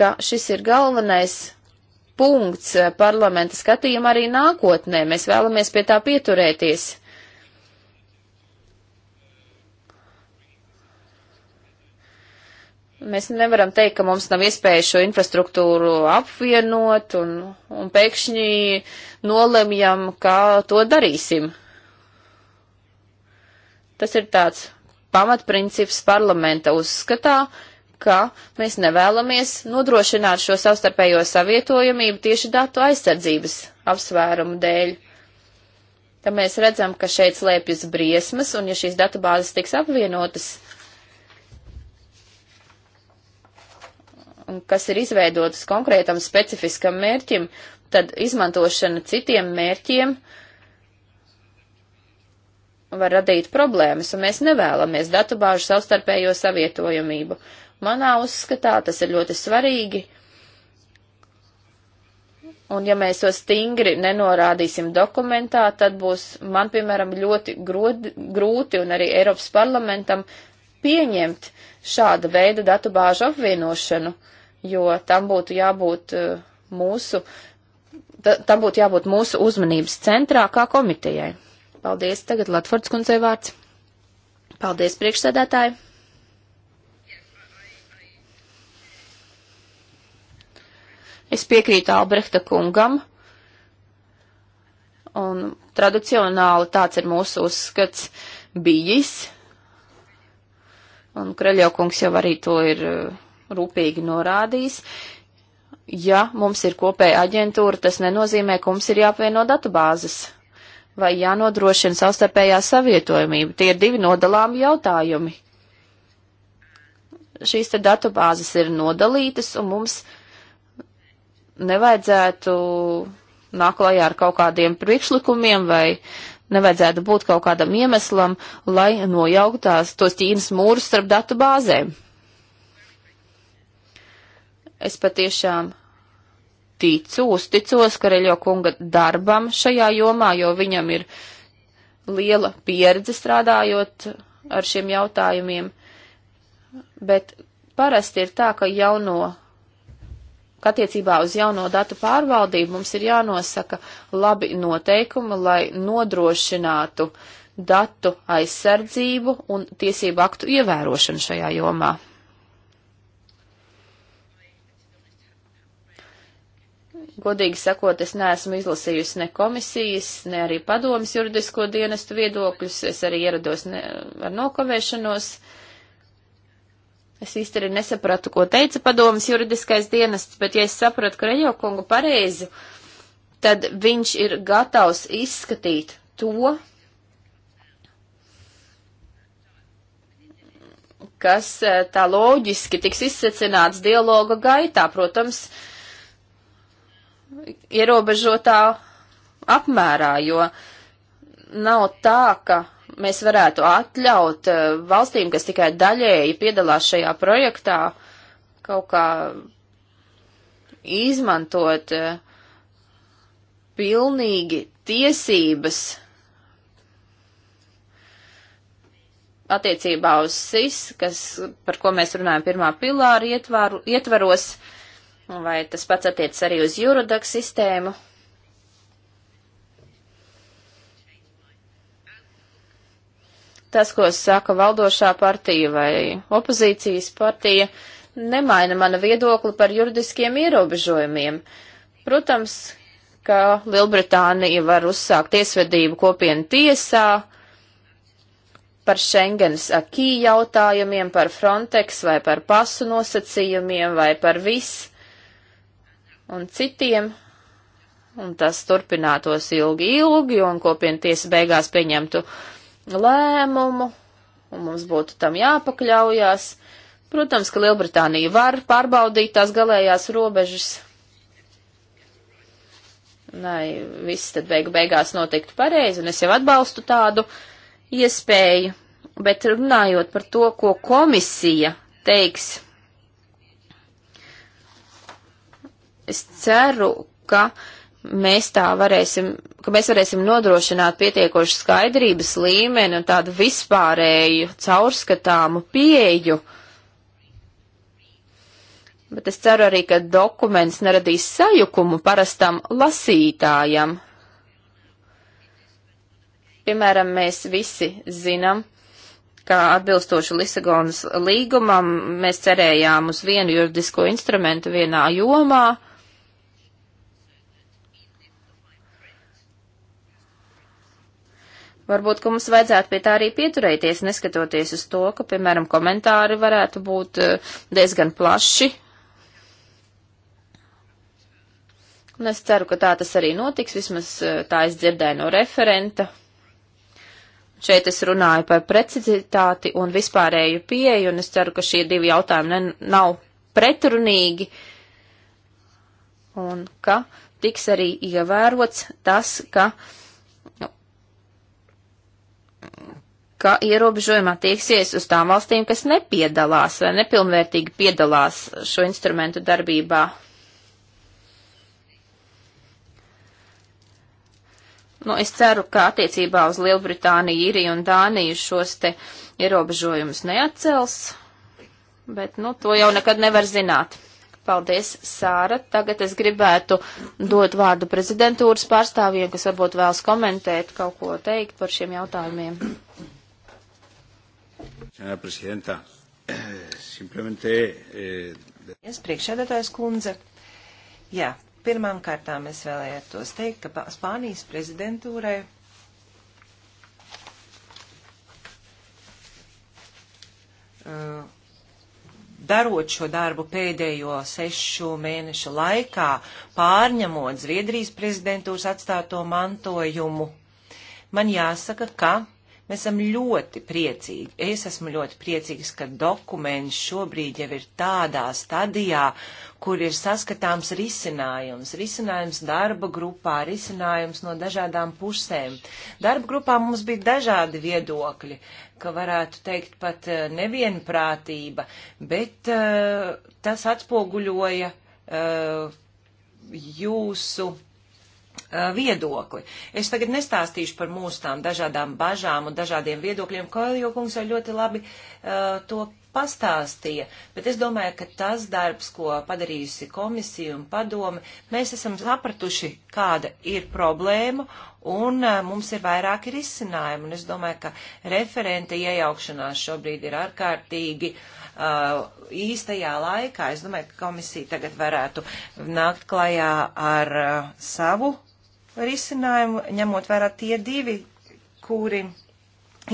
ka šis ir galvenais punkts eh, parlamenta skatījuma arī nākotnē. Mēs vēlamies pie tā pieturēties. Mēs nevaram teikt, ka mums nav iespēja šo infrastruktūru apvienot un, un pēkšņi nolemjam, kā to darīsim. Tas ir tāds pamatprincips parlamenta uzskatā, ka mēs nevēlamies nodrošināt šo savstarpējo savietojamību tieši datu aizsardzības apsvērumu dēļ. Tad mēs redzam, ka šeit slēpjas briesmas, un ja šīs datubāzes tiks apvienotas, kas ir izveidotas konkrētam specifiskam mērķim, tad izmantošana citiem mērķiem var radīt problēmas, un mēs nevēlamies datubāžu savstarpējo savietojamību. Manā uzskatā tas ir ļoti svarīgi, un ja mēs to stingri nenorādīsim dokumentā, tad būs man, piemēram, ļoti grodi, grūti un arī Eiropas parlamentam pieņemt šāda veida datubāžu apvienošanu. Uh, jo tam būtu jābūt eh, mūsu, tam būtu jābūt mūsu uzmanības centrā kā komitejai. Paldies, tagad Latvards kundzei vārds. Paldies, priekšsēdētāji. Es piekrītu Albrehta kungam, un tradicionāli tāds ir mūsu uzskats bijis, un Kreļokungs jau arī to ir uh, rūpīgi norādījis, ja mums ir kopēja aģentūra, tas nenozīmē, ka mums ir jāapvieno datubāzes vai jānodrošina savstarpējā savietojamība. Tie ir divi nodalāmi jautājumi. Šīs te datubāzes ir nodalītas, un mums nevajadzētu nāk klajā ar kaut kādiem priekšlikumiem vai nevajadzētu būt kaut kādam iemeslam, lai nojauktās tos ķīnas mūrus starp datubāzēm. Es patiešām ticu, uzticos Kareļo kunga darbam šajā jomā, jo viņam ir liela pieredze strādājot ar šiem jautājumiem. Bet parasti ir tā, ka jauno, ka attiecībā uz jauno datu pārvaldību mums ir jānosaka labi noteikumi, lai nodrošinātu datu aizsardzību un tiesību aktu ievērošanu šajā jomā. Godīgi sakot, es neesmu izlasījusi ne komisijas, ne arī padomas juridisko dienestu viedokļus. Es arī ierados ne, ar nokavēšanos. Es īsti arī nesapratu, ko teica padomas juridiskais dienests, bet ja es sapratu Krejo kungu pareizi, tad viņš ir gatavs izskatīt to, kas eh, tā loģiski tiks izsecināts dialoga gaitā. Protams, uh, ierobežotā apmērā, jo nav tā, ka mēs varētu atļaut eh, valstīm, kas tikai daļēji piedalās šajā projektā, kaut kā izmantot eh, pilnīgi tiesības attiecībā uz SIS, kas, par ko mēs runājam pirmā pilāra ietvaru, ietvaros, uh, Vai tas pats attiecas arī uz Eurodag sistēmu? Tas, ko saka valdošā partija vai opozīcijas partija, nemaina mana viedokli par juridiskiem ierobežojumiem. Protams, ka Lielbritānija var uzsākt tiesvedību kopienu tiesā par Schengens akī jautājumiem, par Frontex vai par pasu nosacījumiem vai par viss un citiem, un tas turpinātos ilgi, ilgi, un kopiena tiesa beigās pieņemtu lēmumu, un mums būtu tam jāpakļaujās. Protams, ka Lielbritānija var pārbaudīt tās galējās robežas. Lai viss tad beigu beigās notiktu pareizi, un es jau atbalstu tādu iespēju. Bet runājot par to, ko komisija teiks Es ceru, ka mēs tā varēsim, ka mēs varēsim nodrošināt pietiekošu skaidrības līmeni un tādu vispārēju caurskatāmu pieeju. Bet es ceru arī, ka dokuments neradīs sajukumu parastam lasītājam. Piemēram, mēs visi zinām, ka atbilstoši Lisagonas līgumam mēs cerējām uz vienu juridisko instrumentu vienā jomā, Varbūt, ka mums vajadzētu pie tā arī pieturēties, neskatoties uz to, ka, piemēram, komentāri varētu būt eh, diezgan plaši. Un es ceru, ka tā tas arī notiks, vismaz eh, tā es dzirdēju no referenta. Šeit es runāju par precizitāti un vispārēju pieeju, un es ceru, ka šie divi jautājumi nav pretrunīgi, un ka tiks arī ievērots tas, ka uh, ka ierobežojumi attieksies uz tām valstīm, kas nepiedalās vai nepilnvērtīgi piedalās šo instrumentu darbībā. Nu, es ceru, ka attiecībā uz Lielbritāniju, Īriju un Dāniju šos te ierobežojumus neatcels, bet, nu, to jau nekad nevar zināt. Paldies, Sāra. Tagad es gribētu dot vārdu prezidentūras pārstāvjiem, kas varbūt vēlas komentēt, kaut ko teikt par šiem jautājumiem. Señora Presidenta, [clears throat] simplemente. Eh... Es priekšsēdētājs kundze. Jā, pirmām kārtām es vēlētos teikt, ka Spānijas prezidentūrai eh, darot šo darbu pēdējo sešu mēnešu laikā, pārņemot Zviedrijas prezidentūras atstāto mantojumu, man jāsaka, ka Mēs esam ļoti priecīgi. Es esmu ļoti priecīgs, ka dokuments šobrīd jau ir tādā stadijā, kur ir saskatāms risinājums. Risinājums darba grupā, risinājums no dažādām pusēm. Darba grupā mums bija dažādi viedokļi, ka varētu teikt pat eh, nevienprātība, bet uh, tas atspoguļoja uh, jūsu Uh, viedokli. Es tagad nestāstīšu par mūsu tām dažādām bažām un dažādiem viedokļiem, ko jau kungs jau ļoti labi uh, to pastāstīja, bet es domāju, ka tas darbs, ko padarījusi komisija un padome, mēs esam sapratuši, kāda ir problēma un uh, mums ir vairāki risinājumi. Un es domāju, ka referenta iejaukšanās šobrīd ir ārkārtīgi uh, īstajā laikā. Es domāju, ka komisija tagad varētu nākt klajā ar uh, savu risinājumu, ņemot vērā tie divi, kuri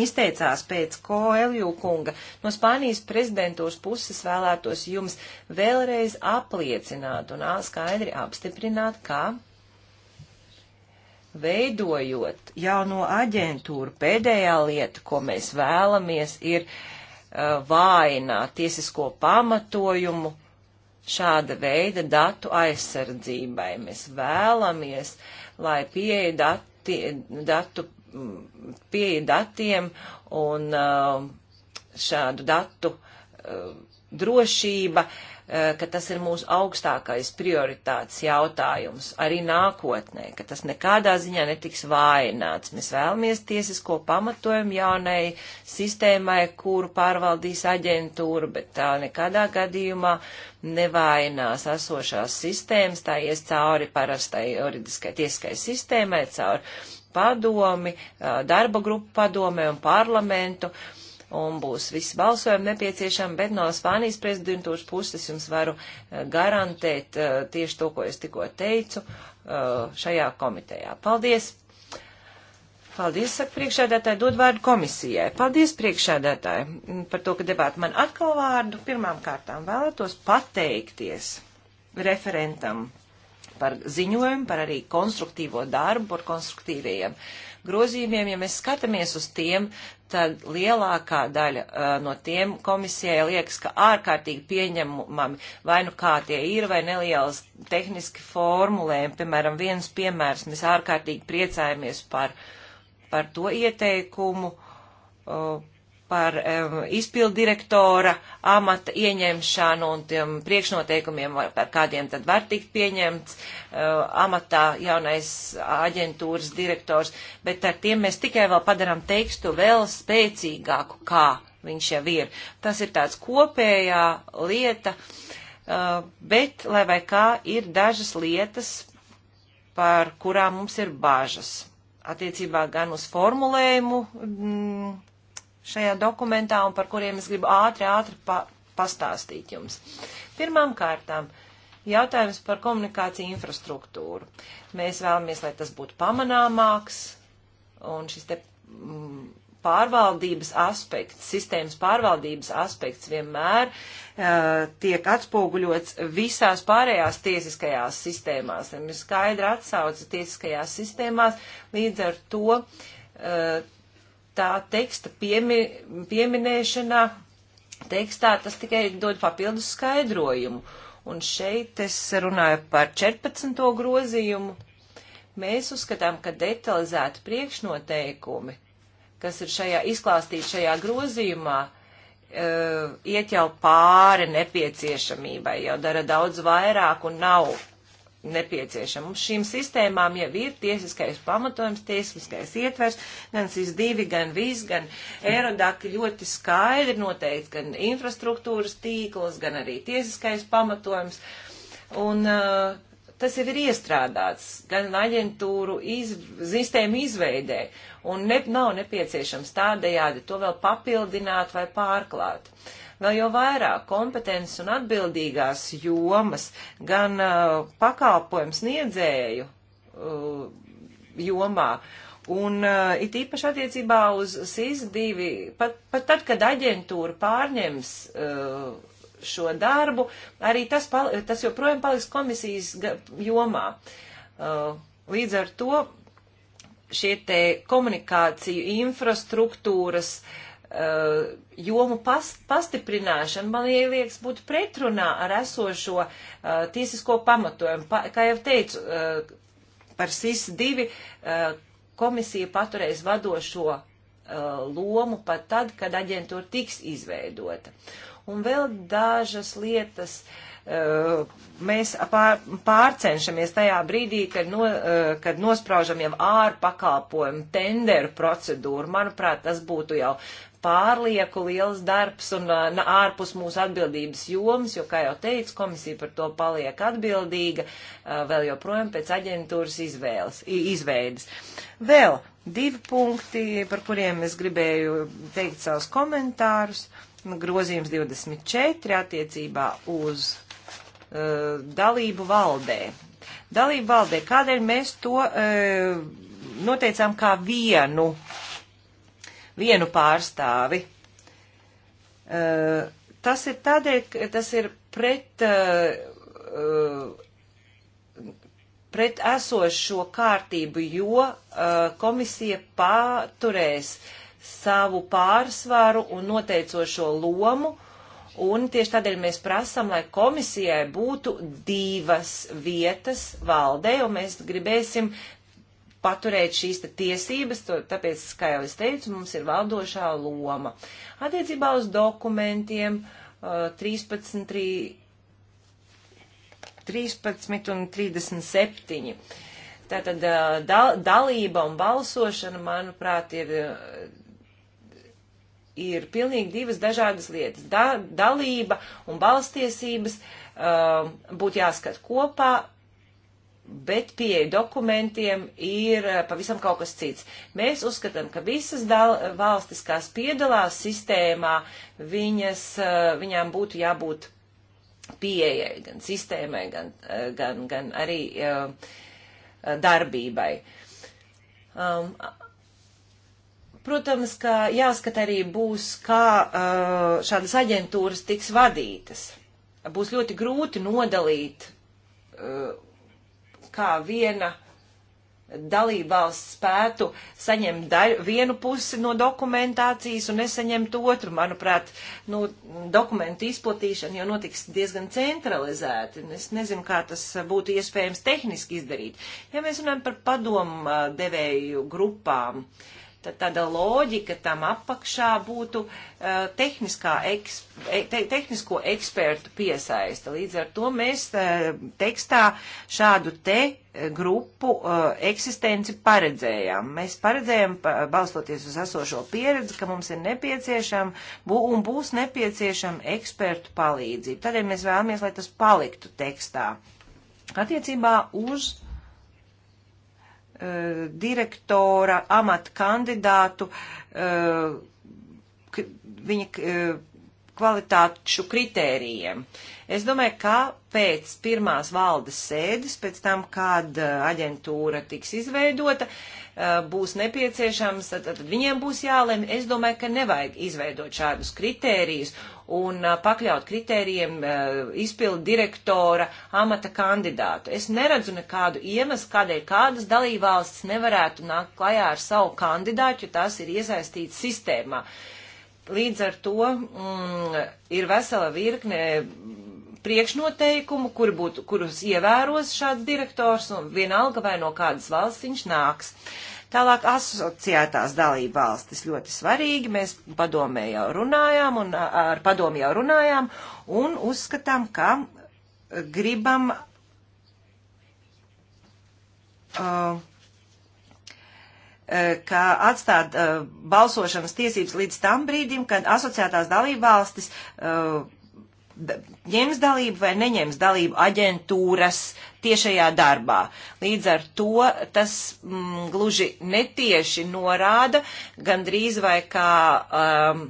izteicās pēc Koelju kunga. No Spānijas prezidentūras puses vēlētos jums vēlreiz apliecināt un skaidri apstiprināt, ka veidojot jauno aģentūru, pēdējā lieta, ko mēs vēlamies, ir uh, vājināt tiesisko pamatojumu šāda veida datu aizsardzībai. Mēs vēlamies uh, lai pieeja dati, datu, pieeja datiem un uh, šādu datu uh, drošība uh, Eh, ka tas ir mūsu augstākais prioritāts jautājums arī nākotnē, ka tas nekādā ziņā netiks vājināts. Mēs vēlamies tiesisko pamatojumu jaunai sistēmai, kuru pārvaldīs aģentūra, bet tā nekādā gadījumā nevainās esošās sistēmas, tā ies cauri parastai juridiskai tiesiskai sistēmai, cauri padomi, eh, darba grupu padomē un parlamentu. Uh, un būs visi balsojumi nepieciešami, bet no Spānijas prezidentūras puses jums varu eh, garantēt eh, tieši to, ko es tikko teicu eh, šajā komitejā. Paldies! Paldies, saka priekšēdētāji, dod vārdu komisijai. Paldies, priekšēdētāji, par to, ka devāt man atkal vārdu. Pirmām kārtām vēlētos pateikties referentam par ziņojumu, par arī konstruktīvo darbu, par konstruktīvajiem uh, grozījumiem, ja mēs skatāmies uz tiem, tad lielākā daļa uh, no tiem komisijai liekas, ka ārkārtīgi pieņemami vai nu kā tie ir, vai nelielas tehniski formulējumi. Piemēram, viens piemērs, mēs ārkārtīgi priecājamies par, par to ieteikumu. Uh, par um, izpildu direktora amata ieņemšanu un tiem priekšnoteikumiem, par kādiem tad var tikt pieņemts uh, amatā jaunais aģentūras direktors, bet ar tiem mēs tikai vēl padarām tekstu vēl spēcīgāku, kā viņš jau ir. Tas ir tāds kopējā lieta, uh, bet lai vai kā ir dažas lietas, par kurām mums ir bažas attiecībā gan uz formulējumu. Mm, šajā dokumentā un par kuriem es gribu ātri, ātri pa pastāstīt jums. Pirmām kārtām jautājums par komunikāciju infrastruktūru. Mēs vēlamies, lai tas būtu pamanāmāks un šis te mm, pārvaldības aspekts, sistēmas pārvaldības aspekts vienmēr uh, tiek atspoguļots visās pārējās tiesiskajās sistēmās. Viņam ir skaidra atsauce tiesiskajās sistēmās, līdz ar to uh, tā teksta piemi, pieminēšanā, tekstā tas tikai dod papildus skaidrojumu. Un šeit es runāju par 14. grozījumu. Mēs uzskatām, ka detalizēti priekšnoteikumi, kas ir šajā izklāstīti šajā grozījumā, e, iet jau pāri nepieciešamībai, jau dara daudz vairāk un nav nepieciešama. Mums šīm sistēmām jau ir tiesiskais pamatojums, tiesiskais ietvers, gan SIS2, gan VIS, gan Eirodak ļoti skaidri noteikti, gan infrastruktūras tīkls, gan arī tiesiskais pamatojums. Un uh, tas jau ir iestrādāts gan aģentūru iz, sistēmu izveidē, un ne, nav nepieciešams tādējādi to vēl papildināt vai pārklāt. Uh, Vēl jau vairāk kompetences un atbildīgās jomas, gan uh, pakalpojums niedzēju uh, jomā, Un uh, it īpaši attiecībā uz SIS-2, pat, pat tad, kad aģentūra pārņems uh, šo darbu, arī tas, pali, tas joprojām paliks komisijas jomā. Uh, līdz ar to šie te komunikāciju infrastruktūras uh, uh, jomu past, pastiprināšana, man ieliekas, būtu pretrunā ar esošo uh, tiesisko pamatojumu. Pa, kā jau teicu, uh, par SIS 2 uh, komisija paturēs vadošo uh, lomu pat tad, kad aģentūra tiks izveidota. Un vēl dažas lietas uh, mēs pār, pārcenšamies tajā brīdī, kad, no, kad nospraužam jau ārpakalpojumu tenderu procedūru. Manuprāt, tas būtu jau pārlieku liels darbs un uh, ārpus mūsu atbildības jomas, jo, kā jau teicu, komisija par to paliek atbildīga uh, vēl joprojām pēc aģentūras izvēles, izveidas. Vēl divi punkti, par kuriem es gribēju teikt savus komentārus. Grozījums 24 attiecībā uz uh, dalību valdē. Dalību valdē, kādēļ mēs to uh, noteicām kā vienu uh, vienu pārstāvi. Uh, tas ir tādēļ, ka tas ir pret, uh, pret esošo kārtību, jo uh, komisija paturēs savu pārsvaru un noteicošo lomu, un tieši tādēļ mēs prasam, lai komisijai būtu divas vietas valdē, un mēs gribēsim paturēt šīs tiesības, to, tāpēc, kā jau es teicu, mums ir valdošā loma. Attiecībā uz dokumentiem uh, 13, 3, 13 un 37. Tātad uh, dal, dalība un balsošana, manuprāt, ir. Uh, ir pilnīgi divas dažādas lietas. Da, dalība un balstiesības uh, būtu jāskat kopā, bet pieeja dokumentiem ir eh, pavisam kaut kas cits. Mēs uzskatām, ka visas dal, valstis, kas piedalās sistēmā, viņas, eh, viņām būtu jābūt pieejai gan sistēmai, gan, eh, gan, gan arī darbībai. Um, protams, ka jāskata arī būs, kā šādas aģentūras tiks vadītas. Būs ļoti grūti nodalīt kā viena dalībvalsts spētu saņemt daļu, vienu pusi no dokumentācijas un nesaņemt otru. Manuprāt, nu, dokumentu izplatīšana jau notiks diezgan centralizēti. Es nezinu, kā tas būtu iespējams tehniski izdarīt. Ja mēs runājam par padomu uh, devēju grupām, uh, Tad tāda loģika tam apakšā būtu uh, tehniskā eks, e, te, tehnisko ekspertu piesaista. Līdz ar to mēs uh, tekstā šādu te grupu uh, eksistenci paredzējām. Mēs paredzējām, balstoties uz esošo pieredzi, ka mums ir nepieciešama bū, un būs nepieciešama ekspertu palīdzība. Tādēļ mēs vēlamies, lai tas paliktu tekstā. Attiecībā uz Eh, direktora amata kandidātu, eh, viņa eh, kvalitāšu kritērijiem. Es domāju, ka pēc pirmās valdes sēdes, pēc tam, kad aģentūra tiks izveidota, būs nepieciešams, tad, tad viņiem būs jālem. Es domāju, ka nevajag izveidot šādus kritērijus un pakļaut kritērijiem izpildu direktora amata kandidātu. Es neredzu nekādu iemeslu, kādēļ kādas dalībvalstis nevarētu nākt klajā ar savu kandidātu, jo tās ir iesaistītas sistēmā. Līdz ar to mm, ir vesela virkne priekšnoteikumu, kur būtu, kurus ievēros šāds direktors un vienalga vai no kādas valsts viņš nāks. Uh, Tālāk asociētās dalība valstis ļoti svarīgi, mēs padomē jau runājām un ar padomu jau runājām un uzskatām, ka gribam uh, ka atstāt uh, balsošanas tiesības līdz tam brīdim, kad asociētās dalībvalstis uh, ņems dalību vai neņems dalību aģentūras tiešajā darbā. Līdz ar to tas mm, gluži netieši norāda gandrīz vai kā, um,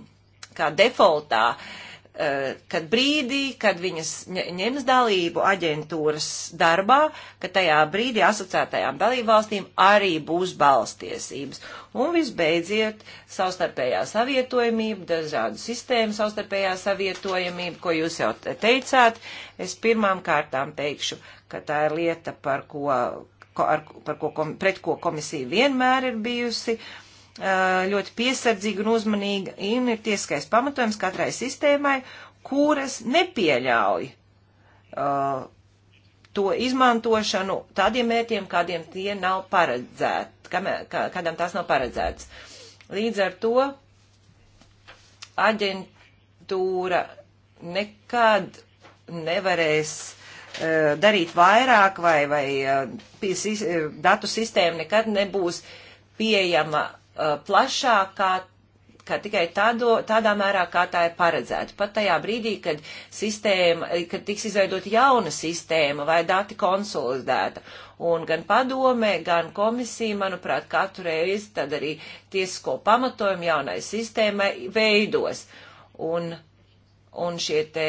kā defoltā uh, Eh, kad brīdī, kad viņas ņems dalību aģentūras darbā, ka tajā brīdī asociētajām dalībvalstīm arī būs balstiesības. Un visbeidziet, savstarpējā savietojamība, dažādu sistēmu savstarpējā savietojamība, ko jūs jau teicāt, es pirmām kārtām teikšu, ka tā ir lieta, par ko, ko, ar, par ko, pret ko komisija vienmēr ir bijusi. Uh, Eh, ļoti piesardzīga un uzmanīga, un ir tiesiskais pamatojums katrai sistēmai, kuras nepieļauj uh, to izmantošanu tādiem mērķiem, kādiem tie nav paredzēti, kādam tās nav paredzēts. Līdz ar to aģentūra nekad nevarēs uh, darīt vairāk vai, vai uh, datu sistēma nekad nebūs pieejama uh, plašākā, kā tikai tādo, tādā mērā, kā tā ir paredzēta. Pat tajā brīdī, kad, sistēma, eh, kad tiks izveidota jauna sistēma vai dati konsolidēta. Un gan padome, gan komisija, manuprāt, katru reizi tad arī tiesisko pamatojumu jaunai sistēmai veidos. Un, un šie te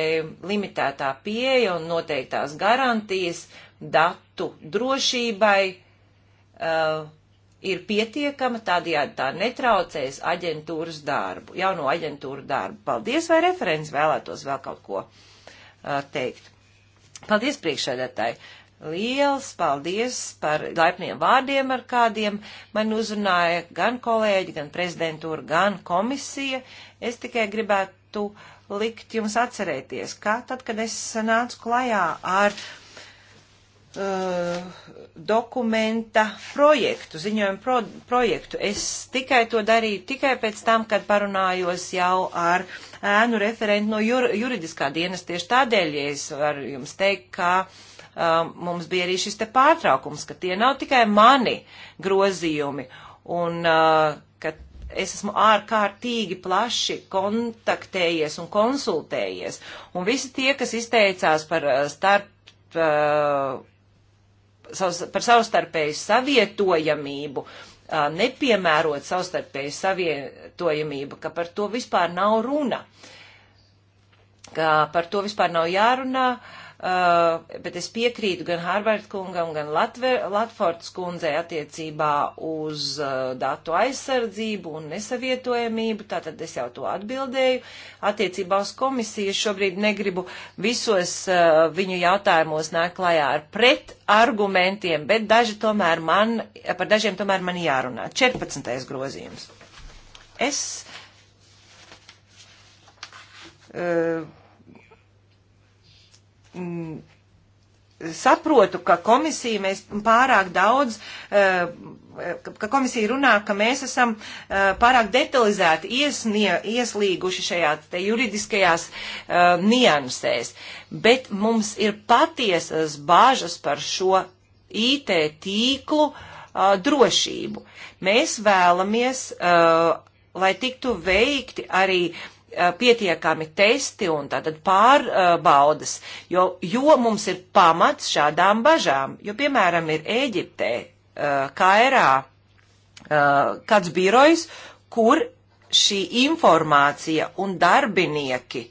limitētā pieeja un noteiktās garantijas datu drošībai. Uh, ir pietiekama, tādējādi tā netraucēs aģentūras darbu, jauno aģentūru darbu. Paldies, vai referents vēlētos vēl kaut ko uh, teikt. Paldies priekšsēdētāji. Liels paldies par laipniem vārdiem, ar kādiem man uzrunāja gan kolēģi, gan prezidentūra, gan komisija. Es tikai gribētu likt jums atcerēties, kā tad, kad es nācu klajā ar uh, Uh, dokumenta projektu, ziņojumu pro, projektu. Es tikai to darīju tikai pēc tam, kad parunājos jau ar ēnu referentu no jur, juridiskā dienas. Tieši tādēļ ja es varu jums teikt, ka um, mums bija arī šis te pārtraukums, ka tie nav tikai mani grozījumi un uh, ka es esmu ārkārtīgi plaši kontaktējies un konsultējies. Un visi tie, kas izteicās par uh, starp. Uh, par savstarpēju savietojamību, nepiemērot savstarpēju savietojamību, ka par to vispār nav runa, ka par to vispār nav jārunā. Uh, Uh, bet es piekrītu gan Hārvard kungam, gan Latfords kundzei attiecībā uz uh, datu aizsardzību un nesavietojamību, tātad es jau to atbildēju. Attiecībā uz komisiju šobrīd negribu visos uh, viņu jautājumos nāk klajā ar pret argumentiem, bet daži tomēr man, par dažiem tomēr man jārunā. 14. grozījums. Es. Uh, mm, saprotu, ka komisija mēs pārāk daudz, eh, ka komisija runā, ka mēs esam eh, pārāk detalizēti iesnie, ieslīguši šajā te juridiskajās eh, niansēs, bet mums ir patiesas bāžas par šo IT tīklu drošību. Mēs vēlamies, lai tiktu veikti arī uh, Eh, pietiekami testi un tātad pārbaudas, jo, jo mums ir pamats šādām bažām. Jo, piemēram, ir Ēģiptē, eh, Kairā, eh, kāds birojs, kur šī informācija un darbinieki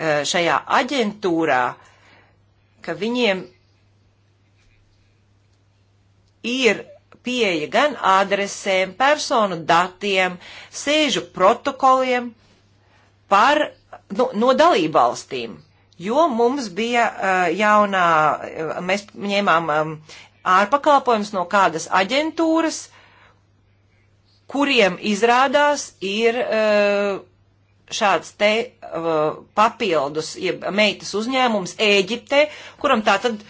šajā aģentūrā, ka viņiem ir pieeja gan adresēm, personu datiem, sēžu protokoliem par, nu, no dalībvalstīm, jo mums bija uh, jaunā, eh, mēs ņēmām um, ārpakalpojums no kādas aģentūras, kuriem izrādās ir uh, šāds te uh, papildus, jeb meitas uzņēmums Ēģiptē, kuram tā tad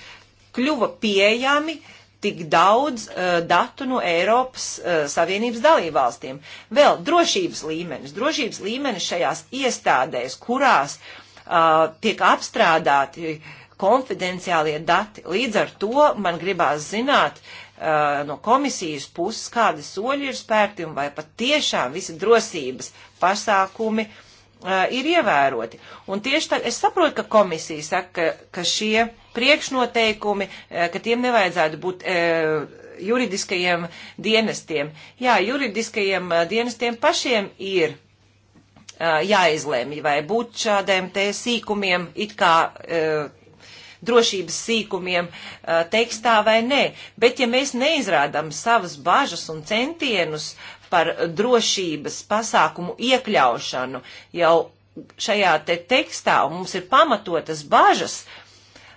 kļuva pieejami uh, tik daudz uh, datu no Eiropas uh, Savienības dalībvalstīm. Vēl drošības līmenis, drošības līmenis šajās iestādēs, kurās uh, tiek apstrādāti konfidenciālie dati. Līdz ar to man gribās zināt, uh, no komisijas puses, kādi soļi ir spērti un vai pat tiešām visi drosības pasākumi uh, ir ievēroti. Un tieši tā, es saprotu, ka komisija saka, ka, ka šie priekšnoteikumi, ka tiem nevajadzētu būt e, juridiskajiem dienestiem. Jā, juridiskajiem dienestiem pašiem ir e, jāizlēmj, vai būt šādiem te sīkumiem, it kā e, drošības sīkumiem tekstā vai nē. Bet ja mēs neizrādām savas bažas un centienus par drošības pasākumu iekļaušanu jau šajā te tekstā, un mums ir pamatotas bažas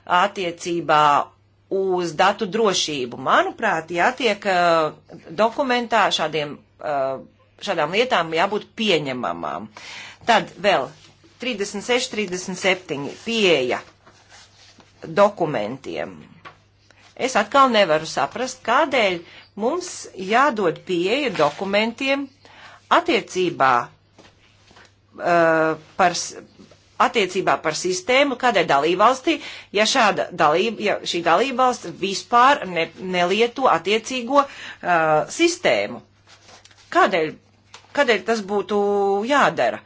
attiecībā uz datu drošību. Manuprāt, jātiek uh, dokumentā šādiem, uh, šādām lietām jābūt pieņemamām. Tad vēl 36, 37 pieeja dokumentiem. Es atkal nevaru saprast, kādēļ uh, Mums jādod pieeja dokumentiem attiecībā, uh, par, attiecībā par sistēmu kādai dalībvalstī, ja, šāda dalība, ja šī dalībvalsts vispār ne, nelieto attiecīgo uh, sistēmu. Kādēļ, kādēļ tas būtu jādara?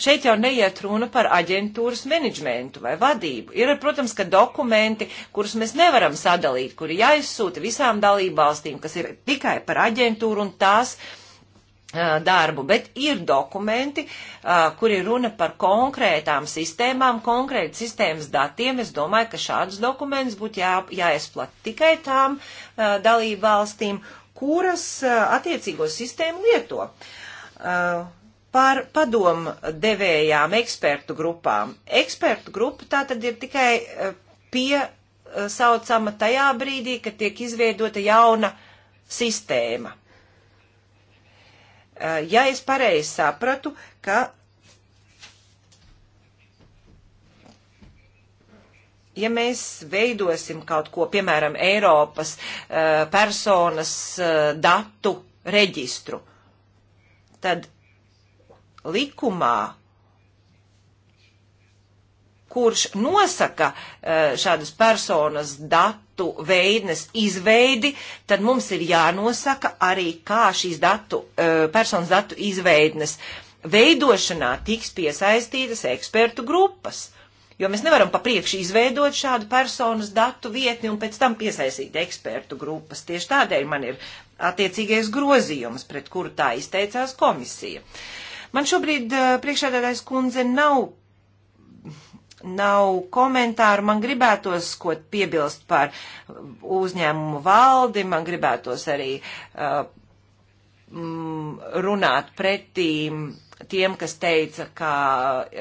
Šeit jau neiet runa par aģentūras menedžmentu vai vadību. Ir, protams, ka dokumenti, kurus mēs nevaram sadalīt, kuri jāizsūta visām dalībvalstīm, kas ir tikai par aģentūru un tās uh, darbu, bet ir dokumenti, uh, kuri runa par konkrētām sistēmām, konkrēti sistēmas datiem. Es domāju, ka šādus dokumentus būtu jā, jāizplat tikai tām uh, dalību valstīm, kuras attiecīgo sistēmu lieto. Uh, par padomu devējām ekspertu grupām. Ekspertu grupa tā tad ir tikai e, piesaucama e, tajā brīdī, kad tiek izveidota jauna sistēma. E, ja es pareizi sapratu, ka ja mēs veidosim kaut ko, piemēram, Eiropas personas datu reģistru, tad likumā, kurš nosaka e, šādas personas datu veidnes izveidi, tad mums ir jānosaka arī, kā šīs datu, e, personas datu izveidnes veidošanā tiks piesaistītas ekspertu grupas. Jo mēs nevaram papriekš izveidot šādu personas datu vietni un pēc tam piesaistīt ekspertu grupas. Tieši tādēļ man ir attiecīgais grozījums, pret kuru tā izteicās komisija. Uh, Man šobrīd eh, priekšādādājs kundze nav, nav komentāru, man gribētos ko piebilst par uzņēmumu valdi, man gribētos arī uh, runāt pretīm tiem, kas teica, ka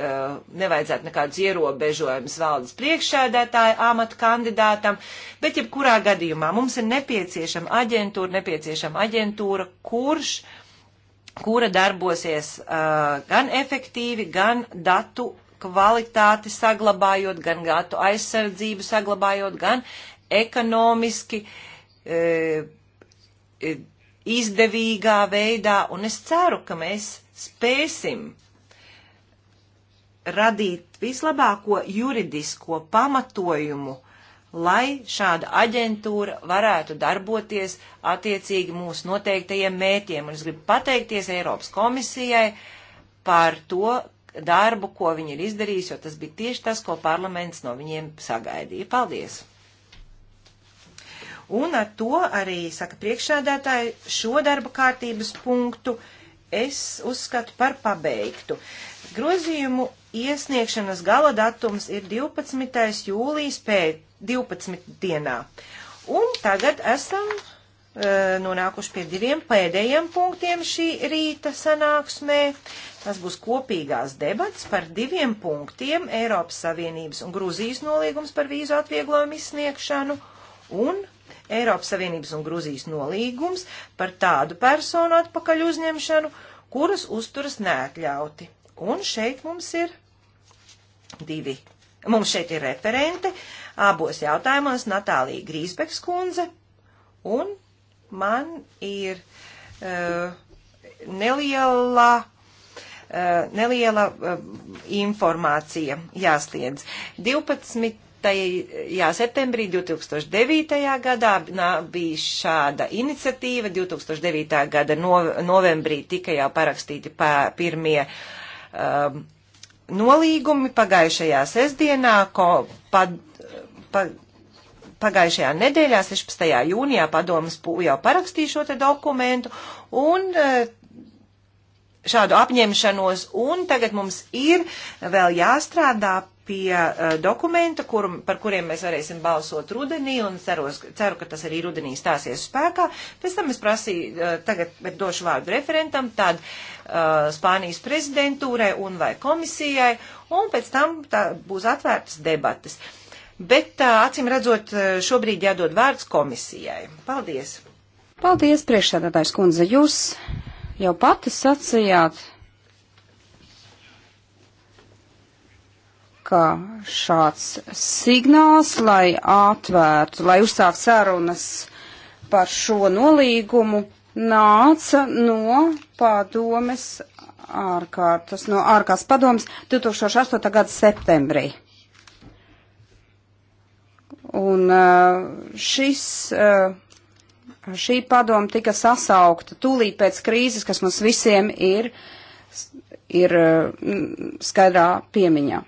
uh, nevajadzētu nekādus ierobežojumus valdes priekšsēdētāja amata kandidātam, bet jebkurā gadījumā mums ir nepieciešama aģentūra, nepieciešama aģentūra, kurš uh, kura darbosies uh, gan efektīvi, gan datu kvalitāti saglabājot, gan datu aizsardzību saglabājot, gan ekonomiski uh, izdevīgā veidā. Un es ceru, ka mēs spēsim radīt vislabāko juridisko pamatojumu lai šāda aģentūra varētu darboties attiecīgi mūsu noteiktajiem mētiem. Un es gribu pateikties Eiropas komisijai par to darbu, ko viņi ir izdarījuši, jo tas bija tieši tas, ko parlaments no viņiem sagaidīja. Paldies! Un ar to arī, saka priekšsēdētāji, šo darba kārtības punktu es uzskatu par pabeigtu. Grozījumu iesniegšanas gala datums ir 12. jūlijas pēc 12 dienā. Un tagad esam e, nonākuši pie diviem pēdējiem punktiem šī rīta sanāksmē. Tas būs kopīgās debats par diviem punktiem - Eiropas Savienības un Grūzijas nolīgums par vīzu atvieglojumu izsniegšanu un Eiropas Savienības un Grūzijas nolīgums par tādu personu atpakaļ uzņemšanu, kuras uzturas neatļauti. Un šeit mums ir Divi. Mums šeit ir referente abos jautājumos Natālija Grīsbeks kundze un man ir uh, neliela eh, neliela eh, informācija jāsliedz. 12. Jā, septembrī 2009. gadā bija šāda iniciatīva, 2009. gada nov, novembrī tika jau parakstīti pā, pirmie um, nolīgumi pagājušajā sestdienā, ko pad, pa, pagājušajā nedēļā, 16. jūnijā padomas jau parakstīja šo te dokumentu un eh, šādu apņemšanos, un tagad mums ir vēl jāstrādā pie uh, dokumenta, kur, par kuriem mēs varēsim balsot rudenī, un ceros, ceru, ka tas arī rudenī stāsies spēkā. Pēc tam es prasīju, uh, tagad došu vārdu referentam, tad uh, Spānijas prezidentūrai un vai komisijai, un pēc tam būs atvērtas debatas. Bet uh, acīm redzot, uh, šobrīd jādod vārds komisijai. Paldies! Paldies, priekšsēdētājs kundze. Jūs jau pati sacījāt, kā šāds signāls, lai atvērtu, lai uzsākt sarunas par šo nolīgumu, nāca no padomes ārkārtas, no ārkārtas padomes 2008. gada septembrī. Un šis, šī padoma tika sasaukta tūlīt pēc krīzes, kas mums visiem ir, ir skaidrā piemiņā.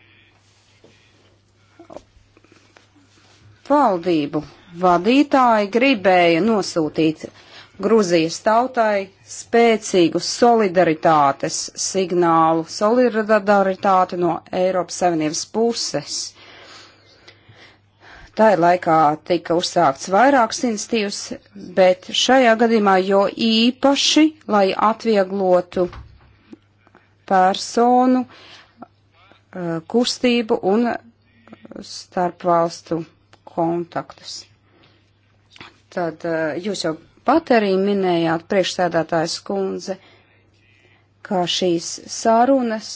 Valdību vadītāji gribēja nosūtīt uh, Gruzijas tautai spēcīgu solidaritātes signālu, solidaritāti no Eiropas Savienības puses. Tā ir laikā tika uzsākts vairākas institīvas, bet šajā gadījumā jo īpaši, lai atvieglotu personu eh, kustību un starpvalstu kontaktus. Tad eh, jūs jau pat arī minējāt priekšsēdētājs kundze, ka šīs sarunas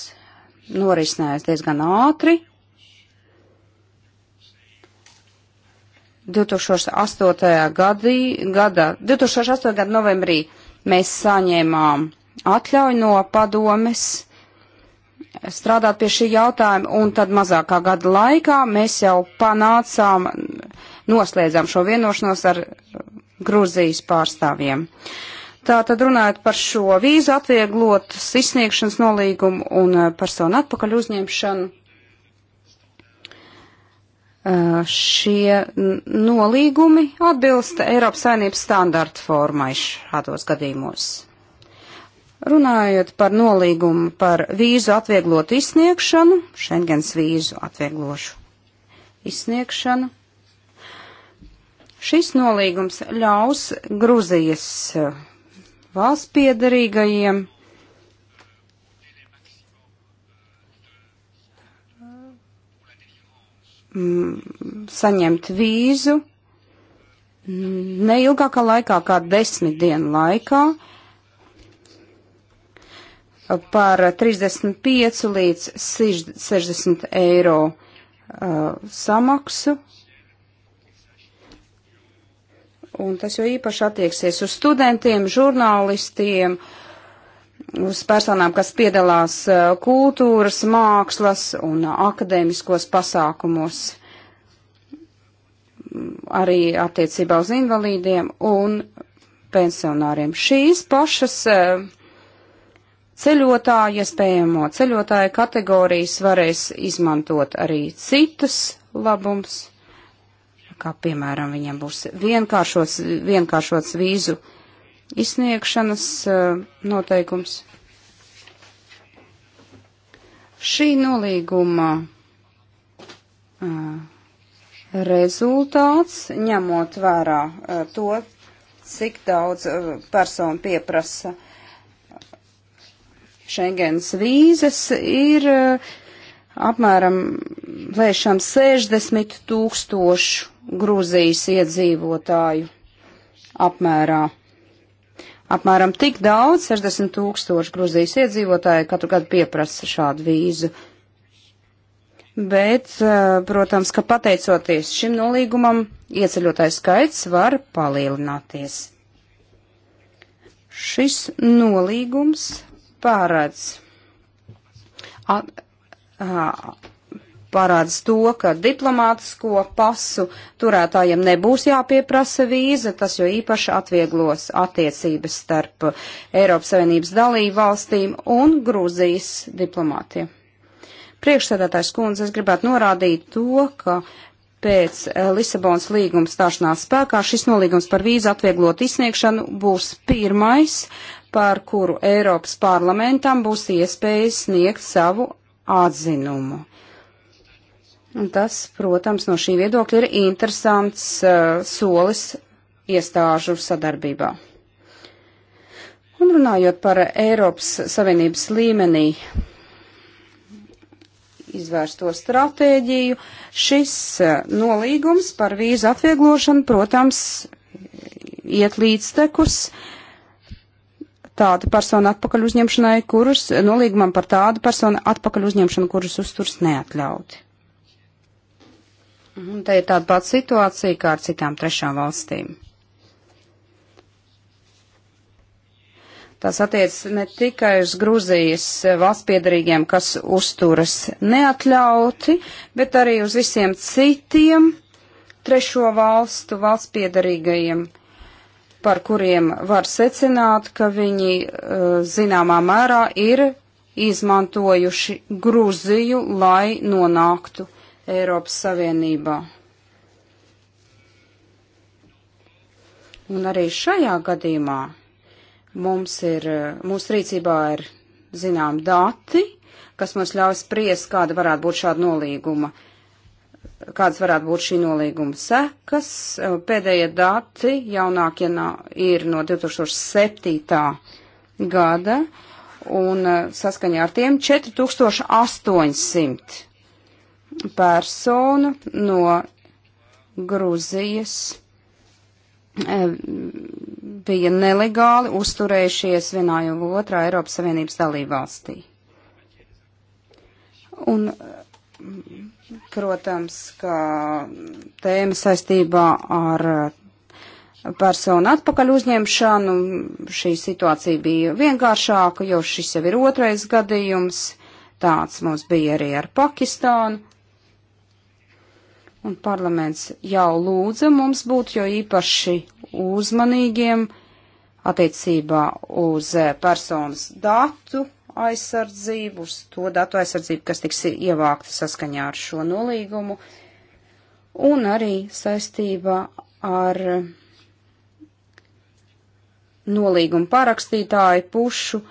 norisinājās diezgan ātri. 2008. Gadī, gada, 2008. gada novembrī mēs saņēmām atļauju no padomes strādāt pie šī jautājuma, un tad mazākā gada laikā mēs jau panācām, noslēdzām šo vienošanos ar Gruzijas pārstāvjiem. Tātad runājot par šo vīzu atvieglotas izsniegšanas nolīgumu un eh, personu atpakaļ uzņemšanu, eh, šie nolīgumi atbilsta Eiropas saimnības standarta formai šādos gadījumos. Runājot par nolīgumu par vīzu atvieglotu izsniegšanu, Schengens vīzu atvieglošu izsniegšanu, Šis nolīgums ļaus Gruzijas eh, valsts piedarīgajiem mm, saņemt vīzu neilgākā laikā, kā desmit dienu laikā, par 35 līdz 60 eiro uh, samaksu un tas jau īpaši attieksies uz studentiem, žurnālistiem, uz personām, kas piedalās uh, kultūras, mākslas un akadēmiskos pasākumos, arī attiecībā uz invalīdiem un pensionāriem. Šīs pašas uh, ceļotāju, iespējamo ceļotāju kategorijas varēs izmantot arī citus labums kā piemēram viņiem būs vienkāršots, vienkāršots vīzu izsniegšanas eh, noteikums. Šī nolīguma eh, rezultāts, ņemot vērā eh, to, cik daudz personu pieprasa Schengens vīzes, ir apmēram lēšam 60 tūkstošu Grūzijas iedzīvotāju apmērā. Apmēram tik daudz, 60 tūkstoši Grūzijas iedzīvotāji katru gadu pieprasa šādu vīzu. Bet, eh, protams, ka pateicoties šim nolīgumam, ieceļotājs skaits var palielināties. Šis nolīgums pārēdz parāds to, ka diplomātisko pasu turētājiem nebūs jāpieprasa vīza, tas jo īpaši atvieglos attiecības starp Eiropas Savienības dalību valstīm un Grūzijas diplomātiem. Priekšsēdētājs kundze, es gribētu norādīt to, ka pēc Lisabonas līguma stāšanās spēkā šis nolīgums par vīzu atvieglot izsniegšanu būs pirmais, par kuru Eiropas parlamentam būs iespējas sniegt savu atzinumu. Un tas, protams, no šī viedokļa ir interesants uh, solis iestāžu sadarbībā. Un runājot par Eiropas Savienības līmenī izvērsto stratēģiju, šis eh, nolīgums par vīzu atvieglošanu, protams, iet līdztekus tādu personu atpakaļ uzņemšanai, kurus nolīgumam par tādu personu atpakaļ uzņemšanu, kurus uzturs neatļauti. Un te ir tāda pati situācija kā ar citām trešām valstīm. Tas attiec ne tikai uz Grūzijas valsts piedarīgiem, kas uzturas neatļauti, bet arī uz visiem citiem trešo valstu valsts piedarīgajiem, par kuriem var secināt, ka viņi eh, zināmā mērā ir izmantojuši Gruziju, lai nonāktu Eiropas Savienībā. Un arī šajā gadījumā mums ir, mūsu rīcībā ir zinām dati, kas mums ļauj spriest, kāda varētu būt šāda nolīguma, kādas varētu būt šī nolīguma sekas. Pēdējie dati jaunākie ir no 2007. gada, un eh, saskaņā ar tiem 4800 personu no Gruzijas e, bija nelegāli uzturējušies vienā jau otrā Eiropas Savienības dalībvalstī. Un, protams, ka tēma saistībā ar personu atpakaļ uzņemšanu, šī situācija bija vienkāršāka, jo šis jau ir otrais gadījums, tāds mums bija arī ar Pakistānu un parlaments jau lūdza mums būt jo īpaši uzmanīgiem attiecībā uz eh, personas datu aizsardzību, uz to datu aizsardzību, kas tiks ievākta saskaņā ar šo nolīgumu, un arī saistībā ar nolīgumu parakstītāju pušu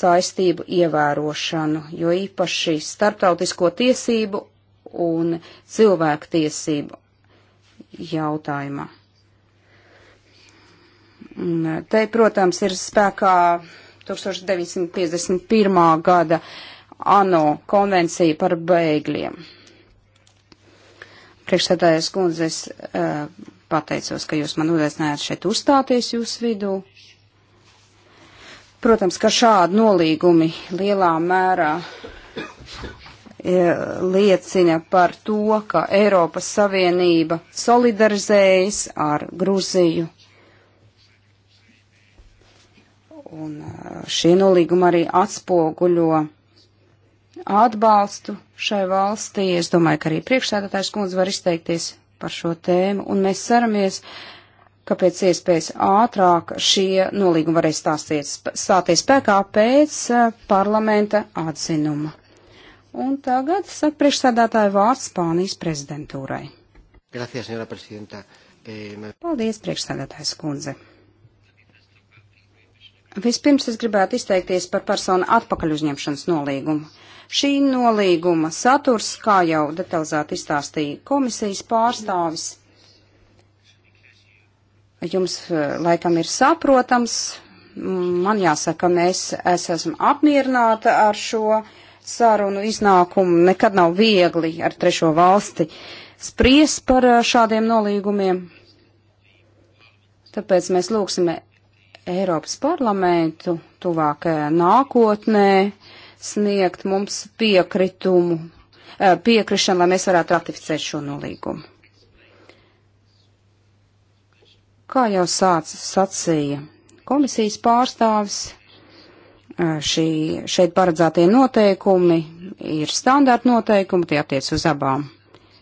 saistību ievērošanu, jo īpaši starptautisko tiesību un cilvēktiesību jautājumā. Eh, te, protams, ir spēkā 1951. gada ANO konvencija par bēgļiem. Priekšsēdājas kundzes eh, pateicos, ka jūs man uzaicinājāt šeit uzstāties jūsu vidū. Protams, ka šādi nolīgumi lielā mērā E, liecina par to, ka Eiropas Savienība solidarizējas ar Gruziju. Un e, šie nolīgumi arī atspoguļo atbalstu šai valstī. Es domāju, ka arī priekšsēdētājs kundze var izteikties par šo tēmu, un mēs ceramies, ka pēc iespējas ātrāk šie nolīgumi varēs stāties, stāties spēkā pēc e, parlamenta atzinuma. Un tagad saka priekšsēdētāju vārds Spānijas prezidentūrai. Gracias, señora presidenta. Eh, Paldies, priekšsēdētājs kundze. Vispirms es gribētu izteikties par personu atpakaļ uzņemšanas nolīgumu. Šī nolīguma saturs, kā jau detalizēti izstāstīja komisijas pārstāvis, jums eh, laikam ir saprotams. Man jāsaka, mēs es esam apmierināti ar šo uh, sārunu iznākumu. Nekad nav viegli ar trešo valsti spries par šādiem nolīgumiem. Tāpēc mēs lūgsim Eiropas parlamentu tuvākajā nākotnē sniegt mums piekritumu, piekrišanu, lai mēs varētu ratificēt šo nolīgumu. Kā jau sāc, sacīja komisijas pārstāvis, šī, šeit paredzētie noteikumi ir standarta noteikumi, tie attiec uz abām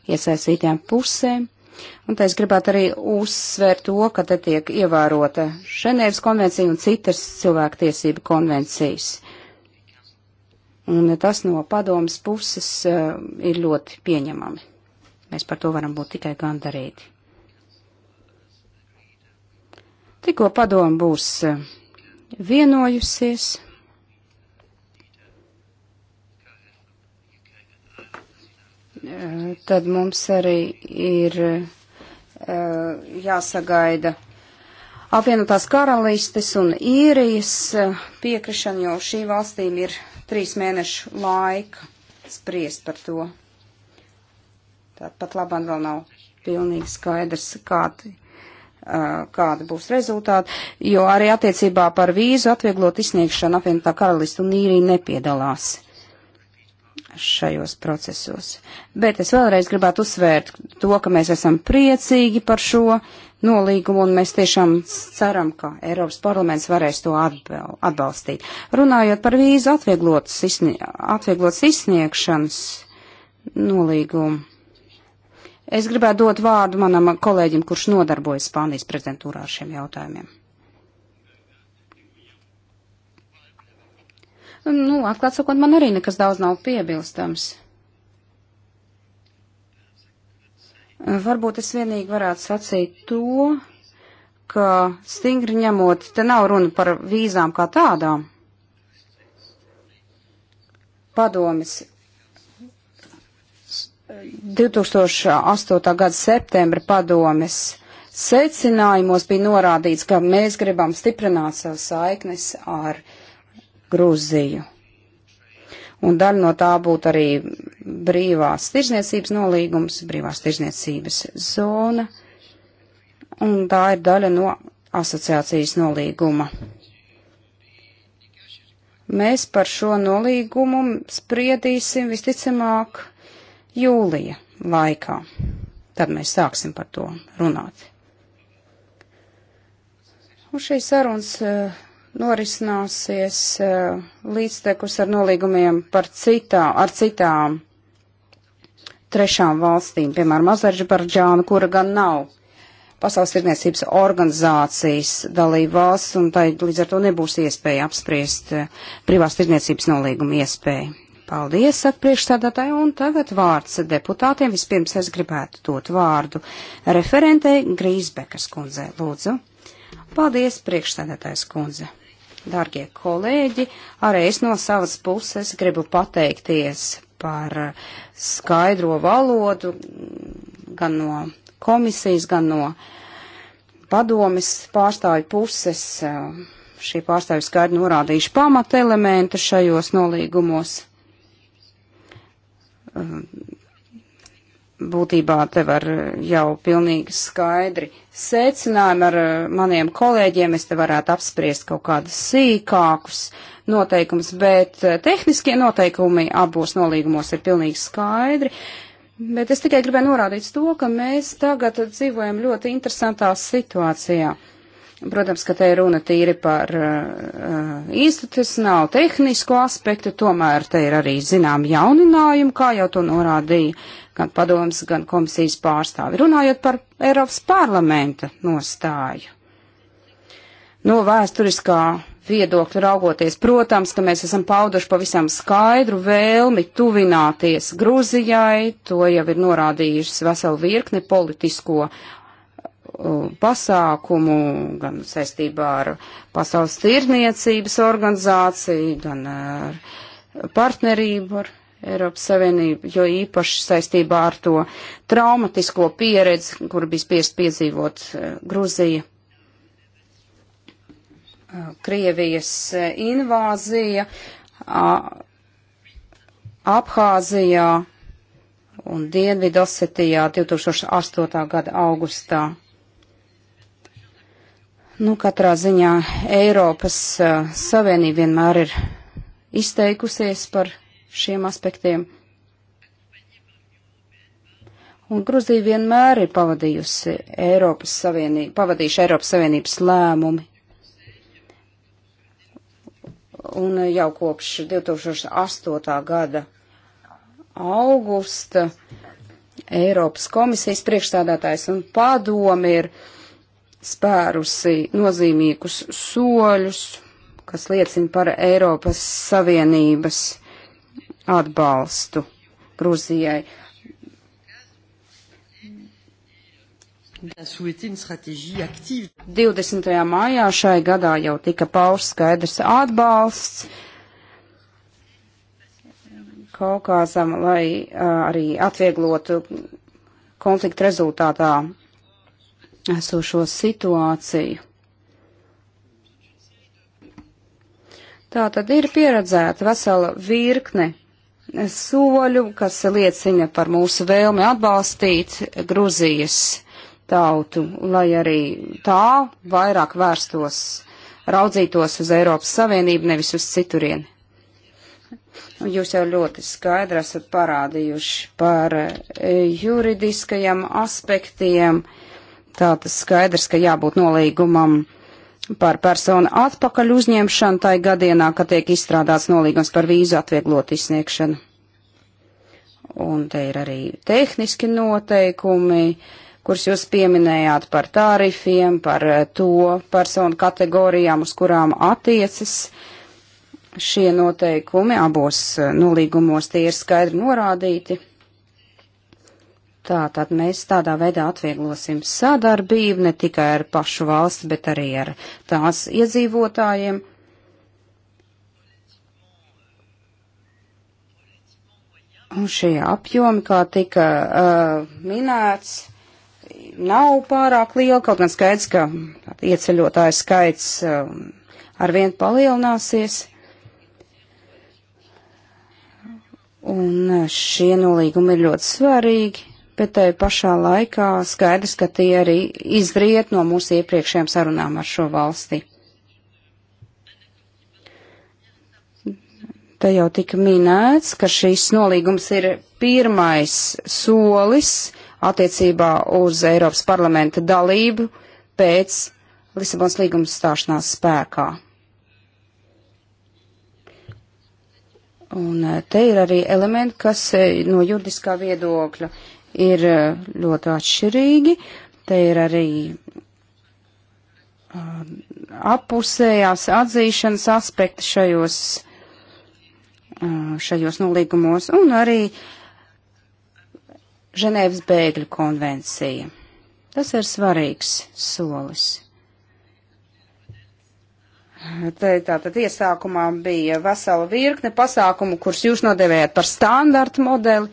iesaistītām pusēm. Un te es gribētu arī uzsvērt to, ka te tiek ievērota Ženēvas konvencija un citas cilvēktiesība konvencijas. Un tas no padomas puses uh, ir ļoti pieņemami. Mēs par to varam būt tikai gandarīti. Tikko padoma būs vienojusies tad mums arī ir eh, jāsagaida apvienotās karalistes un īrijas piekrišana, jo šī valstīm ir trīs mēnešu laika spriest par to. Tāpat labāk vēl nav pilnīgi skaidrs, kādi, eh, kāda būs rezultāti, jo arī attiecībā par vīzu atvieglot izsniegšanu apvienotā karalista un īrija nepiedalās šajos procesos. Bet es vēlreiz gribētu uzsvērt to, ka mēs esam priecīgi par šo nolīgumu un mēs tiešām ceram, ka Eiropas parlaments varēs to atbal atbalstīt. Runājot par vīzu atvieglotas izsnie atvieglotas izsniegšanas nolīgumu, es gribētu dot vārdu manam kolēģim, kurš nodarbojas Spānijas prezidentūrā ar šiem jautājumiem. Nu, atklāt sakot, man arī nekas daudz nav piebilstams. Varbūt es vienīgi varētu sacīt to, ka stingri ņemot, te nav runa par vīzām kā tādām. Padomis 2008. gada septembra padomis secinājumos bija norādīts, ka mēs gribam stiprināt savas saiknes ar uh, Gruziju. Un daļa no tā būtu arī brīvās tirzniecības nolīgums, brīvās tirzniecības zona, un tā ir daļa no asociācijas nolīguma. Mēs par šo nolīgumu spriedīsim visticamāk jūlija laikā. Tad mēs sāksim par to runāt. Un šīs sarunas eh, norisināsies eh, līdztekus ar nolīgumiem par citā, ar citām trešām valstīm, piemēram, Azerbaidžānu, kura gan nav Pasaules tirniecības organizācijas dalība valsts, un tai līdz ar to nebūs iespēja apspriest eh, privās tirniecības nolīgumu iespēju. Paldies, saka priekšstādātāji, un tagad vārds deputātiem. Vispirms es gribētu dot vārdu referentei Grīsbekas kundzei, lūdzu. Paldies, priekšstādātājs kundze. Dārgie kolēģi, arī es no savas puses gribu pateikties par skaidro valodu gan no komisijas, gan no padomis pārstāvju puses. Šie pārstāvji skaidri norādījuši pamata elementu šajos nolīgumos būtībā te var jau pilnīgi skaidri secinājumi ar eh, maniem kolēģiem. Es te varētu apspriest kaut kādus sīkākus noteikumus, bet eh, tehniskie noteikumi abos nolīgumos ir pilnīgi skaidri. Bet es tikai gribēju norādīt to, ka mēs tagad dzīvojam ļoti interesantā situācijā. Protams, ka te ir runa tīri par uh, institucionālu tehnisko aspektu, tomēr te ir arī zinām jauninājumi, kā jau to norādīja gan padomas, gan komisijas pārstāvi. Runājot par Eiropas parlamenta nostāju. No vēsturiskā viedokļa raugoties, protams, ka mēs esam pauduši pavisam skaidru vēlmi tuvināties Gruzijai, to jau ir norādījušas veselu virkni politisko uh, pasākumu, gan saistībā ar Pasaules tirniecības organizāciju, gan ar partnerību ar Eiropas Savienību, jo īpaši saistībā ar to traumatisko pieredzi, kur bija spiest piedzīvot eh, Gruzija, eh, Krievijas eh, invāzija, Abhāzijā un Dienvidosetijā 2008. gada augustā. Nu, katrā ziņā Eiropas Savienība vienmēr ir izteikusies par šiem aspektiem. Un Gruzija vienmēr ir pavadījusi Eiropas Savienību, pavadījuši Eiropas Savienības lēmumi. Un jau kopš 2008. gada augusta Eiropas komisijas priekšstādātājs un padomi ir spērusi nozīmīgus soļus, kas liecina par Eiropas Savienības atbalstu Grūzijai. Divdesmitajā mājā šai gadā jau tika pausts skaidrs atbalsts Kaukāzam, lai arī atvieglotu konflikta rezultātā esošo situāciju. Tā tad ir pieredzēta vesela virkne soļu, kas liecina par mūsu vēlmi atbalstīt Gruzijas tautu, lai arī tā vairāk vērstos, raudzītos uz Eiropas Savienību, nevis uz citurieni. Jūs jau ļoti skaidri esat parādījuši par e, juridiskajiem aspektiem. Tā tas skaidrs, ka jābūt nolīgumam par personu atpakaļ uzņemšanu tai gadienā, kad tiek izstrādāts nolīgums par vīzu atvieglot izsniegšanu. Un te ir arī tehniski noteikumi, kurus jūs pieminējāt par tārifiem, par eh, to personu kategorijām, uz kurām attiecas šie noteikumi. Abos eh, nolīgumos tie ir skaidri norādīti. Tātad mēs tādā veidā atvieglosim sadarbību ne tikai ar pašu valsti, bet arī ar tās iedzīvotājiem. Un šie apjomi, kā tika uh, minēts, nav pārāk lieli, kaut gan skaidrs, ka ieceļotāju skaits uh, arvien palielināsies. Un šie nolīgumi ir ļoti svarīgi bet tai pašā laikā skaidrs, ka tie arī izriet no mūsu iepriekšējām sarunām ar šo valsti. Te jau tika minēts, ka šīs nolīgums ir pirmais solis attiecībā uz Eiropas parlamenta dalību pēc Lisabons līgums stāšanās spēkā. Un eh, te ir arī elementi, kas eh, no juridiskā viedokļa ir eh, ļoti atšķirīgi. Te ir arī eh, apusējās atzīšanas aspekti šajos, eh, šajos nolīgumos un arī Ženēvas bēgļu konvencija. Tas ir svarīgs solis. Te, tātad iesākumā bija vesela virkne pasākumu, kurus jūs nodevējat par standartu modeli.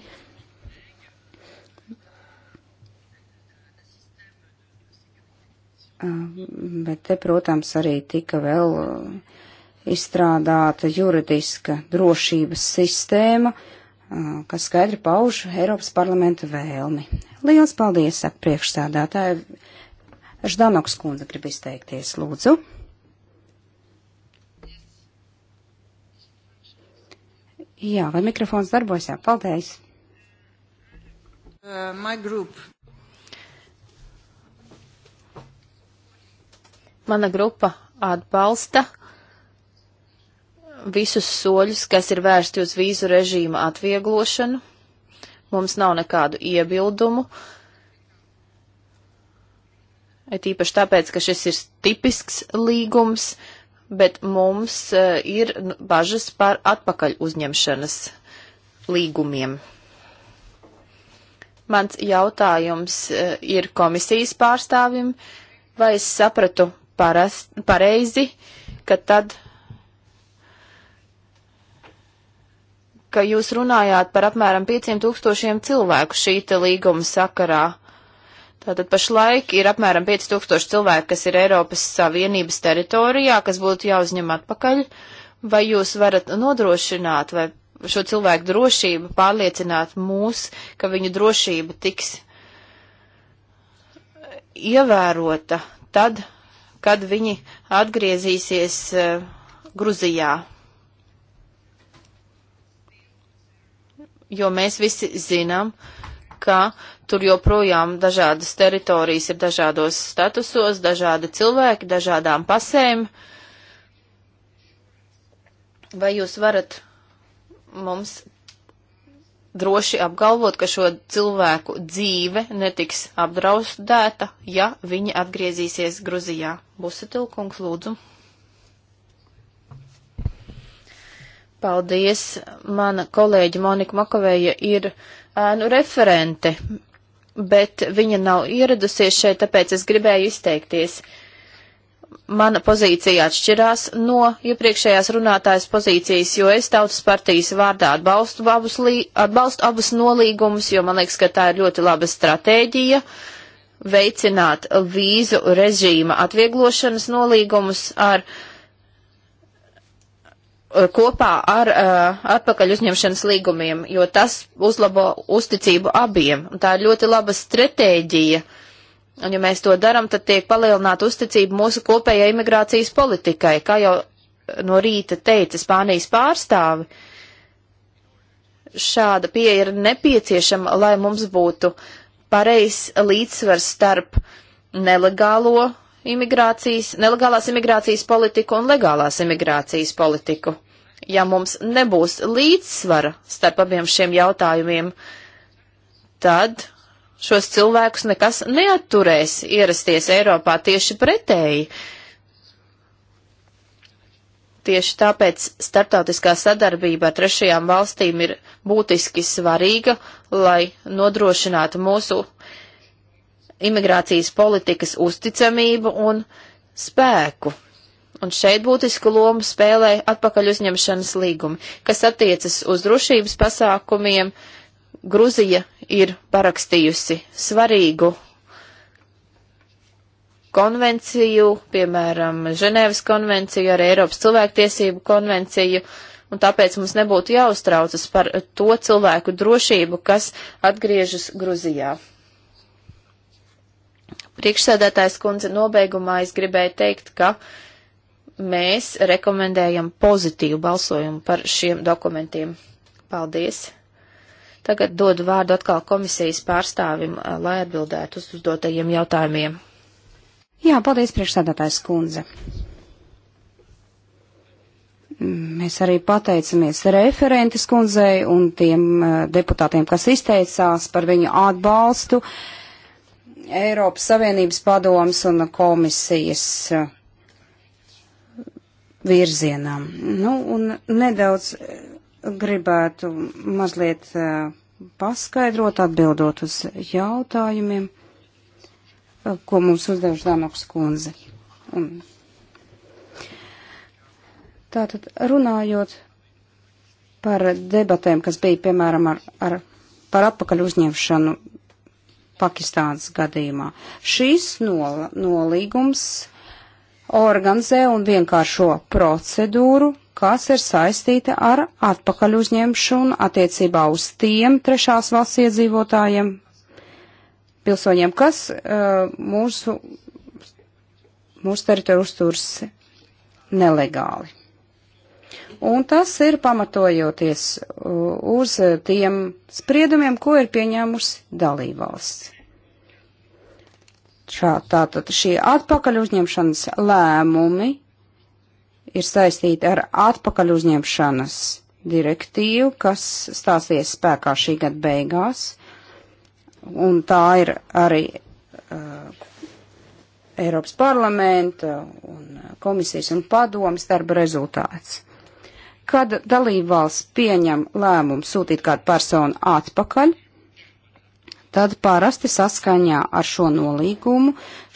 Bet te, protams, arī tika vēl izstrādāta juridiska drošības sistēma, kas skaidri pauž Eiropas parlamenta vēlmi. Liels paldies, saka priekšstādātāja. Ždanoks kundze grib izteikties, lūdzu. Jā, vai mikrofons darbojas? Jā, paldies. Uh, Mana grupa atbalsta visus soļus, kas ir vērsti uz vīzu režīma atvieglošanu. Mums nav nekādu iebildumu. Et īpaši tāpēc, ka šis ir tipisks līgums, bet mums eh, ir bažas par atpakaļ uzņemšanas līgumiem. Mans jautājums eh, ir komisijas pārstāvim, vai es sapratu paras, pareizi, ka tad, ka jūs runājāt par apmēram 5000 cilvēku šī te līguma sakarā. Tātad pašlaik ir apmēram 5000 cilvēku, kas ir Eiropas Savienības teritorijā, kas būtu jāuzņem atpakaļ. Vai jūs varat nodrošināt vai šo cilvēku drošību, pārliecināt mūs, ka viņu drošība tiks ievērota tad, kad viņi atgriezīsies uh, Gruzijā. Jo mēs visi zinām, ka tur joprojām dažādas teritorijas ir dažādos statusos, dažādi cilvēki, dažādām pasēm. Vai jūs varat mums droši apgalvot, ka šo cilvēku dzīve netiks apdraudēta, ja viņi atgriezīsies Gruzijā. Busetilkungs, lūdzu. Paldies. Mana kolēģa Monika Makovēja ir ēnu referente, bet viņa nav ieradusies šeit, tāpēc es gribēju izteikties. Uh, mana pozīcija atšķirās no iepriekšējās runātājas pozīcijas, jo es tautas partijas vārdā atbalstu abus, lī, atbalstu abus nolīgumus, jo man liekas, ka tā ir ļoti laba stratēģija veicināt vīzu režīma atvieglošanas nolīgumus ar eh, kopā ar uh, atpakaļ uzņemšanas līgumiem, jo tas uzlabo uzticību abiem. Un tā ir ļoti laba stratēģija uh, Un ja mēs to daram, tad tiek palielināta uzticība mūsu kopējai imigrācijas politikai. Kā jau no rīta teica Spānijas pārstāvi, šāda pieeja ir nepieciešama, lai mums būtu pareizs līdzsvars starp nelegālo imigrācijas, nelegālās imigrācijas politiku un legālās imigrācijas politiku. Ja mums nebūs līdzsvara starp abiem šiem jautājumiem, tad šos cilvēkus nekas neatturēs ierasties Eiropā tieši pretēji. Tieši tāpēc starptautiskā sadarbība ar trešajām valstīm ir būtiski svarīga, lai nodrošinātu mūsu imigrācijas politikas uzticamību un spēku. Un šeit būtisku lomu spēlē atpakaļ uzņemšanas līgumi, kas attiecas uz drošības pasākumiem, uh, Gruzija ir parakstījusi svarīgu konvenciju, piemēram, Ženēvas konvenciju, arī Eiropas cilvēktiesību konvenciju, un tāpēc mums nebūtu jāuztraucas par to cilvēku drošību, kas atgriežas Gruzijā. Priekšsēdētājs kundze nobeigumā es gribēju teikt, ka mēs rekomendējam pozitīvu balsojumu par šiem dokumentiem. Paldies! Tagad dodu vārdu atkal komisijas pārstāvim, eh, lai atbildētu uz uzdotajiem jautājumiem. Jā, paldies, priekšsēdētājs kundze. Mēs arī pateicamies referentes kundzei un tiem eh, deputātiem, kas izteicās par viņu atbalstu Eiropas Savienības padomas un komisijas eh, virzienam. Nu, un nedaudz gribētu mazliet paskaidrot, atbildot uz jautājumiem, ko mums uzdeva Ždanoks kundze. Un tātad runājot par debatēm, kas bija, piemēram, ar, ar, par atpakaļ uzņemšanu Pakistānas gadījumā. Šīs nol, nolīgums organizē un vienkāršo procedūru kas ir saistīti ar atpakaļ uzņemšanu attiecībā uz tiem trešās valsts iedzīvotājiem, pilsoņiem, kas uh, mūsu, mūsu teritoriju uzturs nelegāli. Un tas ir pamatojoties eh, uz tiem spriedumiem, ko ir pieņēmusi dalībvalsts. Šā, tātad šie atpakaļ uzņemšanas lēmumi ir saistīta ar atpakaļ uzņemšanas direktīvu, kas stāsies spēkā šī gada beigās, un tā ir arī uh, Eiropas parlamenta un komisijas un padomas darba rezultāts. Kad dalībvalsts pieņem lēmumu sūtīt kādu personu atpakaļ, tad parasti saskaņā ar šo nolīgumu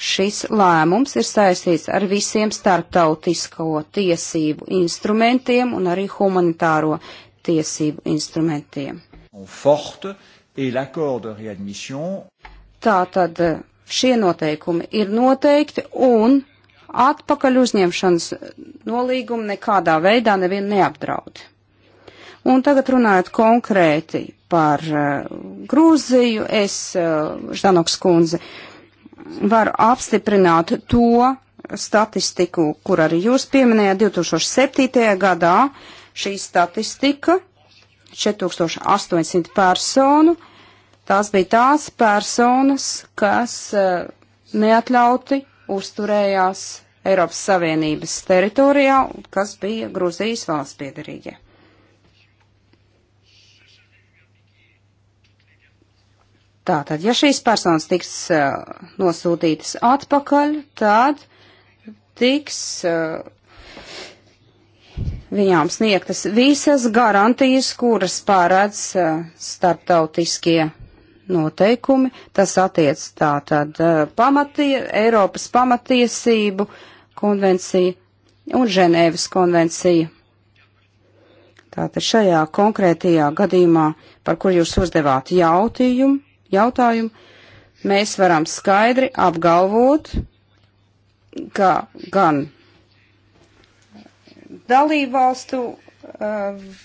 šis lēmums ir saistīts ar visiem starptautisko tiesību instrumentiem un arī humanitāro tiesību instrumentiem. Tātad eh, šie noteikumi ir noteikti un atpakaļ uzņemšanas nolīgumi nekādā veidā nevienu neapdraud. Un tagad runājot konkrēti par uh, Grūziju, es, uh, Ždanoks kundze, varu apstiprināt to statistiku, kur arī jūs pieminējāt 2007. gadā. Šī statistika 4800 personu. Tās bija tās personas, kas uh, neatļauti uzturējās Eiropas Savienības teritorijā, kas bija Gruzijas valsts piedarīgie. Tātad, ja šīs personas tiks uh, nosūtītas atpakaļ, tad tiks uh, viņām sniegtas visas garantijas, kuras pārēdz uh, eh, starptautiskie noteikumi. Tas attiec tātad uh, pamatie, Eiropas pamatiesību konvencija un Ženēvas konvencija. Tātad šajā konkrētajā gadījumā, par kur jūs uzdevāt jautājumu, jautājumu, mēs varam skaidri apgalvot, ka gan dalībvalstu uh,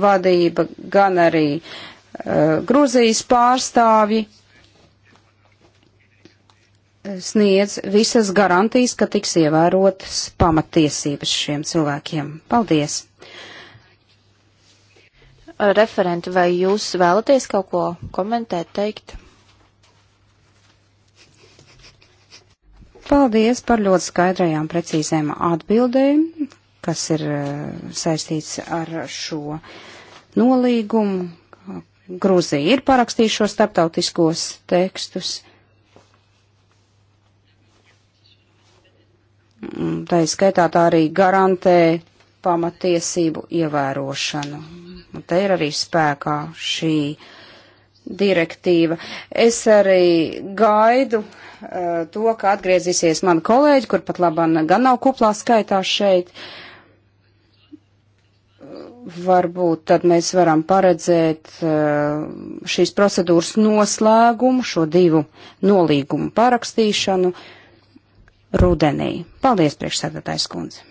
vadība, gan arī uh, Gruzijas pārstāvji sniedz visas garantijas, ka tiks ievērotas pamatiesības šiem cilvēkiem. Paldies! Referenti, vai jūs vēlaties kaut ko komentēt, teikt? Paldies par ļoti skaidrajām, precīzēm atbildēm, kas ir eh, saistīts ar šo nolīgumu. Gruzija ir parakstījušo starptautiskos tekstus. Mm, tā ir skaitā tā arī garantē pamatiesību ievērošanu. Te ir arī spēkā šī direktīva. Es arī gaidu uh, to, ka atgriezīsies mani kolēģi, kur pat labam gan nav kuplā skaitā šeit. Varbūt tad mēs varam paredzēt uh, šīs procedūras noslēgumu, šo divu nolīgumu parakstīšanu rudenī. Paldies, priekšsēdētājs kundze!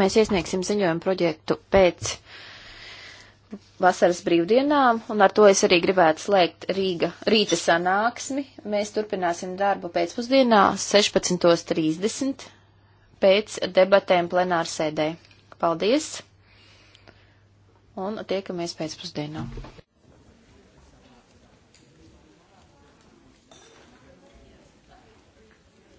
Mēs iesniegsim ziņojumu projektu pēc vasaras brīvdienām, un ar to es arī gribētu slēgt Rīga rīta sanāksmi. Mēs turpināsim darbu pēcpusdienā 16.30 pēc debatēm plenārsēdē. Paldies! Un tiekamies pēcpusdienā.